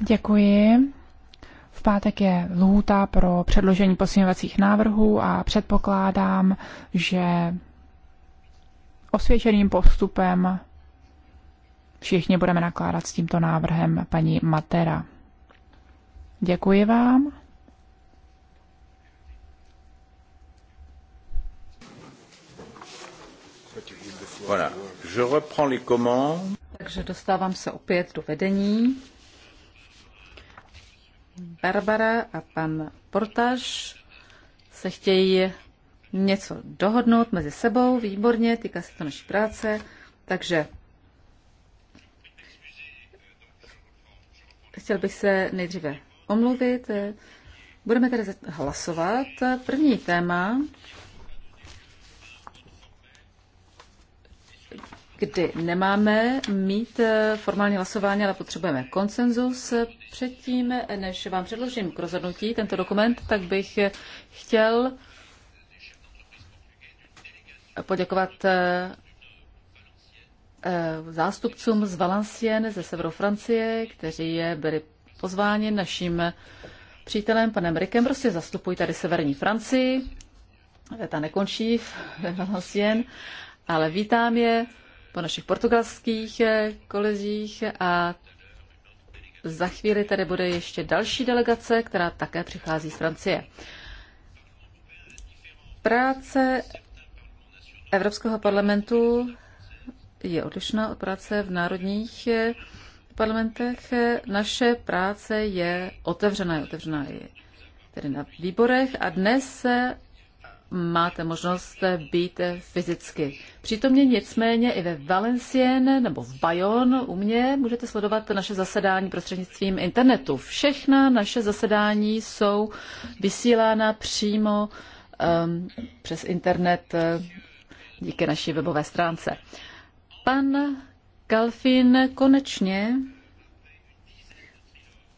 Děkuji. V pátek je lhůta pro předložení posměvacích návrhů a předpokládám, že osvědčeným postupem všichni budeme nakládat s tímto návrhem paní Matera. Děkuji vám. Takže dostávám se opět do vedení. Barbara a pan Portaž se chtějí něco dohodnout mezi sebou, výborně, týká se to naší práce, takže chtěl bych se nejdříve omluvit. Budeme tedy hlasovat. První téma, kdy nemáme mít formální hlasování, ale potřebujeme konsenzus. Předtím, než vám předložím k rozhodnutí tento dokument, tak bych chtěl poděkovat eh, eh, zástupcům z Valencien ze severu Francie, kteří byli pozváni naším přítelem, panem Rickem. Prostě zastupují tady severní Francii. Ta nekončí v Valencien, ale vítám je po našich portugalských eh, kolezích a za chvíli tady bude ještě další delegace, která také přichází z Francie. Práce Evropského parlamentu je odlišná od práce v národních eh, parlamentech naše práce je otevřená, je otevřená i tedy na výborech a dnes máte možnost být fyzicky přítomně, nicméně i ve Valencien nebo v Bayon u mě můžete sledovat naše zasedání prostřednictvím internetu. Všechna naše zasedání jsou vysílána přímo um, přes internet uh, díky naší webové stránce. Pan Kalfin konečně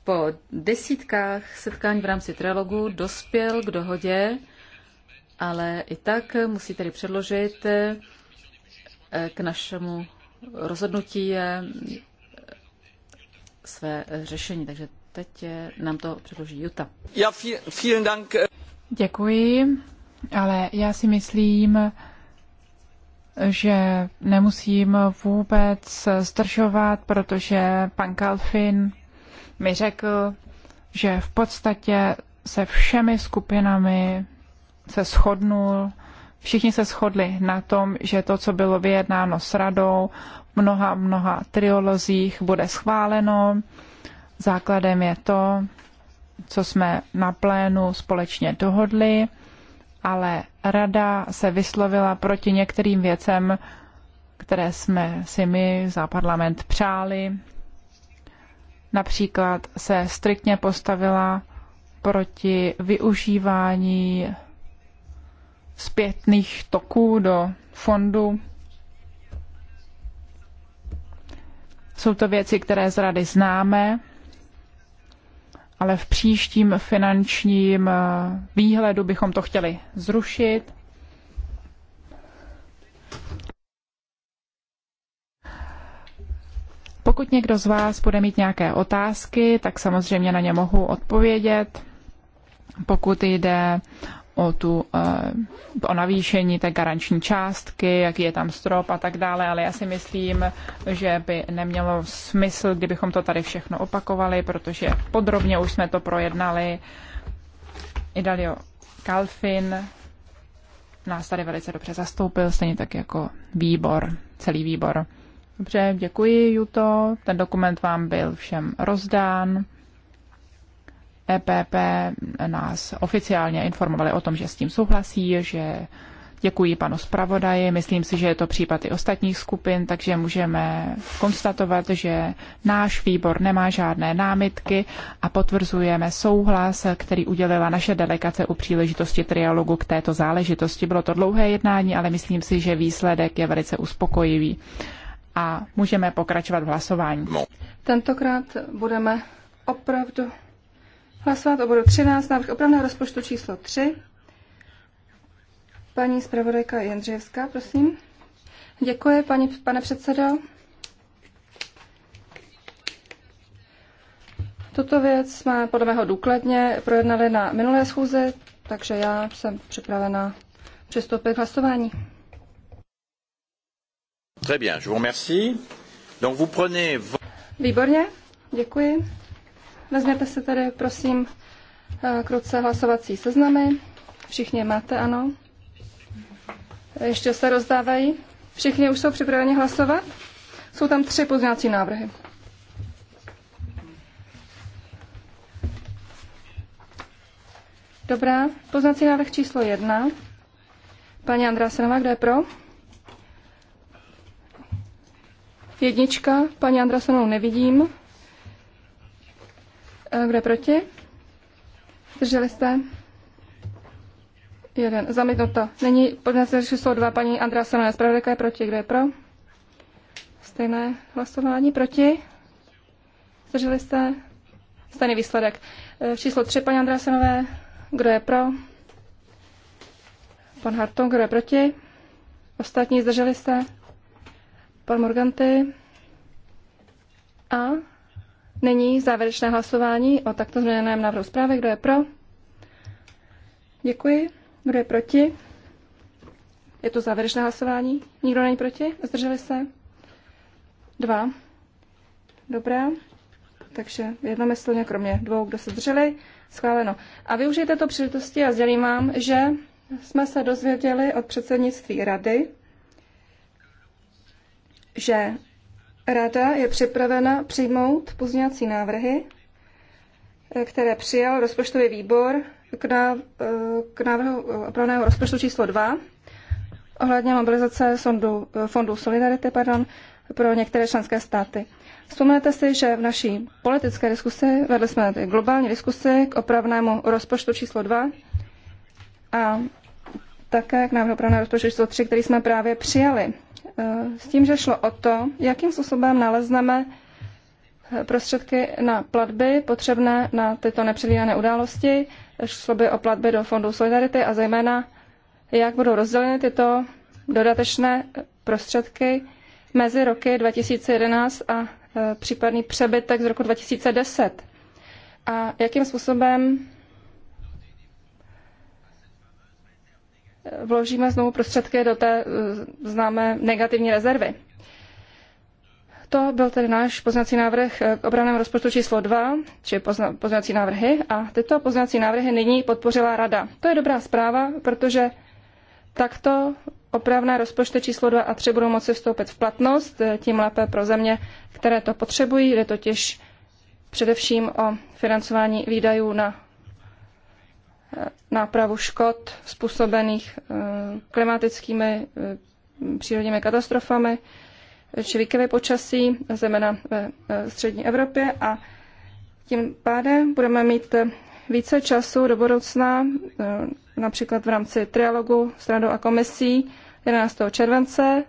po desítkách setkání v rámci trilogu dospěl k dohodě, ale i tak musí tedy předložit eh, k našemu rozhodnutí eh, své eh, řešení. Takže teď nám to předloží Juta. Děkuji, ale já si myslím, že nemusím vůbec zdržovat, protože pan Kalfin mi řekl, že v podstatě se všemi skupinami se shodnul, všichni se shodli na tom, že to, co bylo vyjednáno s radou, mnoha, mnoha triolozích bude schváleno. Základem je to, co jsme na plénu společně dohodli ale rada se vyslovila proti některým věcem, které jsme si my za parlament přáli. Například se striktně postavila proti využívání zpětných toků do fondu. Jsou to věci, které z rady známe ale v příštím finančním eh, výhledu bychom to chtěli zrušit. Pokud někdo z vás bude mít nějaké otázky, tak samozřejmě na ně mohu odpovědět. Pokud jde o, tu, eh, o navýšení té garanční částky, jaký je tam strop a tak dále, ale já si myslím, že by nemělo smysl, kdybychom to tady všechno opakovali, protože podrobně už jsme to projednali. Idalio Kalfin nás tady velice dobře zastoupil, stejně tak jako výbor, celý výbor. Dobře, děkuji, Juto. Ten dokument vám byl všem rozdán. EPP nás oficiálně informovali o tom, že s tím souhlasí, že děkuji panu zpravodaji. Myslím si, že je to případ i ostatních skupin, takže můžeme konstatovat, že náš výbor nemá žádné námitky a potvrzujeme souhlas, který udělila naše delegace u příležitosti trialogu k této záležitosti. Bylo to dlouhé jednání, ale myslím si, že výsledek je velice uspokojivý a můžeme pokračovat v hlasování. No. Tentokrát budeme opravdu hlasovat o bodu 13, návrh opravného rozpočtu číslo 3. Paní zpravodajka Jendřejevská, prosím. Děkuji, paní, pane předsedo. Tuto věc jsme podle mého důkladně projednali na minulé schůzi, takže já jsem připravena přistoupit k hlasování. Très bien, je vous remercie. Donc vous prenez... Výborně, děkuji. Vezměte se tedy, prosím, eh, k ruce hlasovací seznamy. Všichni je máte, ano. Ještě se rozdávají. Všichni už jsou připraveni hlasovat. Jsou tam tři pozměňovací návrhy. Dobrá, poznací návrh číslo jedna. Paní Senová, kdo je pro? Jednička, paní Andrasenovou nevidím. Eh, kdo je proti? Zdrželi jste? Jeden. Zamítnuto. Není podnes číslo dva paní Andrea Sanové. Zpravodajka je proti. Kdo je pro? Stejné hlasování. Proti? Zdrželi jste? Stejný výsledek. Eh, číslo tři paní Andrea Sanové. Kdo je pro? Pan Harton, kdo je proti? Ostatní zdrželi jste? Pan Morganty? A Nyní závěrečné hlasování o takto změněném návrhu zprávy. Kdo je pro? Děkuji. Kdo je proti? Je to závěrečné hlasování. Nikdo není proti? Zdrželi se? Dva. Dobrá. Takže jednomyslně, kromě dvou, kdo se zdrželi, schváleno. A využijte to příležitosti a sdělím vám, že jsme se dozvěděli od předsednictví rady, že Rada je připravena přijmout pozměňovací návrhy, eh, které přijal rozpočtový výbor k, náv- eh, k návrhu eh, opravného rozpočtu číslo 2 ohledně mobilizace sondu, fondu Solidarity pardon, pro některé členské státy. Vzpomenete si, že v naší politické diskusi vedli jsme globální diskusi k opravnému rozpočtu číslo 2 a také k návrhu opravného rozpočtu číslo 3, který jsme právě přijali s tím, že šlo o to, jakým způsobem nalezneme prostředky na platby potřebné na tyto nepředvídané události. Šlo by o platby do Fondu Solidarity a zejména, jak budou rozděleny tyto dodatečné prostředky mezi roky 2011 a e, případný přebytek z roku 2010. A jakým způsobem vložíme znovu prostředky do té eh, známé negativní rezervy. To byl tedy náš poznací návrh eh, k obraném rozpočtu číslo 2, či poznací návrhy, a tyto poznací návrhy nyní podpořila Rada. To je dobrá zpráva, protože takto opravné rozpočty číslo 2 a 3 budou moci vstoupit v platnost, eh, tím lépe pro země, které to potřebují. Jde totiž především o financování výdajů na nápravu škod způsobených eh, klimatickými eh, přírodními katastrofami či výkyvy počasí, zejména ve eh, střední Evropě a tím pádem budeme mít více času do budoucna, například v rámci trialogu s radou a komisí 11. července,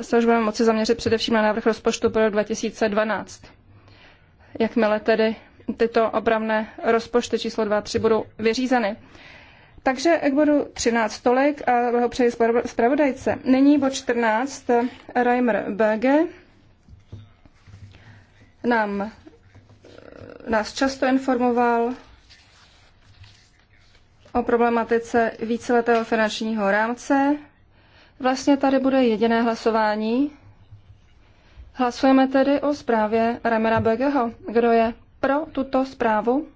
se už budeme moci zaměřit především na návrh rozpočtu pro rok 2012. Jakmile tedy tyto obramné rozpočty číslo 2 a 3 budou vyřízeny. Takže k bodu 13 tolik a ho přeji zpravodajce. Nyní bod 14 Reimer BG nám, nás často informoval o problematice víceletého finančního rámce. Vlastně tady bude jediné hlasování. Hlasujeme tedy o zprávě Ramera Begeho. Kdo je pro tuto zprávu?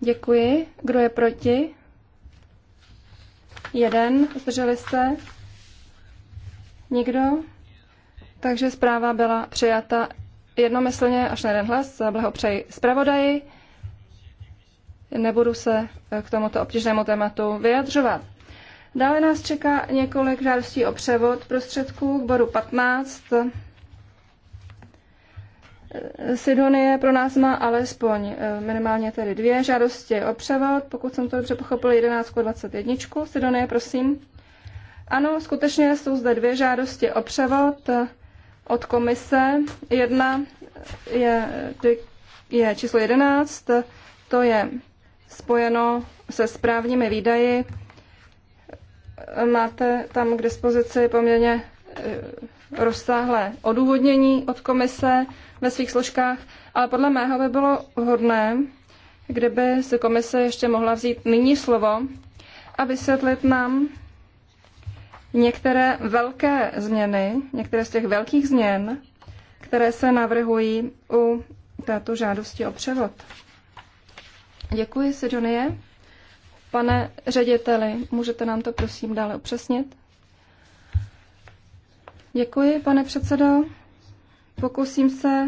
Děkuji. Kdo je proti? Jeden. Zdrželi jste? Nikdo? Takže zpráva byla přijata jednomyslně až na jeden hlas. Blahopřeji zpravodaji. Nebudu se k tomuto obtížnému tématu vyjadřovat. Dále nás čeká několik žádostí o převod prostředků k bodu 15 Sidonie pro nás má alespoň eh, minimálně tedy dvě žádosti o převod, pokud jsem to dobře pochopil, 11 21. Sidonie, prosím. Ano, skutečně jsou zde dvě žádosti o převod eh, od komise. Jedna je, je číslo 11, to je spojeno se správními výdaji. Máte tam k dispozici poměrně eh, rozsáhlé odůvodnění od komise ve svých složkách, ale podle mého by bylo vhodné, kdyby se komise ještě mohla vzít nyní slovo a vysvětlit nám některé velké změny, některé z těch velkých změn, které se navrhují u této žádosti o převod. Děkuji, Sidonie. Pane řediteli, můžete nám to prosím dále upřesnit? Děkuji, pane předsedo. Pokusím se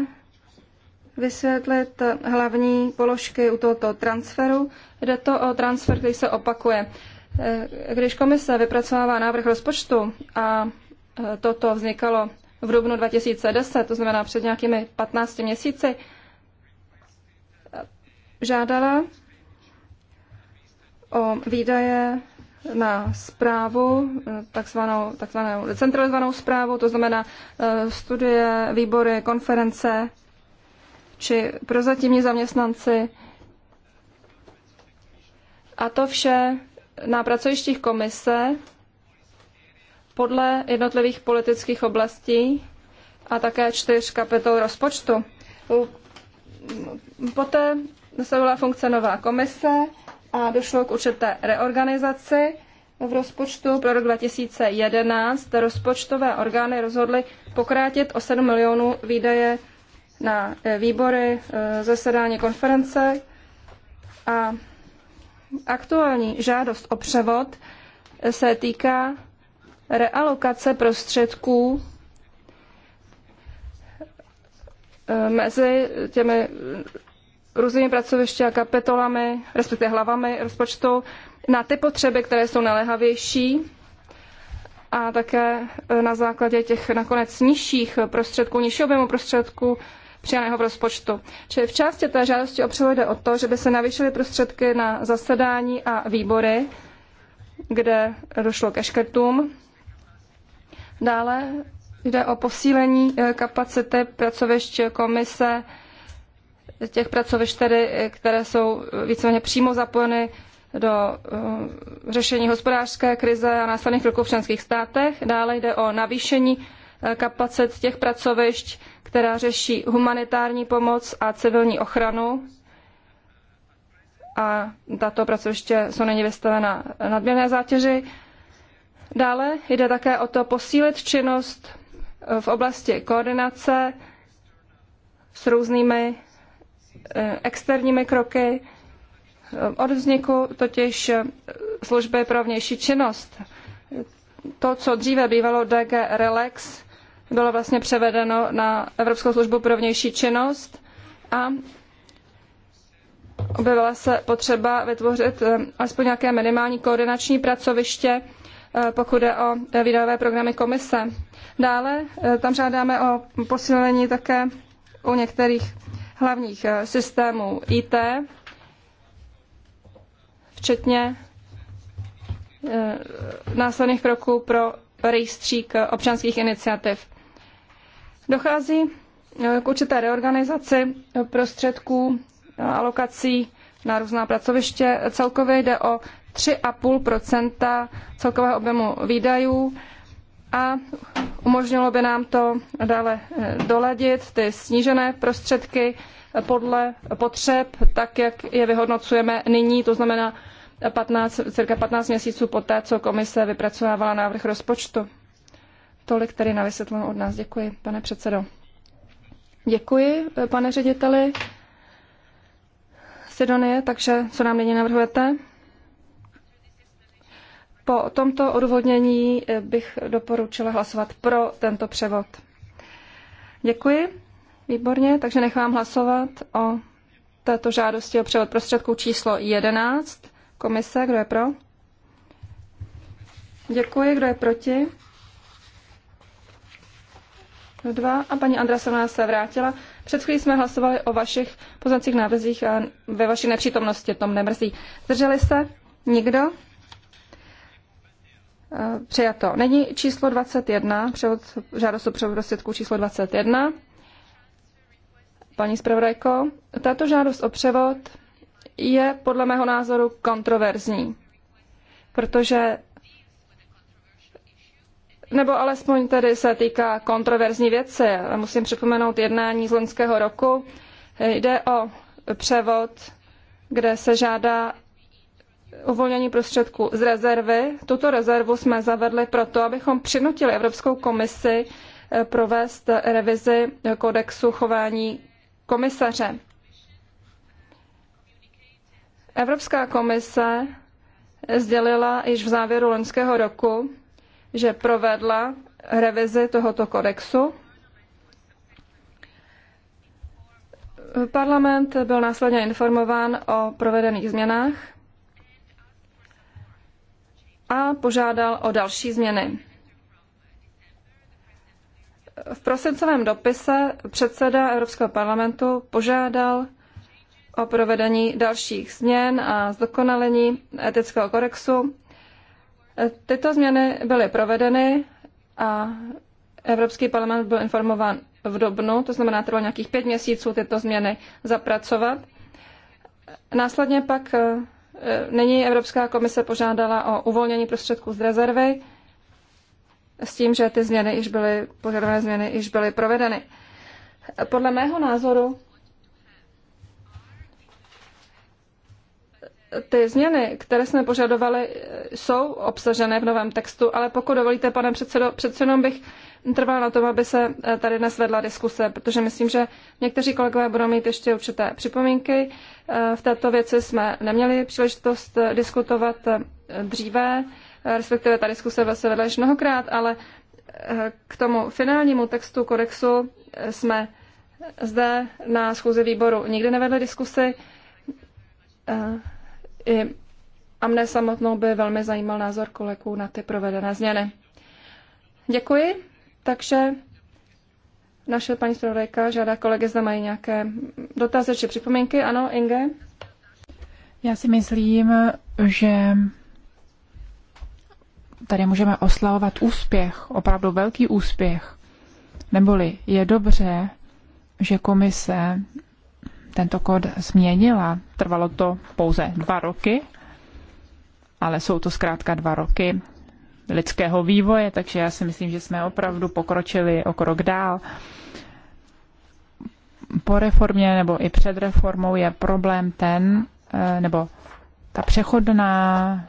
vysvětlit hlavní položky u tohoto transferu. Jde to o transfer, který se opakuje. Eh, když komise vypracovává návrh rozpočtu a eh, toto vznikalo v dubnu 2010, to znamená před nějakými 15 měsíci, eh, žádala o výdaje na zprávu, eh, takzvanou, takzvanou decentralizovanou zprávu, to znamená eh, studie, výbory, konference či prozatímní zaměstnanci. A to vše na pracovištích komise podle jednotlivých politických oblastí a také čtyř kapitol rozpočtu. Poté se funkce nová komise, a došlo k určité reorganizaci v rozpočtu pro rok 2011. Rozpočtové orgány rozhodly pokrátit o 7 milionů výdaje na e, výbory, e, zasedání konference a aktuální žádost o převod e, se týká realokace prostředků mezi těmi různými pracovišti a kapitolami, respektive hlavami rozpočtu, na ty potřeby, které jsou naléhavější a také e, na základě těch nakonec nižších prostředků, nižšího objemu prostředků přijaného v rozpočtu. Čili v části té žádosti opřelo jde o to, že by se navýšily prostředky na zasedání a výbory, kde došlo ke škrtům. Dále jde o posílení e, kapacity pracovišť komise těch pracovišť, tedy, eh, které jsou víceméně přímo zapojeny do eh, řešení hospodářské krize a následných kroků v členských státech. Dále jde o navýšení eh, kapacit těch pracovišť, která řeší humanitární pomoc a civilní ochranu. A tato pracoviště jsou není vystavena nadměrné zátěži. Dále jde také o to posílit činnost v oblasti koordinace s různými Eh, externími kroky od vzniku totiž služby pro vnější činnost. To, co dříve bývalo DG Relax, bylo vlastně převedeno na Evropskou službu pro vnější činnost a objevila se potřeba vytvořit eh, alespoň nějaké minimální koordinační pracoviště, eh, pokud jde o výdajové programy komise. Dále tam žádáme o posílení také u některých hlavních eh, systémů IT, včetně eh, následných kroků pro rejstřík občanských iniciativ. Dochází eh, k určité reorganizaci prostředků, alokací na různá pracoviště. Celkově jde o 3,5 celkového objemu výdajů a umožnilo by nám to dále eh, doladit ty snížené prostředky eh, podle potřeb, tak jak je vyhodnocujeme nyní, to znamená 15, eh, cirka 15 měsíců poté, co komise vypracovávala návrh rozpočtu. Tolik tedy na vysvětlenou od nás. Děkuji, pane předsedo. Děkuji, pane řediteli Sidonie, takže co nám nyní navrhujete? Po tomto odůvodnění eh, bych doporučila hlasovat pro tento převod. Děkuji. Výborně, takže nechám hlasovat o této žádosti o převod prostředků číslo 11. Komise, kdo je pro? Děkuji, kdo je proti? Dva. A paní Andrasová se vrátila. Před chvílí jsme hlasovali o vašich poznacích návrzích a ve vaší nepřítomnosti, tom nemrzí. Zdrželi se? Nikdo? Eh, přijato. Není číslo 21, převod, žádost o převod prostředků číslo 21. Paní zpravodajko, tato žádost o převod je podle mého názoru kontroverzní, protože nebo alespoň tedy se týká kontroverzní věci. Musím připomenout jednání z loňského roku. Jde o převod, kde se žádá uvolnění prostředků z rezervy. Tuto rezervu jsme zavedli proto, abychom přinutili Evropskou komisi eh, provést revizi kodexu chování komisaře. Evropská komise sdělila již v závěru loňského roku, že provedla revizi tohoto kodexu. Parlament byl následně informován o provedených změnách a požádal o další změny. V prosincovém dopise předseda Evropského parlamentu požádal o provedení dalších změn a zdokonalení etického kodexu. Tyto změny byly provedeny a Evropský parlament byl informován v dobnu, to znamená trvalo nějakých pět měsíců tyto změny zapracovat. Následně pak Eh, nyní Evropská komise požádala o uvolnění prostředků z rezervy s tím, že ty změny již byly, požadované změny již byly provedeny. Podle mého názoru ty změny, které jsme požadovali, eh, jsou obsažené v novém textu, ale pokud dovolíte, pane předsedo, přece jenom bych trval na tom, aby se eh, tady dnes vedla diskuse, protože myslím, že někteří kolegové budou mít ještě určité připomínky. V této věci jsme neměli příležitost diskutovat dříve, respektive ta diskuse se vedla již mnohokrát, ale eh, k tomu finálnímu textu kodexu jsme zde na schůzi výboru nikdy nevedli diskusy. Eh, I a mne samotnou by velmi zajímal názor kolegů na ty provedené změny. Děkuji, takže naše paní zpravodajka žádá kolegy, zda mají nějaké dotazy či připomínky. Ano, Inge? Já si myslím, že tady můžeme oslavovat úspěch, opravdu velký úspěch. Neboli je dobře, že komise tento kód změnila. Trvalo to pouze dva roky, ale jsou to zkrátka dva roky, lidského vývoje, takže já si myslím, že jsme opravdu pokročili o krok dál. Po reformě nebo i před reformou je problém ten, eh, nebo ta přechodná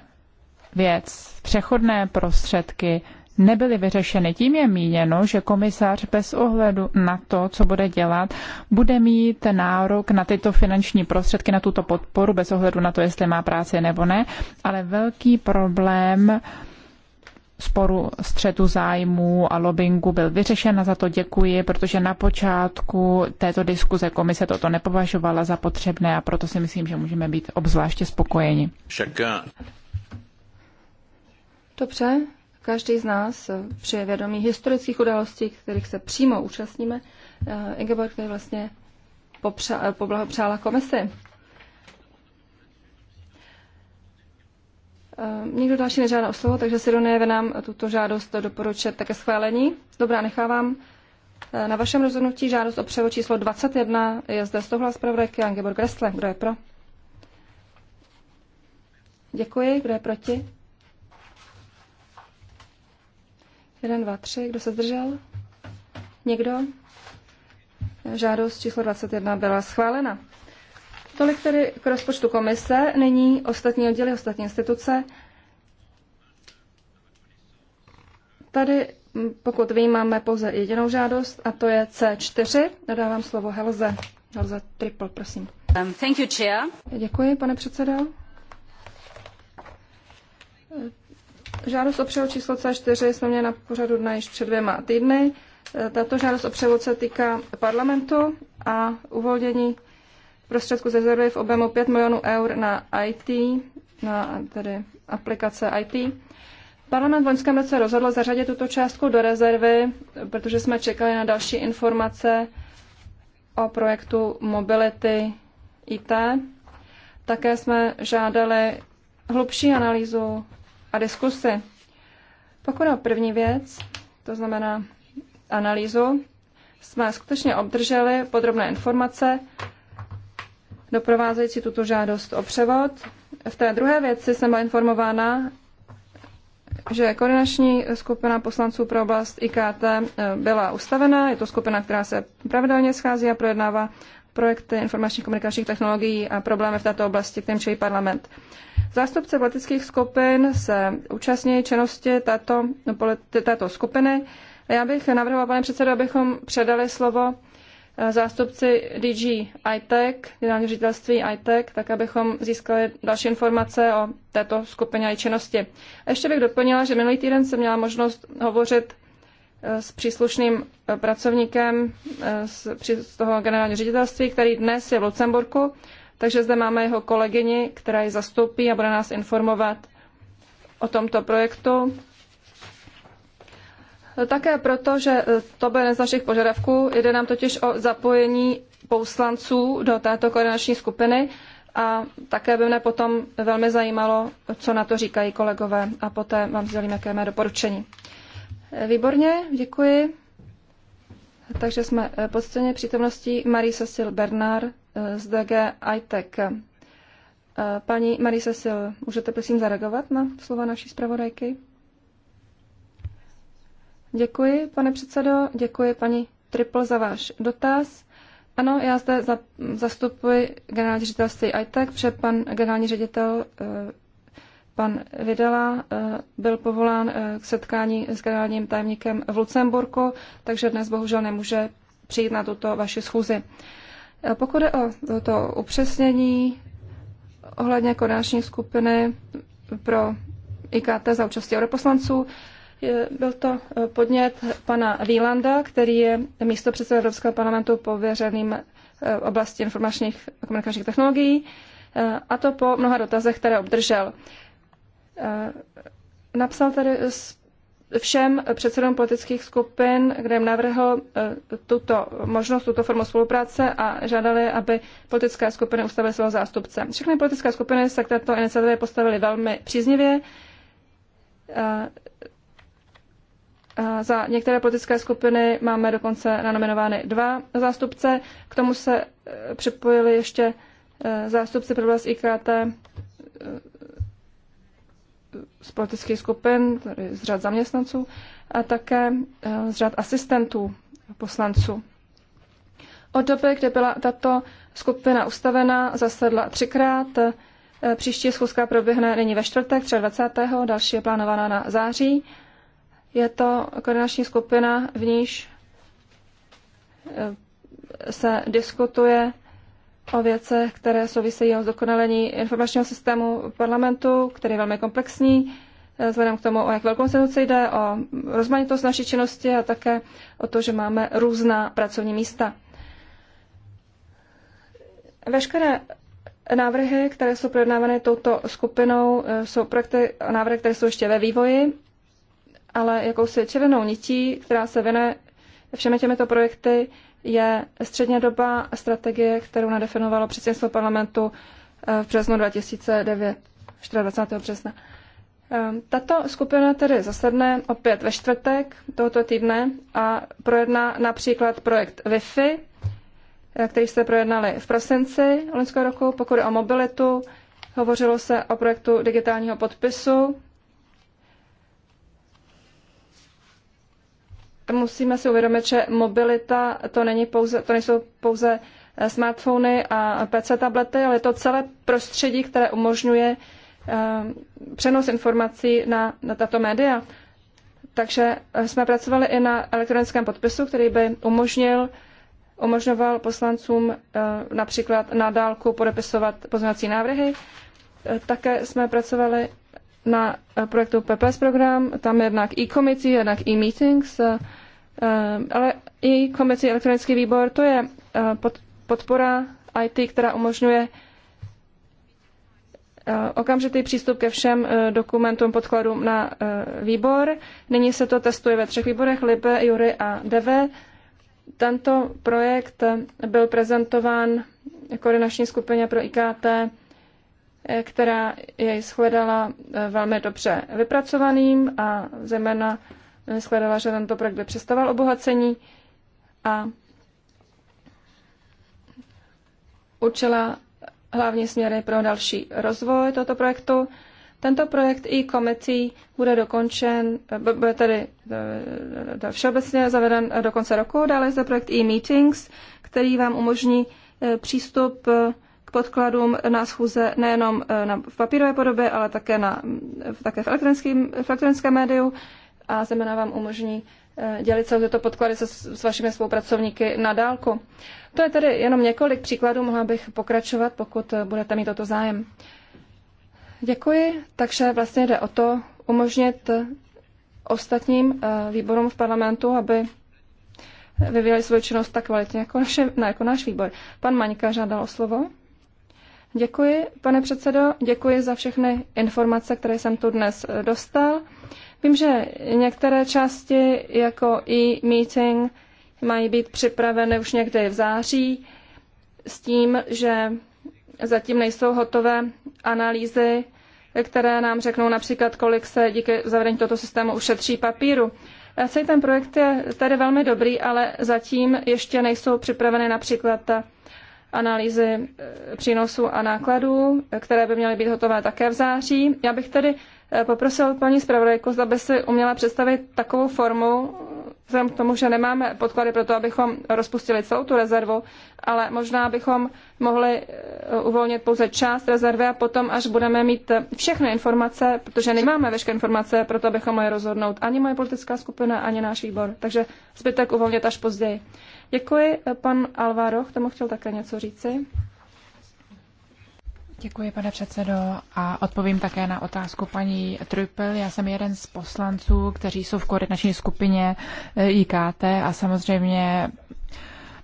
věc, přechodné prostředky nebyly vyřešeny. Tím je míněno, že komisař bez ohledu na to, co bude dělat, bude mít nárok na tyto finanční prostředky, na tuto podporu, bez ohledu na to, jestli má práci nebo ne. Ale velký problém sporu střetu zájmů a lobbingu byl vyřešen a za to děkuji, protože na počátku této diskuze komise toto nepovažovala za potřebné a proto si myslím, že můžeme být obzvláště spokojeni. Všaká. Dobře, každý z nás při vědomí historických událostí, kterých se přímo účastníme, eh, Ingeborg tady vlastně eh, poblahopřála komisi. Eh, nikdo další nežádá o slovo, takže si vy nám tuto žádost doporučit také schválení. Dobrá, nechávám eh, na vašem rozhodnutí žádost o převod číslo 21. Je zde stohla zpravodajky Angeborg Gressle. Kdo je pro? Děkuji. Kdo je proti? 1, 2, 3. Kdo se zdržel? Někdo? Žádost číslo 21 byla schválena. Tolik tedy k rozpočtu komise, nyní ostatní oddíly, ostatní instituce. Tady, pokud vím, máme pouze jedinou žádost a to je C4. Dodávám slovo Helze. Helze Triple, prosím. Um, thank you, chair. Děkuji, pane předsedo. Žádost o převod číslo C4 jsme měli na pořadu dne již před dvěma týdny. E, tato žádost o převod se týká parlamentu a uvolnění prostředku z rezervy v objemu 5 milionů eur na IT, na tedy aplikace IT. Parlament v loňském roce rozhodl zařadit tuto částku do rezervy, protože jsme čekali na další informace o projektu Mobility IT. Také jsme žádali hlubší analýzu a diskusy. Pokud o první věc, to znamená analýzu, jsme skutečně obdrželi podrobné informace doprovázející tuto žádost o převod. V té druhé věci jsem byla informována, že koordinační skupina poslanců pro oblast IKT eh, byla ustavena. Je to skupina, která se pravidelně schází a projednává projekty informačních komunikačních technologií a problémy v této oblasti, kterým čelí parlament. Zástupce politických skupin se účastní činnosti této, této skupiny. Já bych navrhovala, pane předsedo, abychom předali slovo Eh, zástupci DG ITEC, generální ředitelství ITEC, tak abychom získali další informace o této skupině a činnosti. A ještě bych doplnila, že minulý týden jsem měla možnost hovořit eh, s příslušným eh, pracovníkem z toho generálního ředitelství, který dnes je v Lucemburku, takže zde máme jeho kolegyni, která ji zastoupí a bude nás informovat o tomto projektu také proto, že e, to byl jeden z našich požadavků, jde nám totiž o zapojení poslanců do této koordinační skupiny a také by mne potom velmi zajímalo, co na to říkají kolegové a poté vám sdělím, jaké je mé doporučení. E, výborně, děkuji. Takže jsme e, podstěně přítomností Marie Cecil Bernard z DG ITEC. Paní Marie Cecil, můžete prosím zareagovat na slova naší zpravodajky? Děkuji, pane předsedo, děkuji paní Triple za váš dotaz. Ano, já zde za, zastupuji generální ředitelství ITEC, protože pan generální ředitel eh, pan Videla eh, byl povolán eh, k setkání s generálním tajemníkem v Lucemburku, takže dnes bohužel nemůže přijít na tuto vaši schůzi. Pokud je o to upřesnění ohledně konáční skupiny pro IKT e za účastí europoslanců, Eh, byl to eh, podnět pana Výlanda, který je místo předsedy Evropského parlamentu pověřeným eh, oblasti informačních a komunikačních technologií, a to po mnoha dotazech, které obdržel. Napsal tady všem předsedům politických skupin, kde jim navrhl tuto možnost, tuto formu spolupráce a žádali, aby politické skupiny ustavily svého zástupce. Všechny politické skupiny se k této iniciativě postavily velmi příznivě za některé politické skupiny máme dokonce nanominovány dva zástupce. K tomu se e, připojili ještě e, zástupci pro vlast IKT e, z politických skupin, z řad zaměstnanců a také z řad asistentů poslanců. Od doby, kdy byla tato skupina ustavena, zasedla třikrát. Příští schůzka proběhne nyní ve čtvrtek 23. další je plánována na září. Je to koordinační skupina, v níž eh, se diskutuje o věcech, které souvisejí o zdokonalení informačního systému parlamentu, který je velmi komplexní, eh, vzhledem k tomu, o jak velkou instituci jde, o rozmanitost naší činnosti a také o to, že máme různá pracovní místa. Veškeré návrhy, které jsou projednávány touto skupinou, eh, jsou projekty, návrhy, které jsou ještě ve vývoji ale jakousi červenou nití, která se vyne všemi těmito projekty, je střednědobá strategie, kterou nadefinovalo předsednictvo parlamentu eh, v březnu 2009, 24. března. Ehm, tato skupina tedy zasedne opět ve čtvrtek tohoto týdne a projedná například projekt Wi-Fi, eh, který jste projednali v prosinci loňského roku. Pokud je o mobilitu, hovořilo se o projektu digitálního podpisu, musíme si uvědomit, že mobilita to, není pouze, to nejsou pouze eh, smartfony a PC tablety, ale je to celé prostředí, které umožňuje eh, přenos informací na, na tato média. Takže eh, jsme pracovali i na elektronickém podpisu, který by umožnil, umožňoval poslancům například na dálku podepisovat pozměňovací návrhy. Také jsme pracovali na eh, projektu PPS program, tam jednak i komici jednak i meetings eh, eh, ale i komici elektronický výbor, to je podpora IT, která umožňuje okamžitý přístup ke všem dokumentům, podkladům na výbor. Nyní se to testuje ve třech výborech, Libe, Jury a DV. Tento projekt byl prezentován koordinační skupině pro IKT Eh, která jej shledala eh, velmi dobře vypracovaným a zejména eh, shledala, že tento projekt by přestával obohacení a určila hlavní směry pro další rozvoj tohoto projektu. Tento projekt i komicí bude dokončen, bude tedy všeobecně zaveden do konce roku. Dále je zde projekt e-meetings, který vám umožní přístup podkladům na schůze nejenom eh, na, v papírové podobě, ale také, na, také v, elektronickém, v elektronickém médiu a zejména vám umožní eh, dělit se tyto podklady se, s vašimi spolupracovníky na dálku. To je tedy jenom několik příkladů, mohla bych pokračovat, pokud eh, budete mít toto zájem. Děkuji, takže vlastně jde o to umožnit ostatním výborům v parlamentu, aby vyvíjeli svou činnost tak kvalitně jako, naše, ne, jako náš výbor. Pan Maňka žádal o slovo. Děkuji, pane předsedo, děkuji za všechny informace, které jsem tu dnes eh, dostal. Vím, že některé části, jako e-meeting, mají být připraveny už někdy v září s tím, že zatím nejsou hotové analýzy, které nám řeknou například, kolik se díky zavedení tohoto systému ušetří papíru. Eh, celý ten projekt je tady velmi dobrý, ale zatím ještě nejsou připraveny například ta eh, analýzy eh, přínosů a nákladů, které by měly být hotové také v září. Já bych tedy eh, poprosil paní zpravodajku, zda by si uměla představit takovou formu, vzhledem k tomu, že nemáme podklady pro to, abychom rozpustili celou tu rezervu, ale možná bychom mohli eh, uvolnit pouze část rezervy a potom, až budeme mít všechny informace, protože nemáme veškeré informace, proto bychom mohli rozhodnout ani moje politická skupina, ani náš výbor. Takže zbytek uvolnit až později. Děkuji. Pan Alvaro k tomu chtěl také něco říci. Děkuji, pane předsedo, a odpovím také na otázku paní Trupel. Já jsem jeden z poslanců, kteří jsou v koordinační skupině eh, IKT a samozřejmě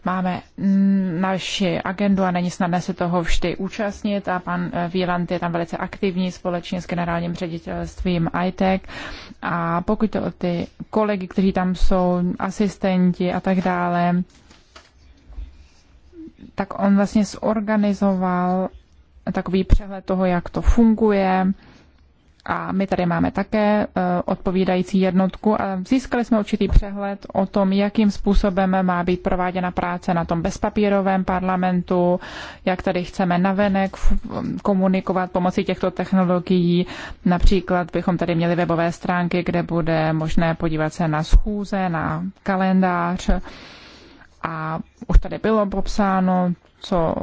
máme naši agendu a není snadné se toho vždy účastnit a pan Vílant eh, je tam velice aktivní společně s generálním ředitelstvím ITEC a pokud to o ty kolegy, kteří tam jsou, asistenti a tak dále, tak on vlastně zorganizoval takový přehled toho, jak to funguje. A my tady máme také eh, odpovídající jednotku a získali jsme určitý přehled o tom, jakým způsobem má být prováděna práce na tom bezpapírovém parlamentu, jak tady chceme navenek komunikovat pomocí těchto technologií. Například bychom tady měli webové stránky, kde bude možné podívat se na schůze, na kalendář a už tady bylo popsáno, co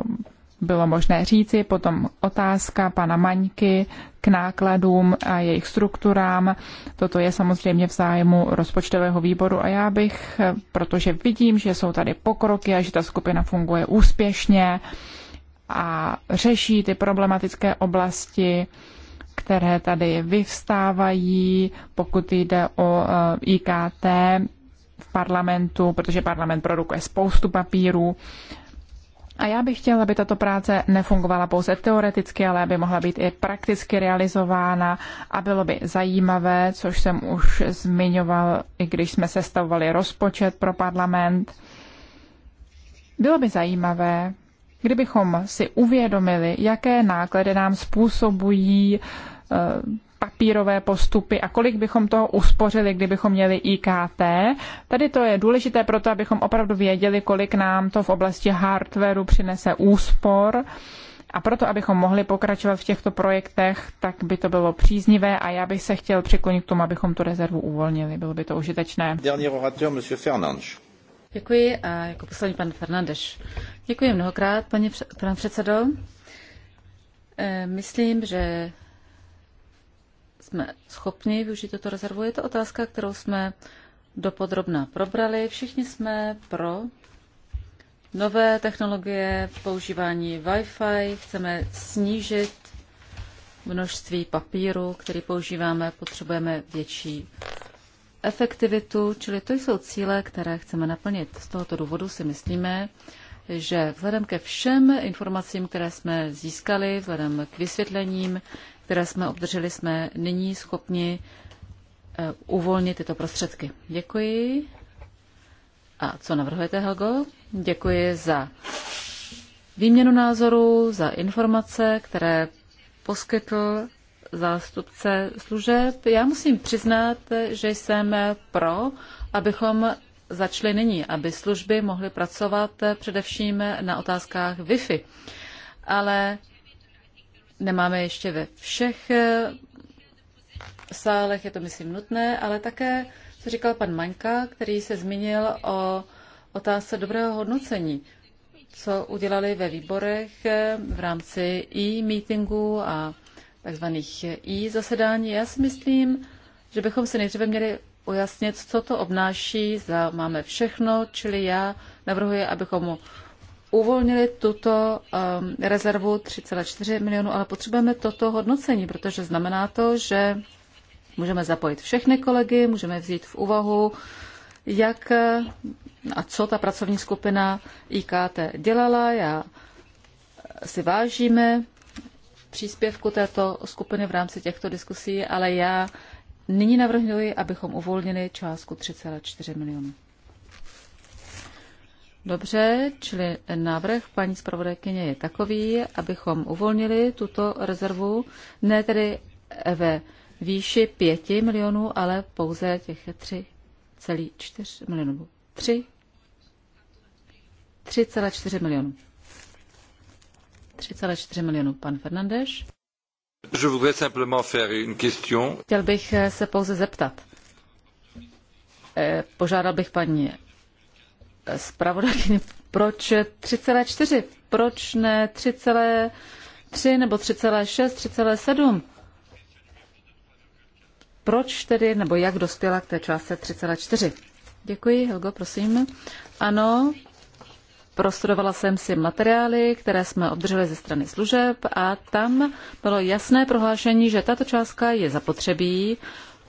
bylo možné říci, potom otázka pana Maňky k nákladům a jejich strukturám. Toto je samozřejmě v zájmu rozpočtového výboru a já bych, protože vidím, že jsou tady pokroky a že ta skupina funguje úspěšně a řeší ty problematické oblasti, které tady vyvstávají, pokud jde o e, IKT v parlamentu, protože parlament produkuje spoustu papírů. A já bych chtěla, aby tato práce nefungovala pouze teoreticky, ale aby mohla být i prakticky realizována a bylo by zajímavé, což jsem už zmiňoval, i když jsme sestavovali rozpočet pro parlament. Bylo by zajímavé, kdybychom si uvědomili, jaké náklady nám způsobují eh, papírové postupy a kolik bychom toho uspořili, kdybychom měli IKT. Tady to je důležité proto, abychom opravdu věděli, kolik nám to v oblasti hardwareu přinese úspor. A proto, abychom mohli pokračovat v těchto projektech, tak by to bylo příznivé a já bych se chtěl přiklonit k tomu, abychom tu rezervu uvolnili. Bylo by to užitečné. Děkuji a jako poslední pan Fernandeš. Děkuji mnohokrát, paní, pane předsedo. Eh, myslím, že jsme schopni využít toto rezervu. Je to otázka, kterou jsme dopodrobná probrali. Všichni jsme pro nové technologie, používání Wi-Fi, chceme snížit množství papíru, který používáme, potřebujeme větší efektivitu, čili to jsou cíle, které chceme naplnit. Z tohoto důvodu si myslíme, že vzhledem ke všem informacím, které jsme získali, vzhledem k vysvětlením které jsme obdrželi, jsme nyní schopni eh, uvolnit tyto prostředky. Děkuji. A co navrhujete, Helgo? Děkuji za výměnu názorů, za informace, které poskytl zástupce služeb. Já musím přiznat, že jsem pro, abychom začali nyní, aby služby mohly pracovat eh, především na otázkách Wi-Fi. Ale nemáme ještě ve všech eh, sálech, je to myslím nutné, ale také, co říkal pan Maňka, který se zmínil o otázce dobrého hodnocení, co udělali ve výborech eh, v rámci e-meetingu a takzvaných e-zasedání. Já si myslím, že bychom si nejdříve měli ujasnit, co to obnáší, za máme všechno, čili já navrhuji, abychom uvolnili tuto um, rezervu 3,4 milionu, ale potřebujeme toto hodnocení, protože znamená to, že můžeme zapojit všechny kolegy, můžeme vzít v úvahu, jak a co ta pracovní skupina IKT dělala. Já si vážíme příspěvku této skupiny v rámci těchto diskusí, ale já nyní navrhuji, abychom uvolnili částku 3,4 milionů. Dobře, čili návrh paní zpravodajkyně je takový, abychom uvolnili tuto rezervu, ne tedy ve výši 5 milionů, ale pouze těch 3,4 milionů. 3,4 milionů. 3,4 milionů, pan Fernandeš. Je voudrais simplement faire une question. Chtěl bych se pouze zeptat. Eh, požádal bych paní zpravodajkyně, proč 3,4? Proč ne 3,3 nebo 3,6, 3,7? Proč tedy, nebo jak dospěla k té částce 3,4? Děkuji, Helgo, prosím. Ano, prostudovala jsem si materiály, které jsme obdrželi ze strany služeb a tam bylo jasné prohlášení, že tato částka je zapotřebí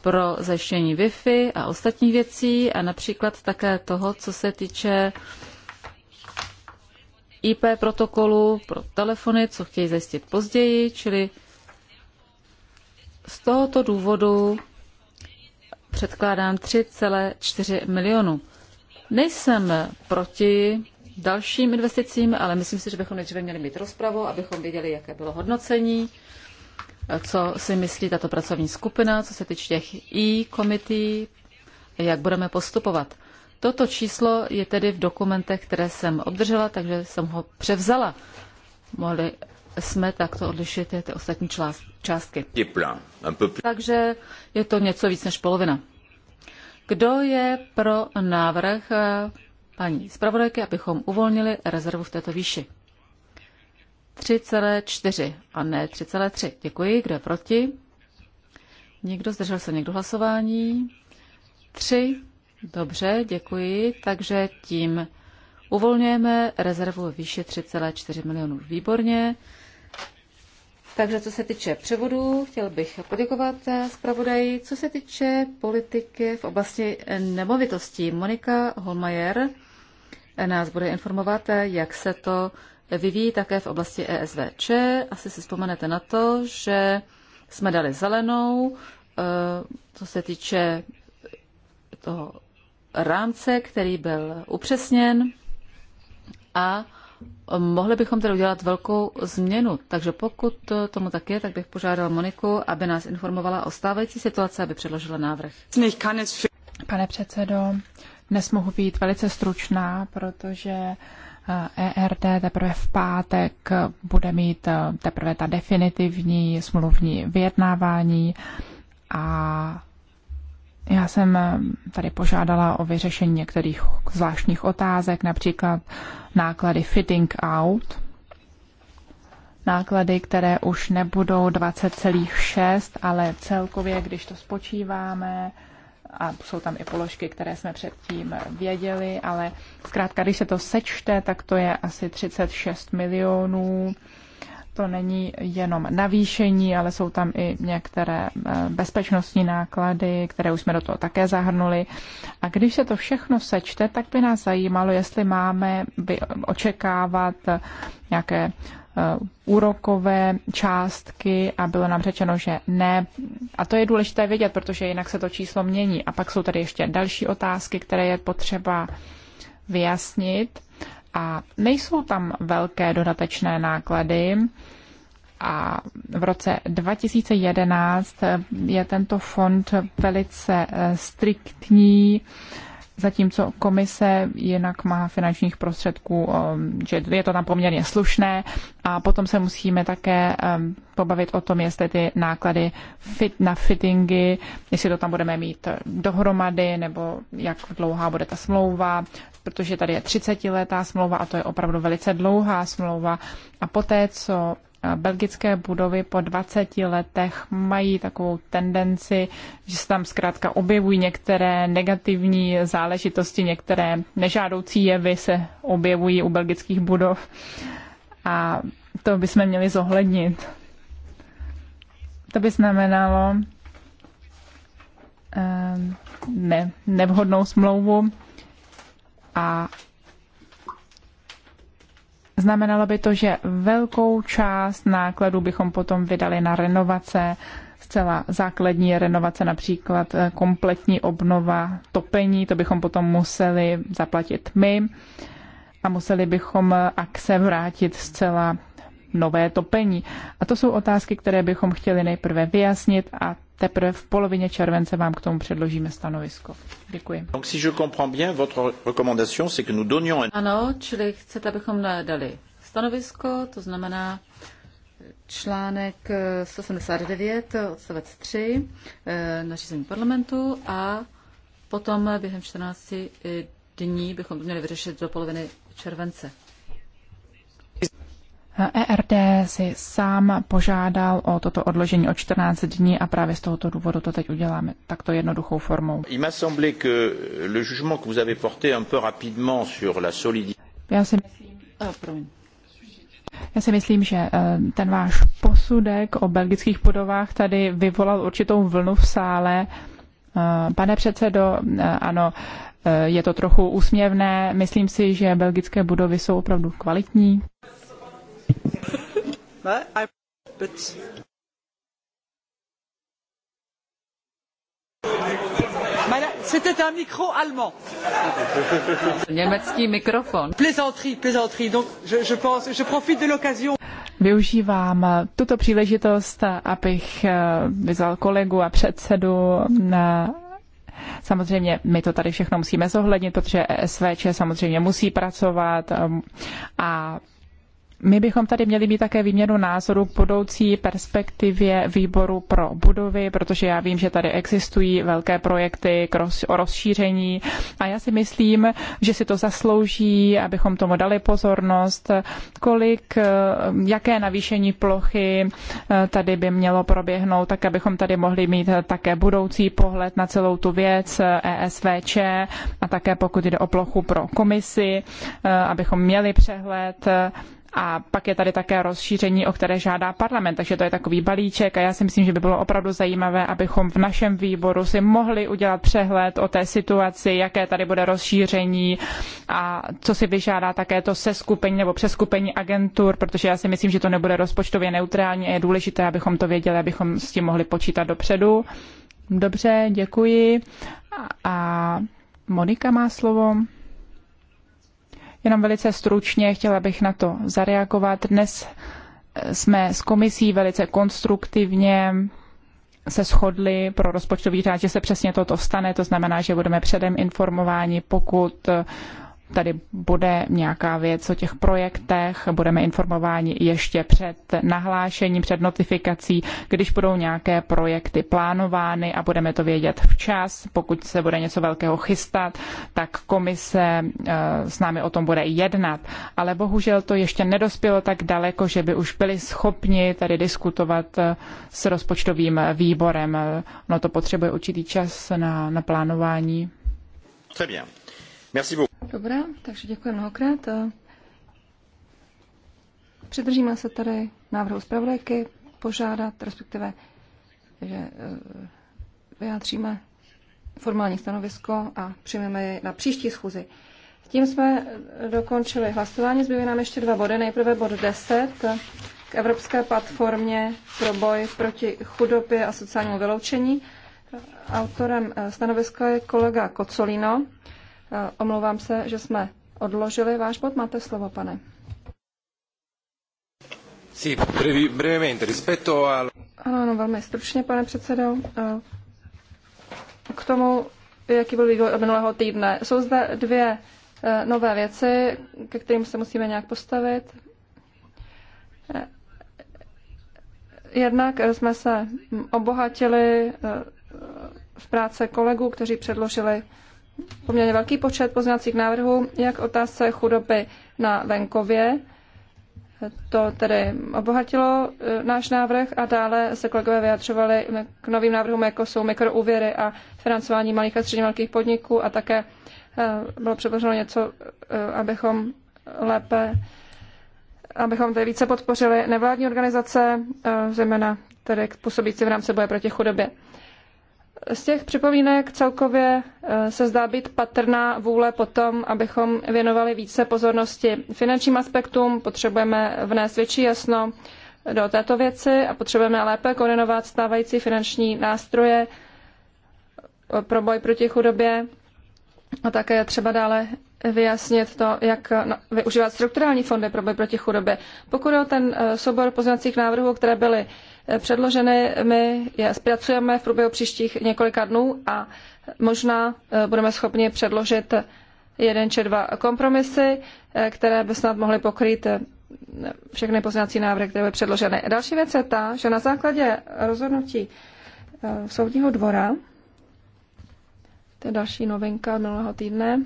pro zajištění Wi-Fi a ostatních věcí a například také toho, co se týče IP protokolu pro telefony, co chtějí zajistit později, čili z tohoto důvodu předkládám 3,4 milionu. Nejsem proti dalším investicím, ale myslím si, že bychom nejdříve měli mít rozpravu, abychom věděli, jaké bylo hodnocení co si myslí tato pracovní skupina, co se týče těch i-komití, jak budeme postupovat. Toto číslo je tedy v dokumentech, které jsem obdržela, takže jsem ho převzala. Mohli jsme takto odlišit ty ostatní částky. Takže je to něco víc než polovina. Kdo je pro návrh eh, paní zpravodajky, abychom uvolnili rezervu v této výši? 3,4 a ne 3,3. Děkuji. Kdo je proti? Nikdo zdržel se někdo hlasování? 3. Dobře, děkuji. Takže tím uvolňujeme rezervu výše 3,4 milionů. Výborně. Takže co se týče převodu, chtěl bych poděkovat zpravodaji. Co se týče politiky v oblasti nemovitostí, Monika Holmajer nás bude informovat, jak se to vyvíjí také v oblasti ESVČ. Asi si vzpomenete na to, že jsme dali zelenou, eh, co se týče toho rámce, který byl upřesněn a mohli bychom tedy udělat velkou změnu. Takže pokud tomu tak je, tak bych požádal Moniku, aby nás informovala o stávající situaci, aby předložila návrh. Pane předsedo, dnes mohu být velice stručná, protože ERT teprve v pátek bude mít eh, teprve ta definitivní smluvní vyjednávání a já jsem eh, tady požádala o vyřešení některých zvláštních otázek, například náklady fitting out, náklady, které už nebudou 20,6, ale celkově, když to spočíváme, a jsou tam i položky, které jsme předtím věděli, ale zkrátka, když se to sečte, tak to je asi 36 milionů. To není jenom navýšení, ale jsou tam i některé eh, bezpečnostní náklady, které už jsme do toho také zahrnuli. A když se to všechno sečte, tak by nás zajímalo, jestli máme by očekávat nějaké Eh, úrokové částky a bylo nám řečeno, že ne. A to je důležité vědět, protože jinak se to číslo mění. A pak jsou tady ještě další otázky, které je potřeba vyjasnit. A nejsou tam velké dodatečné náklady. A v roce 2011 je tento fond velice eh, striktní zatímco komise jinak má finančních prostředků, um, že je to tam poměrně slušné a potom se musíme také um, pobavit o tom, jestli ty náklady fit na fittingy, jestli to tam budeme mít dohromady, nebo jak dlouhá bude ta smlouva, protože tady je 30 letá smlouva a to je opravdu velice dlouhá smlouva a poté, co belgické budovy po 20 letech mají takovou tendenci, že se tam zkrátka objevují některé negativní záležitosti, některé nežádoucí jevy se objevují u belgických budov. A to bychom měli zohlednit. To by znamenalo ehm, ne, nevhodnou smlouvu a Znamenalo by to, že velkou část nákladů bychom potom vydali na renovace, zcela základní renovace, například eh, kompletní obnova topení, to bychom potom museli zaplatit my a museli bychom eh, akce vrátit zcela nové topení. A to jsou otázky, které bychom chtěli nejprve vyjasnit a teprve v polovině července vám k tomu předložíme stanovisko. Děkuji. Ano, čili chcete, abychom dali stanovisko, to znamená článek 179 odstavec 3 eh, nařízení parlamentu a potom během 14 dní bychom měli vyřešit do poloviny července. ERD si sám požádal o toto odložení o 14 dní a právě z tohoto důvodu to teď uděláme takto jednoduchou formou. Já si myslím, eh, já si myslím, že eh, ten váš posudek o belgických budovách tady vyvolal určitou vlnu v sále. Eh, pane předsedo, ano, je to trochu úsměvné. Myslím si, že belgické budovy jsou opravdu kvalitní. No, c'était un micro allemand. Německý mikrofon. Plaisanterie, plaisanterie. Donc, je, je, pense, je profite de l'occasion. Využívám eh, tuto příležitost, eh, abych eh, vyzval kolegu a předsedu na Samozřejmě my to tady všechno musíme zohlednit, protože e SVČ samozřejmě musí pracovat a my bychom tady měli mít také výměnu názoru k budoucí perspektivě výboru pro budovy, protože já vím, že tady existují velké projekty k roz, o rozšíření a já si myslím, že si to zaslouží, abychom tomu dali pozornost, kolik, eh, jaké navýšení plochy eh, tady by mělo proběhnout, tak abychom tady mohli mít také budoucí pohled na celou tu věc ESVČ eh, e a také pokud jde o plochu pro komisi, abychom měli přehled a pak je tady také rozšíření, o které žádá parlament, takže to je takový balíček a já si myslím, že by bylo opravdu zajímavé, abychom v našem výboru si mohli udělat přehled o té situaci, jaké tady bude rozšíření a co si vyžádá také to seskupení nebo přeskupení agentur, protože já si myslím, že to nebude rozpočtově neutrální a je důležité, abychom to věděli, abychom s tím mohli počítat dopředu. Dobře, děkuji. A Monika má slovo. Jenom velice stručně chtěla bych na to zareagovat. Dnes eh, jsme s komisí velice konstruktivně se shodli pro rozpočtový řád, že se přesně toto stane, to znamená, že budeme předem informováni, pokud eh, tady bude nějaká věc o těch projektech, budeme informováni ještě před nahlášením, před notifikací, když budou nějaké projekty plánovány a budeme to vědět včas. Pokud se bude něco velkého chystat, tak komise eh, s námi o tom bude jednat. Ale bohužel to ještě nedospělo tak daleko, že by už byli schopni tady diskutovat eh, s rozpočtovým výborem. No to potřebuje určitý čas na, na plánování. Très bien. Merci beaucoup. Dobrá, takže děkuji mnohokrát. Přidržíme se tady návrhu zpravodajky požádat, respektive, že e, vyjádříme formální stanovisko a přijmeme je na příští schůzi. Tím jsme dokončili hlasování. Zbývají nám ještě dva body. Nejprve bod 10 k Evropské platformě pro boj proti chudobě a sociálnímu vyloučení. Autorem e, stanoviska je kolega Kocolino. Eh, omlouvám se, že jsme odložili váš bod. Máte slovo, pane. Ano, ano, velmi stručně, pane předsedo. Eh, k tomu, jaký byl vývoj od minulého týdne. Jsou zde dvě eh, nové věci, ke kterým se musíme nějak postavit. Jednak jsme se obohatili v práce kolegů, kteří předložili poměrně velký počet pozměňovacích návrhů, jak otázce chudoby na venkově. To tedy obohatilo e, náš návrh a dále se kolegové vyjadřovali k novým návrhům, jako jsou mikroúvěry a financování malých a středně velkých podniků a také e, bylo předloženo něco, e, abychom lépe, abychom tady více podpořili nevládní organizace, zejména tedy působící v rámci boje proti chudobě. Z těch připomínek celkově eh, se zdá být patrná vůle potom, abychom věnovali více pozornosti finančním aspektům. Potřebujeme vnést větší jasno do této věci a potřebujeme lépe koordinovat stávající finanční nástroje eh, pro boj proti chudobě. A také třeba dále vyjasnit to, jak využívat strukturální fondy pro boj proti chudobě. Pokud o ten eh, soubor poznacích návrhů, které byly eh, předloženy, my je zpracujeme v průběhu příštích několika dnů a možná eh, budeme schopni předložit jeden či dva kompromisy, které by snad mohly pokrýt všechny poznací návrhy, které byly předloženy. Další věc je ta, že na základě rozhodnutí soudního dvora, to je další novinka minulého týdne,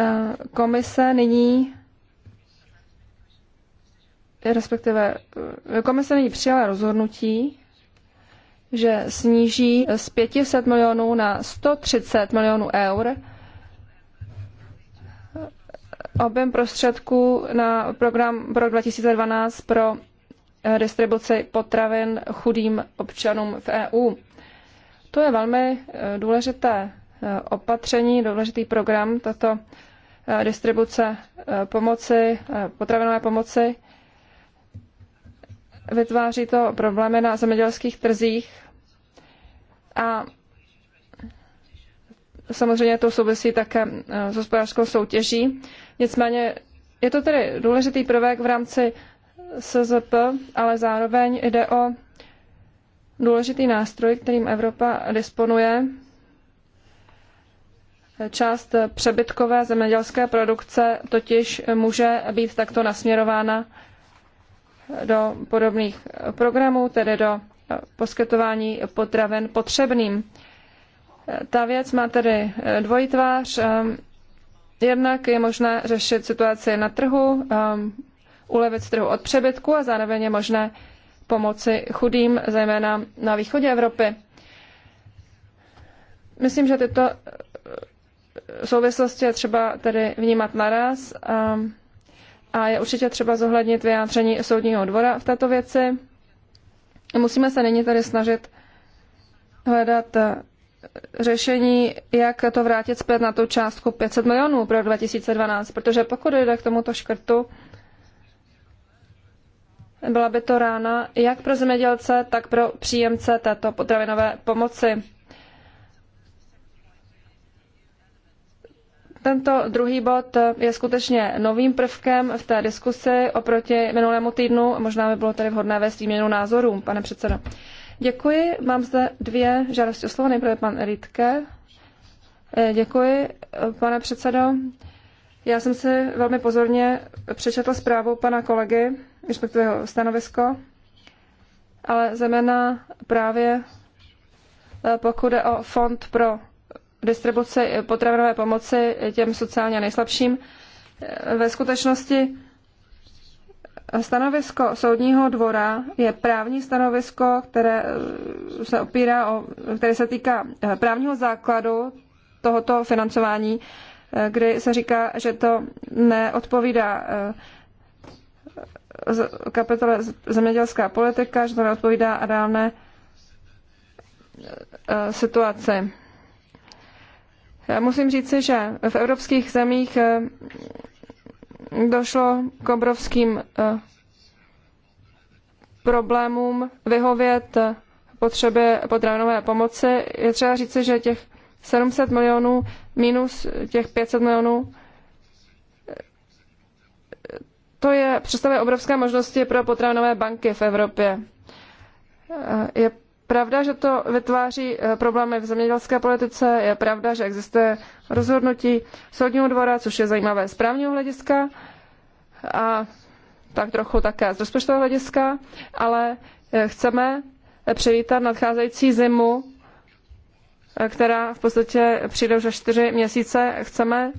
Eh, komise nyní respektive eh, komise nyní přijala rozhodnutí, že sníží z 500 milionů na 130 milionů eur objem prostředků na program pro 2012 pro eh, distribuci potravin chudým občanům v EU. To je velmi důležité opatření, důležitý program. Tato Eh, distribuce eh, pomoci, eh, potravinové pomoci. Vytváří to problémy na zemědělských trzích a samozřejmě to souvisí také s hospodářskou soutěží. Nicméně je to tedy důležitý prvek v rámci SZP, ale zároveň jde o důležitý nástroj, kterým Evropa disponuje Část přebytkové zemědělské produkce totiž může být takto nasměrována do podobných programů, tedy do poskytování potravin potřebným. Ta věc má tedy dvojí tvář. Jednak je možné řešit situaci na trhu, um, ulevit trhu od přebytku a zároveň je možné pomoci chudým, zejména na východě Evropy. Myslím, že tyto souvislosti je třeba tedy vnímat naraz a, a je určitě třeba zohlednit vyjádření soudního dvora v této věci. Musíme se nyní tedy snažit hledat e, řešení, jak to vrátit zpět na tu částku 500 milionů pro 2012, protože pokud jde k tomuto škrtu, byla by to rána jak pro zemědělce, tak pro příjemce této potravinové pomoci. Tento druhý bod je skutečně novým prvkem v té diskusi oproti minulému týdnu. Možná by bylo tady vhodné vést výměnu názorů, pane předsedo. Děkuji. Mám zde dvě žádosti o slovo. Nejprve pan Rytke. Eh, děkuji, pane předsedo. Já jsem si velmi pozorně přečetla zprávu pana kolegy, respektive jeho stanovisko, ale zejména právě eh, pokud jde o fond pro distribuci potravinové pomoci těm sociálně nejslabším. Ve skutečnosti stanovisko soudního dvora je právní stanovisko, které se opírá o, které se týká právního základu tohoto financování, kdy se říká, že to neodpovídá eh, kapitole zemědělská politika, že to neodpovídá reálné eh, situaci. Musím říci, že v evropských zemích eh, došlo k obrovským eh, problémům vyhovět eh, potřebě potravinové pomoci. Je třeba říci, že těch 700 milionů minus těch 500 milionů to je, představuje obrovské možnosti pro potravinové banky v Evropě. Je pravda, že to vytváří eh, problémy v zemědělské politice, je pravda, že existuje rozhodnutí soudního dvora, což je zajímavé z právního hlediska a tak trochu také z rozpočtového hlediska, ale eh, chceme eh, přivítat nadcházející zimu, která v podstatě přijde už za čtyři měsíce. Chceme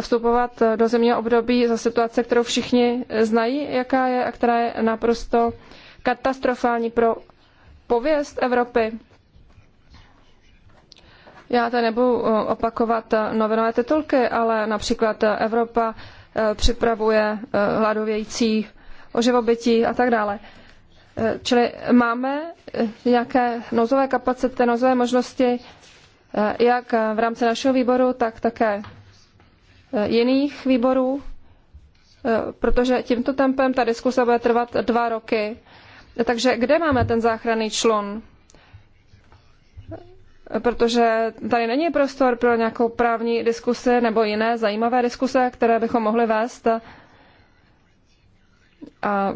vstupovat do zimního období za situace, kterou všichni znají, jaká je a která je naprosto katastrofální pro pověst Evropy. Já tady nebudu eh, opakovat eh, novinové titulky, ale například eh, Evropa připravuje hladovějící o živobytí a tak dále. Čili máme nějaké nouzové kapacity, nouzové možnosti, jak v rámci našeho výboru, tak také jiných výborů, protože tímto tempem ta diskuse bude trvat dva roky takže kde máme ten záchranný člun? Protože tady není prostor pro nějakou právní diskusi nebo jiné zajímavé diskuse, které bychom mohli vést a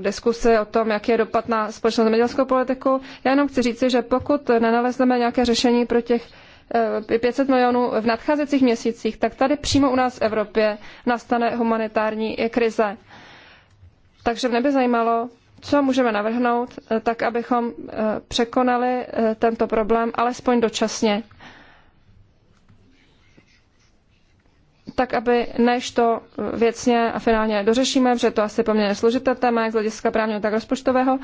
diskusy o tom, jak je dopad na společnou zemědělskou politiku. Já jenom chci říci, že pokud nenalezneme nějaké řešení pro těch 500 eh, milionů v nadcházejících měsících, tak tady přímo u nás v Evropě nastane humanitární krize. Takže mě by zajímalo, co můžeme navrhnout, eh, tak abychom eh, překonali eh, tento problém alespoň dočasně. tak aby než to věcně a finálně dořešíme, protože to asi poměrně složité téma, jak z hlediska právního, tak rozpočtového,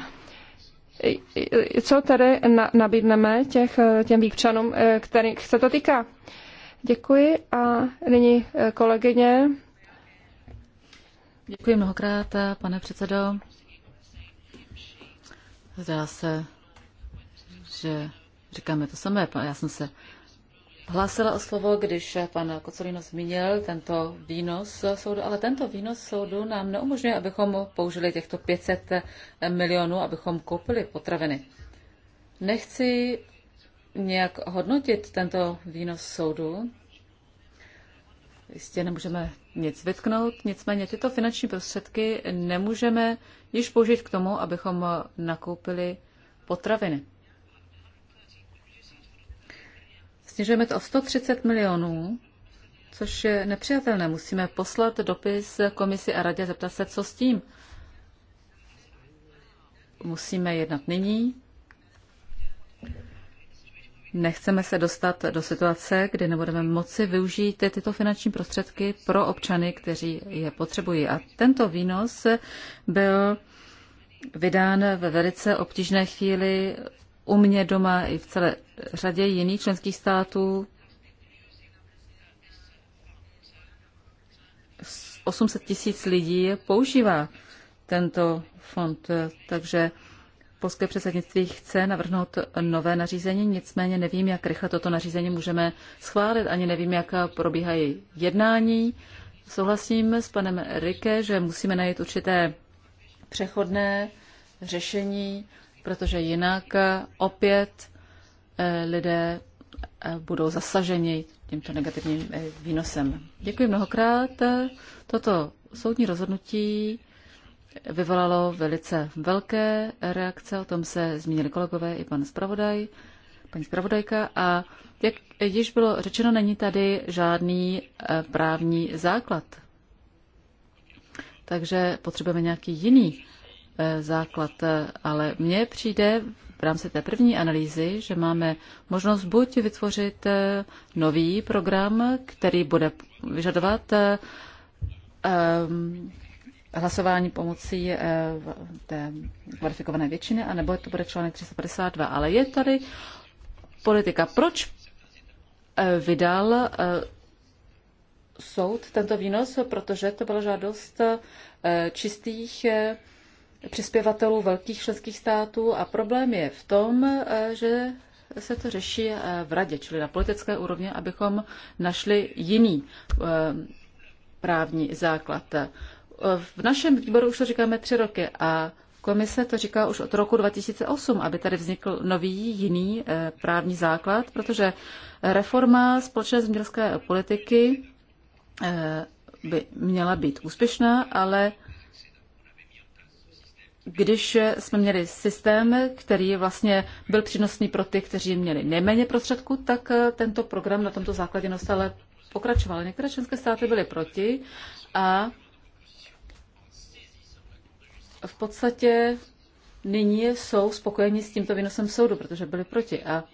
co tedy nabídneme těch, těm výpčanům, kterých se to týká. Děkuji a nyní kolegyně. Děkuji mnohokrát, pane předsedo. Zdá se, že říkáme to samé. Já jsem se hlásila o slovo, když pan Kocolino zmínil tento výnos soudu, ale tento výnos soudu nám neumožňuje, abychom použili těchto 500 milionů, abychom koupili potraviny. Nechci nějak hodnotit tento výnos soudu. Jistě nemůžeme nic vytknout, nicméně tyto finanční prostředky nemůžeme již použít k tomu, abychom nakoupili potraviny. Snižujeme to o 130 milionů, což je nepřijatelné. Musíme poslat dopis komisi a radě zeptat se, co s tím. Musíme jednat nyní, Nechceme se dostat do situace, kdy nebudeme moci využít tyto finanční prostředky pro občany, kteří je potřebují. A tento výnos byl vydán ve velice obtížné chvíli u mě doma i v celé řadě jiných členských států. 800 tisíc lidí používá tento fond, takže polské předsednictví chce navrhnout nové nařízení, nicméně nevím, jak rychle toto nařízení můžeme schválit, ani nevím, jak probíhají jednání. Souhlasím s panem Rike, že musíme najít určité přechodné řešení, protože jinak opět eh, lidé eh, budou zasaženi tímto negativním eh, výnosem. Děkuji mnohokrát. Toto soudní rozhodnutí vyvolalo velice velké reakce, o tom se zmínili kolegové i pan zpravodaj, paní zpravodajka. A jak již bylo řečeno, není tady žádný eh, právní základ. Takže potřebujeme nějaký jiný eh, základ, ale mně přijde v rámci té první analýzy, že máme možnost buď vytvořit eh, nový program, který bude vyžadovat ehm, hlasování pomocí eh, té kvalifikované většiny, anebo to bude článek 352. Ale je tady politika. Proč eh, vydal eh, soud tento výnos? Protože to byla žádost čistých přispěvatelů velkých členských států a problém je v tom, že se to řeší v radě, čili na politické úrovni, abychom našli jiný právní základ. V našem výboru už to říkáme tři roky a komise to říká už od roku 2008, aby tady vznikl nový, jiný eh, právní základ, protože reforma společné zemědělské politiky eh, by měla být úspěšná, ale když jsme měli systém, který vlastně byl přínosný pro ty, kteří měli nejméně prostředků, tak eh, tento program na tomto základě neustále pokračoval. Některé členské státy byly proti a v podstatě nyní jsou spokojeni s tímto výnosem soudu, protože byli proti. A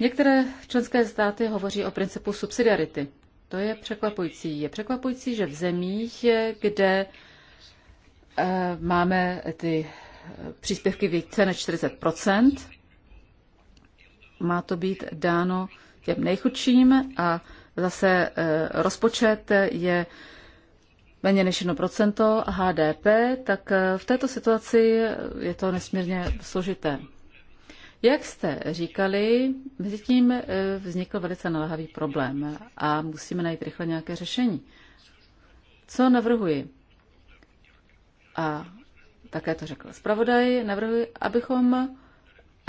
některé členské státy hovoří o principu subsidiarity. To je překvapující. Je překvapující, že v zemích, kde eh, máme ty eh, příspěvky více než 40 má to být dáno těm nejchudším a zase eh, rozpočet je méně než 1% HDP, tak eh, v této situaci je to nesmírně složité. Jak jste říkali, mezi tím eh, vznikl velice naléhavý problém a musíme najít rychle nějaké řešení. Co navrhuji? A také to řekl zpravodaj, navrhuji, abychom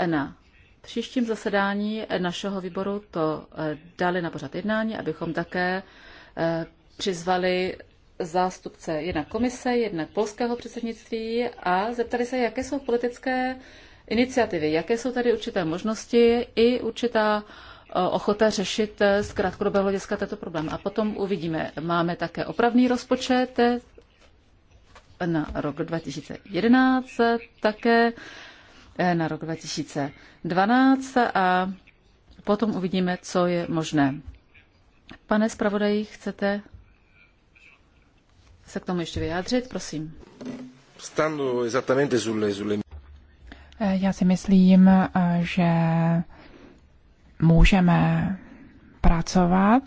na příštím zasedání našeho výboru to eh, dali na pořad jednání, abychom také přizvali zástupce jednak komise, jednak polského předsednictví a zeptali se, jaké jsou politické iniciativy, jaké jsou tady určité možnosti i určitá e, ochota řešit e, z krátkodobého hlediska tento problém. A potom uvidíme. Máme také opravný rozpočet na rok 2011, také e, na rok 2012 a potom uvidíme, co je možné. Pane zpravodaji, chcete se k tomu ještě vyjádřit, prosím. Stando esattamente sulle, sulle... Eh, já si myslím, eh, že můžeme pracovat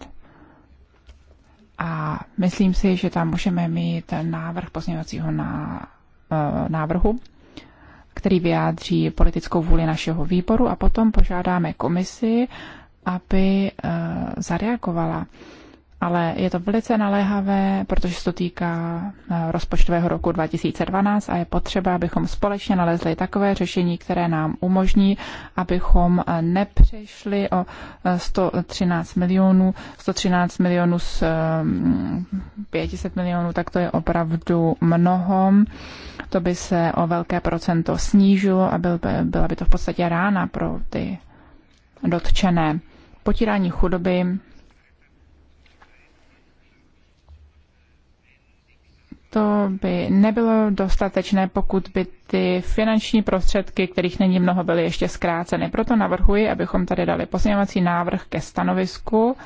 a myslím si, že tam můžeme mít návrh pozměňovacího na, eh, návrhu, který vyjádří politickou vůli našeho výboru a potom požádáme komisi, aby zareagovala ale je to velice naléhavé, protože se to týká eh, rozpočtového roku 2012 a je potřeba, abychom společně nalezli takové řešení, které nám umožní, abychom eh, nepřešli o 113 eh, milionů, 113 milionů z 500 ehm, milionů, tak to je opravdu mnoho. To by se o velké procento snížilo a byl by, byla by to v podstatě rána pro ty dotčené. Potírání chudoby to by nebylo dostatečné, pokud by ty finanční prostředky, kterých není mnoho, byly ještě zkráceny. Proto navrhuji, abychom tady dali pozměňovací návrh ke stanovisku,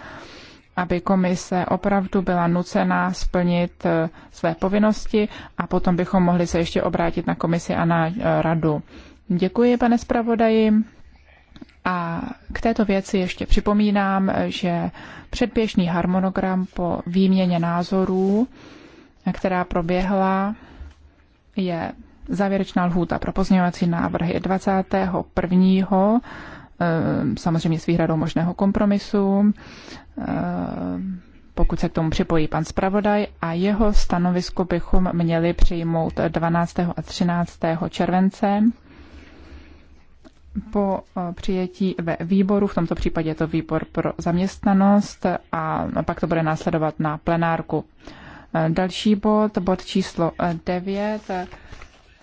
aby komise opravdu byla nucená splnit eh, své povinnosti a potom bychom mohli se ještě obrátit na komisi a na eh, radu. Děkuji, pane zpravodaji. A k této věci ještě připomínám, eh, že předběžný harmonogram po výměně názorů která proběhla, je závěrečná lhůta pro pozměňovací návrhy 21. Eh, samozřejmě s výhradou možného kompromisu, eh, pokud se k tomu připojí pan zpravodaj a jeho stanovisko bychom měli přijmout 12. a 13. července po eh, přijetí ve výboru, v tomto případě je to výbor pro zaměstnanost a pak to bude následovat na plenárku. Další bod, bod číslo 9, eh, eh,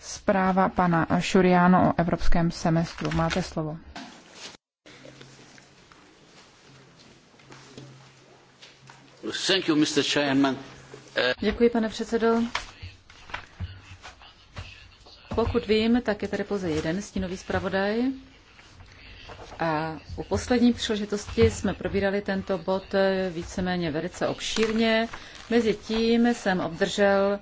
zpráva pana Šuriano o evropském semestru. Máte slovo. Thank you, Mr. Chairman. Eh, Děkuji, pane předsedo. Pokud vím, tak je tady pouze jeden stínový zpravodaj. A u poslední příležitosti jsme probírali tento bod víceméně velice obšírně. Mezitím jsem obdržel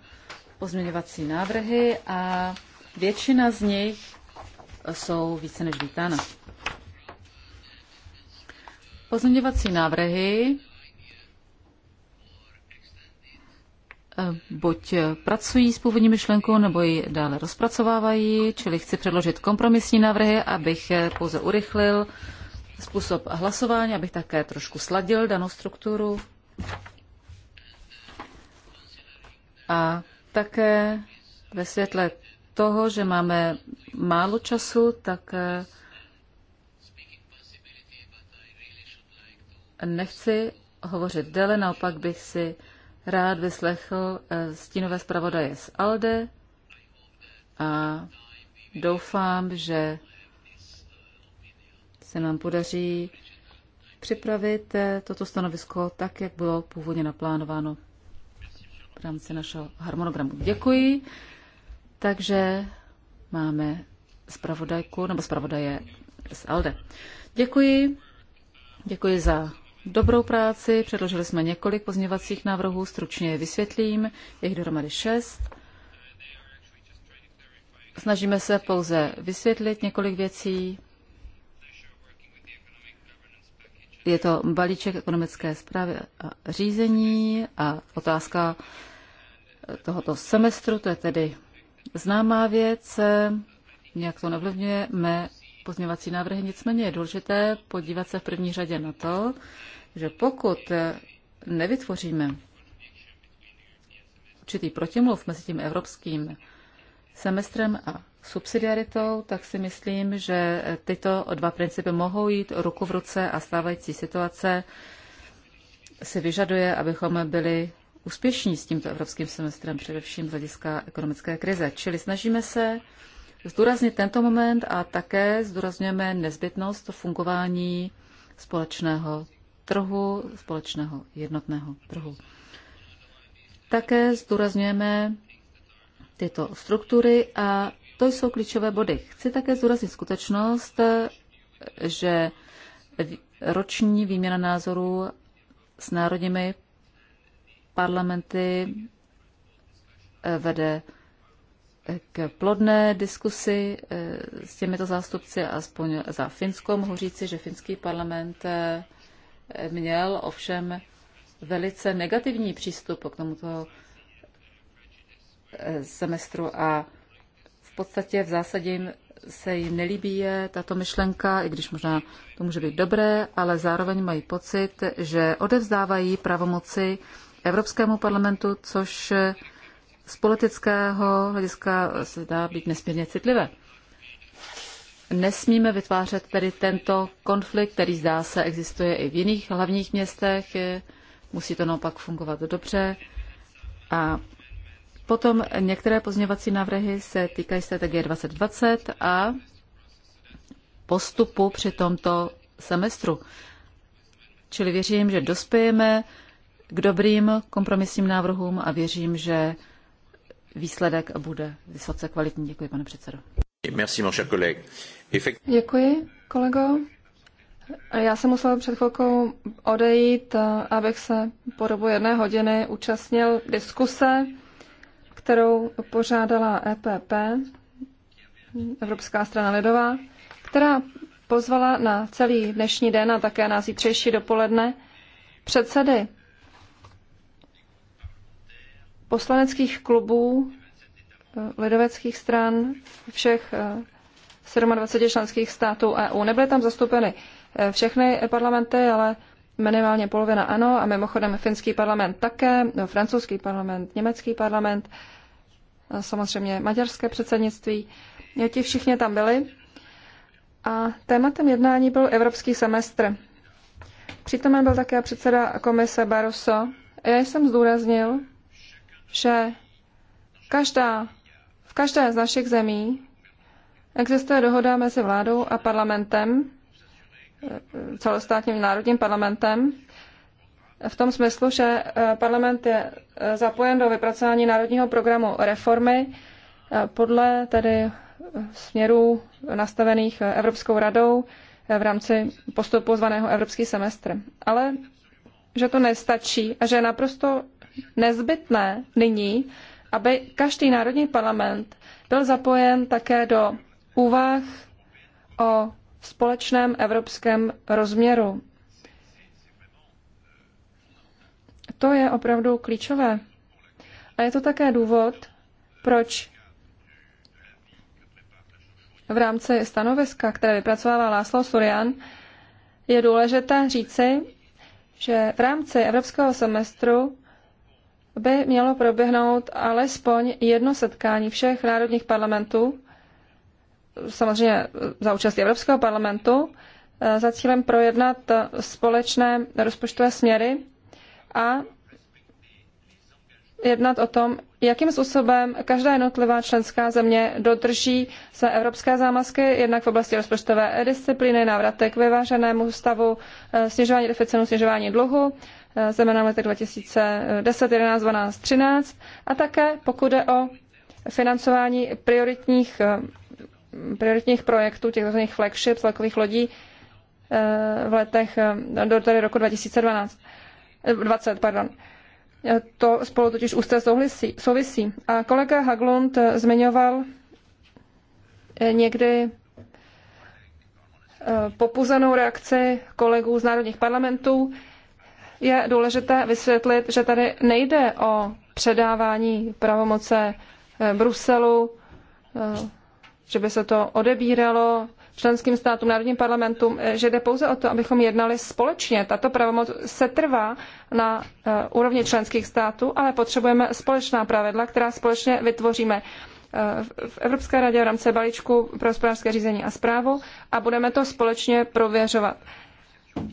pozměňovací návrhy a většina z nich jsou více než vítána. Pozměňovací návrhy eh, buď pracují s původní myšlenkou, nebo ji dále rozpracovávají, čili chci předložit kompromisní návrhy, abych pouze urychlil způsob hlasování, abych také trošku sladil danou strukturu a také ve světle toho, že máme málo času, tak eh, nechci hovořit déle, naopak bych si rád vyslechl eh, stínové zpravodaje z ALDE a doufám, že se nám podaří připravit eh, toto stanovisko tak, jak bylo původně naplánováno v rámci našeho harmonogramu. Děkuji. Takže máme zpravodajku nebo zpravodaje z ALDE. Děkuji. Děkuji za dobrou práci. Předložili jsme několik pozměvacích návrhů, stručně je vysvětlím. Je jich dohromady šest. Snažíme se pouze vysvětlit několik věcí. Je to balíček ekonomické zprávy a řízení a otázka tohoto semestru, to je tedy známá věc, nějak to nevlivňuje mé pozměvací návrhy, nicméně je důležité podívat se v první řadě na to, že pokud nevytvoříme určitý protimluv mezi tím evropským semestrem a subsidiaritou, tak si myslím, že tyto dva principy mohou jít ruku v ruce a stávající situace si vyžaduje, abychom byli úspěšní s tímto evropským semestrem, především z hlediska ekonomické krize. Čili snažíme se zdůraznit tento moment a také zdůrazňujeme nezbytnost fungování společného trhu, společného jednotného trhu. Také zdůrazňujeme tyto struktury a to jsou klíčové body. Chci také zúraznit skutečnost, že roční výměna názorů s národními parlamenty eh, vede eh, k plodné diskusi eh, s těmito zástupci, aspoň za Finsko. Mohu říci, že finský parlament měl ovšem velice negativní přístup k tomuto semestru a podstatě v zásadě jim se jim nelíbí je tato myšlenka, i když možná to může být dobré, ale zároveň mají pocit, že odevzdávají pravomoci Evropskému parlamentu, což z politického hlediska se dá být nesmírně citlivé. Nesmíme vytvářet tedy tento konflikt, který zdá se existuje i v jiných hlavních městech. Musí to naopak fungovat dobře. A Potom některé pozměňovací návrhy se týkají strategie 2020 a postupu při tomto semestru. Čili věřím, že dospějeme k dobrým kompromisním návrhům a věřím, že výsledek bude vysoce kvalitní. Děkuji, pane předsedo. Děkuji, kolego. Já jsem musel před chvilkou odejít, abych se po dobu jedné hodiny účastnil diskuse kterou pořádala EPP, Evropská strana lidová, která pozvala na celý dnešní den a také na zítřejší dopoledne předsedy poslaneckých klubů, eh, lidoveckých stran všech eh, 27 členských států EU. Nebyly tam zastoupeny eh, všechny parlamenty, ale minimálně polovina ano, a mimochodem finský parlament také, no, francouzský parlament, německý parlament, a samozřejmě maďarské předsednictví. Jo, ti všichni tam byli. A tématem jednání byl evropský semestr. Přítomen byl také předseda komise Barroso. Já jsem zdůraznil, že každá, v každé z našich zemí existuje dohoda mezi vládou a parlamentem celostátním národním parlamentem v tom smyslu, že eh, parlament je eh, zapojen do vypracování národního programu reformy eh, podle tedy směrů nastavených Evropskou radou v rámci postupu zvaného Evropský semestr. Ale že to nestačí a že je naprosto nezbytné nyní, aby každý národní parlament byl zapojen také do úvah o společném evropském rozměru. To je opravdu klíčové. A je to také důvod, proč v rámci stanoviska, které vypracovává Láslo Surian, je důležité říci, že v rámci evropského semestru by mělo proběhnout alespoň jedno setkání všech národních parlamentů samozřejmě za účasti Evropského parlamentu, eh, za cílem projednat společné rozpočtové směry a jednat o tom, jakým způsobem každá jednotlivá členská země dodrží své evropské zámazky, jednak v oblasti rozpočtové disciplíny, návratek k vyváženému stavu, eh, snižování deficitu, snižování dluhu, eh, zejména v letech 2010, 11, 12, 13 a také pokud jde o financování prioritních prioritních projektů, těch různých flagships, vlakových lodí eh, v letech eh, do tady roku 2012, 20, eh, pardon. To spolu totiž úzce souvisí. A kolega Haglund zmiňoval někdy popuzenou reakci kolegů z národních parlamentů. Je důležité vysvětlit, že tady nejde o předávání pravomoce Bruselu že by se to odebíralo členským státům, národním parlamentům, eh, že jde pouze o to, abychom jednali společně. Tato pravomoc se trvá na eh, úrovni členských států, ale potřebujeme společná pravidla, která společně vytvoříme eh, v Evropské radě v rámci balíčku pro hospodářské řízení a zprávu a budeme to společně prověřovat.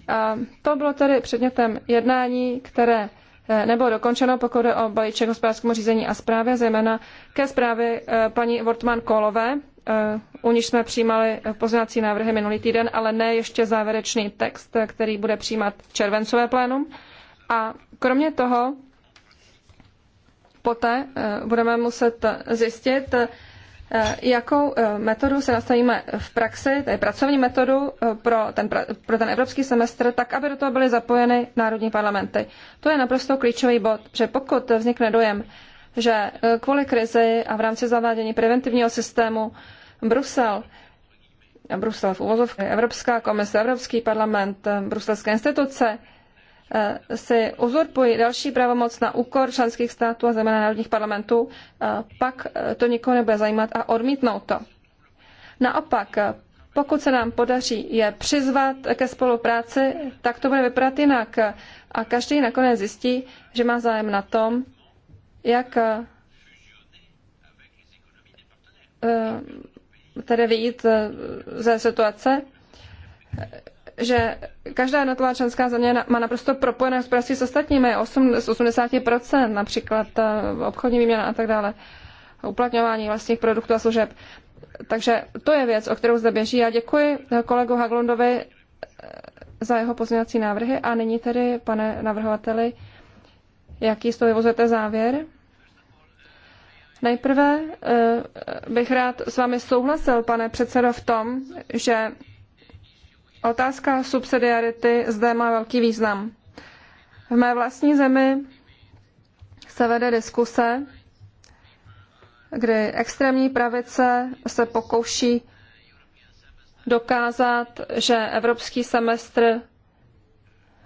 A to bylo tedy předmětem jednání, které nebylo dokončeno, pokud je o balíček hospodářskému řízení a zprávě, zejména ke zprávě paní Wortmann Kolové, Eh, u níž jsme přijímali eh, pozměňovací návrhy minulý týden, ale ne ještě závěrečný text, eh, který bude přijímat červencové plénum. A kromě toho poté budeme muset zjistit, jakou metodu se nastavíme v praxi, tedy pracovní metodu pro ten, pro ten evropský semestr, tak aby do toho byly zapojeny národní parlamenty. To je naprosto klíčový bod, protože pokud vznikne dojem, že e, kvůli krizi a v rámci zavádění preventivního systému Brusel Brusel v uvozovkách, Evropská komise, Evropský parlament, e, bruselské instituce e, si uzurpují další pravomoc na úkor členských států a zejména národních parlamentů, pak to nikoho nebude zajímat a odmítnou to. Naopak, pokud se nám podaří je přizvat ke spolupráci, tak to bude vypadat jinak. A každý nakonec zjistí, že má zájem na tom, jak eh, tedy vyjít eh, ze situace, že každá jednotlivá členská země má naprosto propojené hospodářství s ostatními, 8, z 80%, například eh, obchodní výměna a tak dále, uplatňování vlastních produktů a služeb. Takže to je věc, o kterou zde běží. Já děkuji kolegu Haglundovi za jeho pozměňovací návrhy a nyní tedy, pane navrhovateli, Jaký z toho vyvozujete závěr? Nejprve eh, bych rád s vámi souhlasil, pane předsedo, v tom, že otázka subsidiarity zde má velký význam. V mé vlastní zemi se vede diskuse, kdy extrémní pravice se pokouší dokázat, že evropský semestr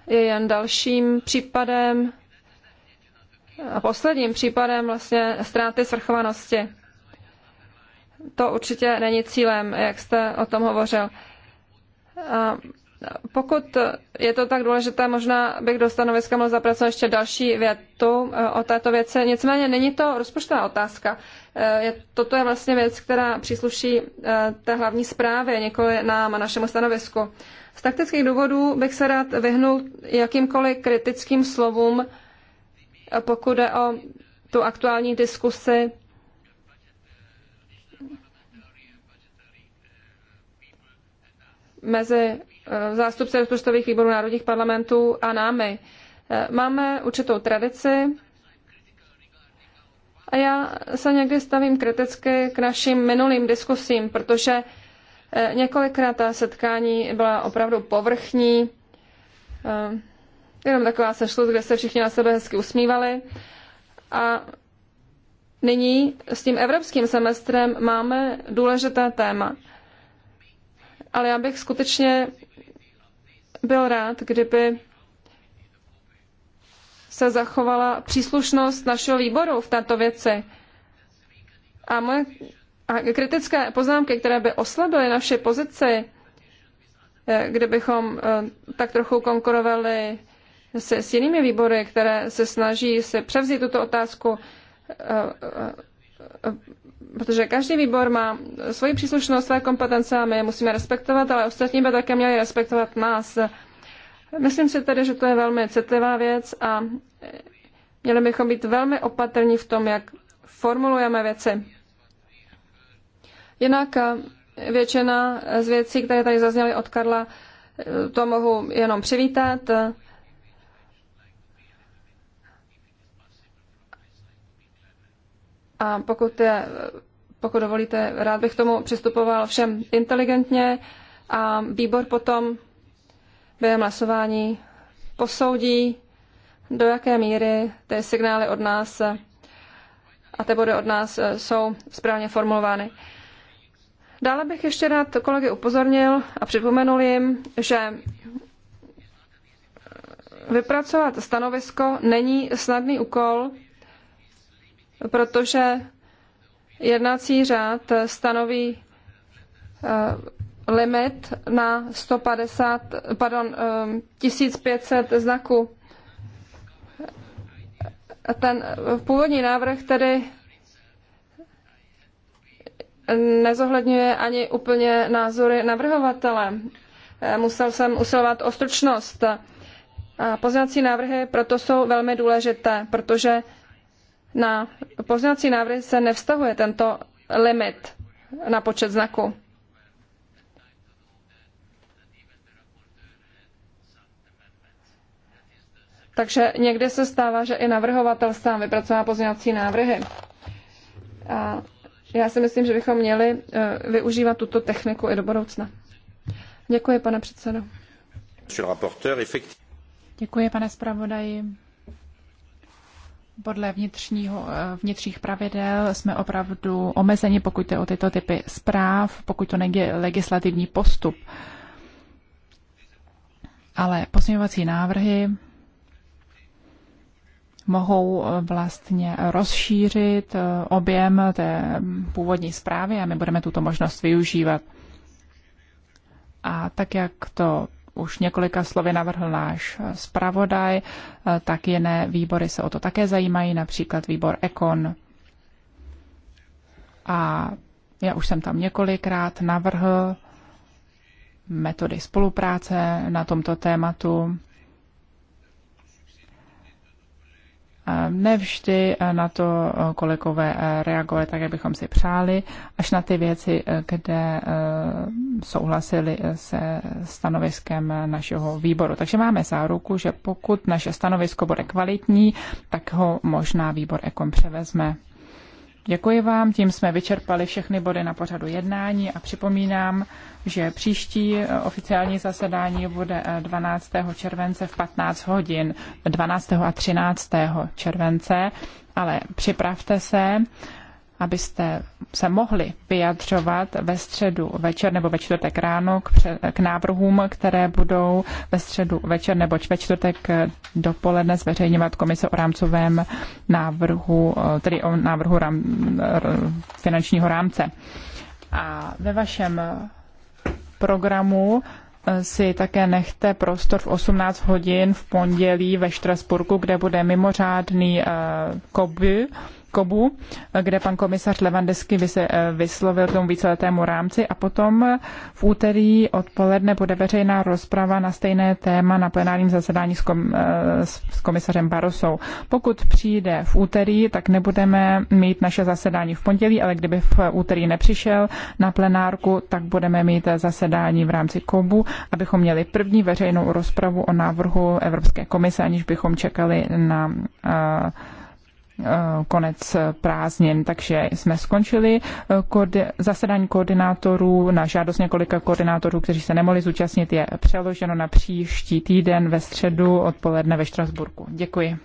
je jen dalším případem posledním případem vlastně ztráty svrchovanosti. To určitě není cílem, jak jste o tom hovořil. A pokud je to tak důležité, možná bych do stanoviska mohl zapracovat ještě další větu e, o této věci. Nicméně není to rozpočtová otázka. E, je, toto je vlastně věc, která přísluší e, té hlavní zprávě, nikoli nám a našemu stanovisku. Z taktických důvodů bych se rád vyhnul jakýmkoliv kritickým slovům pokud jde o tu aktuální diskusi, mezi eh, zástupci rozpočtových výborů národních parlamentů a námi. Eh, máme určitou tradici a já se někdy stavím kriticky k našim minulým diskusím, protože eh, několikrát ta setkání byla opravdu povrchní, jenom taková sešlost, kde se všichni na sebe hezky usmívali. A nyní s tím evropským semestrem máme důležité téma. Ale já bych skutečně byl rád, kdyby se zachovala příslušnost našeho výboru v této věci. A moje a kritické poznámky, které by oslabily naše pozici, eh, kdybychom eh, tak trochu konkurovali se s jinými výbory, které se snaží se převzít tuto otázku, eh, eh, eh, protože každý výbor má svoji příslušnost, své kompetence a my je musíme respektovat, ale ostatní by také měli respektovat nás. Myslím si tedy, že to je velmi citlivá věc a měli bychom být velmi opatrní v tom, jak formulujeme věci. Jinak většina z věcí, které tady zazněly od Karla, to mohu jenom přivítat. A pokud, je, eh, pokud dovolíte, rád bych tomu přistupoval všem inteligentně a výbor potom během hlasování posoudí, do jaké míry ty signály od nás eh, a ty body od nás eh, jsou správně formulovány. Dále bych ještě rád kolegy upozornil a připomenul jim, že vypracovat stanovisko není snadný úkol, protože jednací řád stanoví eh, limit na 150, pardon, 1500 eh, znaků. Ten původní návrh tedy nezohledňuje ani úplně názory navrhovatele. Eh, musel jsem usilovat o stručnost. Pozvací návrhy proto jsou velmi důležité, protože na pozměňovací návrhy se nevztahuje tento limit na počet znaků. Takže někdy se stává, že i navrhovatel sám vypracová pozměňovací návrhy. A já si myslím, že bychom měli e, využívat tuto techniku i do budoucna. Děkuji, pane předsedo. Děkuji, pane zpravodaji podle vnitřního, eh, vnitřních pravidel jsme opravdu omezeni, pokud jde o tyto typy zpráv, pokud to není legislativní postup. Ale pozměňovací návrhy mohou eh, vlastně rozšířit eh, objem té původní zprávy a my budeme tuto možnost využívat. A tak, jak to už několika slovy navrhl náš zpravodaj, eh, tak jiné výbory se o to také zajímají, například výbor Ekon. A já už jsem tam několikrát navrhl metody spolupráce na tomto tématu Nevždy eh, na to eh, kolegové eh, reagovali tak, jak bychom si přáli, až na ty věci, kde souhlasili se stanoviskem našeho výboru. Takže máme záruku, že pokud naše stanovisko bude kvalitní, tak ho možná výbor Ekon převezme. Děkuji vám, tím jsme vyčerpali všechny body na pořadu jednání a připomínám, že příští eh, oficiální zasedání bude 12. Eh, července v 15 hodin, 12. a 13. července, ale připravte se abyste se mohli vyjadřovat ve středu večer nebo ve čtvrtek ráno k, pře- k návrhům, které budou ve středu večer nebo ve čtvrtek dopoledne zveřejňovat komise o rámcovém návrhu, tedy o návrhu rám- finančního rámce. A ve vašem programu eh, si také nechte prostor v 18 hodin v pondělí ve Štrasburku, kde bude mimořádný uh, eh, koby, Kobu, kde pan komisař Levandesky eh, vyslovil k tomu víceletému rámci a potom v úterý odpoledne bude veřejná rozprava na stejné téma na plenárním zasedání s, kom, eh, s komisařem Barosou. Pokud přijde v úterý, tak nebudeme mít naše zasedání v pondělí, ale kdyby v úterý nepřišel na plenárku, tak budeme mít zasedání v rámci Kobu, abychom měli první veřejnou rozpravu o návrhu Evropské komise, aniž bychom čekali na uh, Eh, konec prázdnin, takže jsme skončili eh, zasedání koordinátorů na žádost několika koordinátorů, kteří se nemohli zúčastnit, je přeloženo na příští týden ve středu odpoledne ve Štrasburku. Děkuji.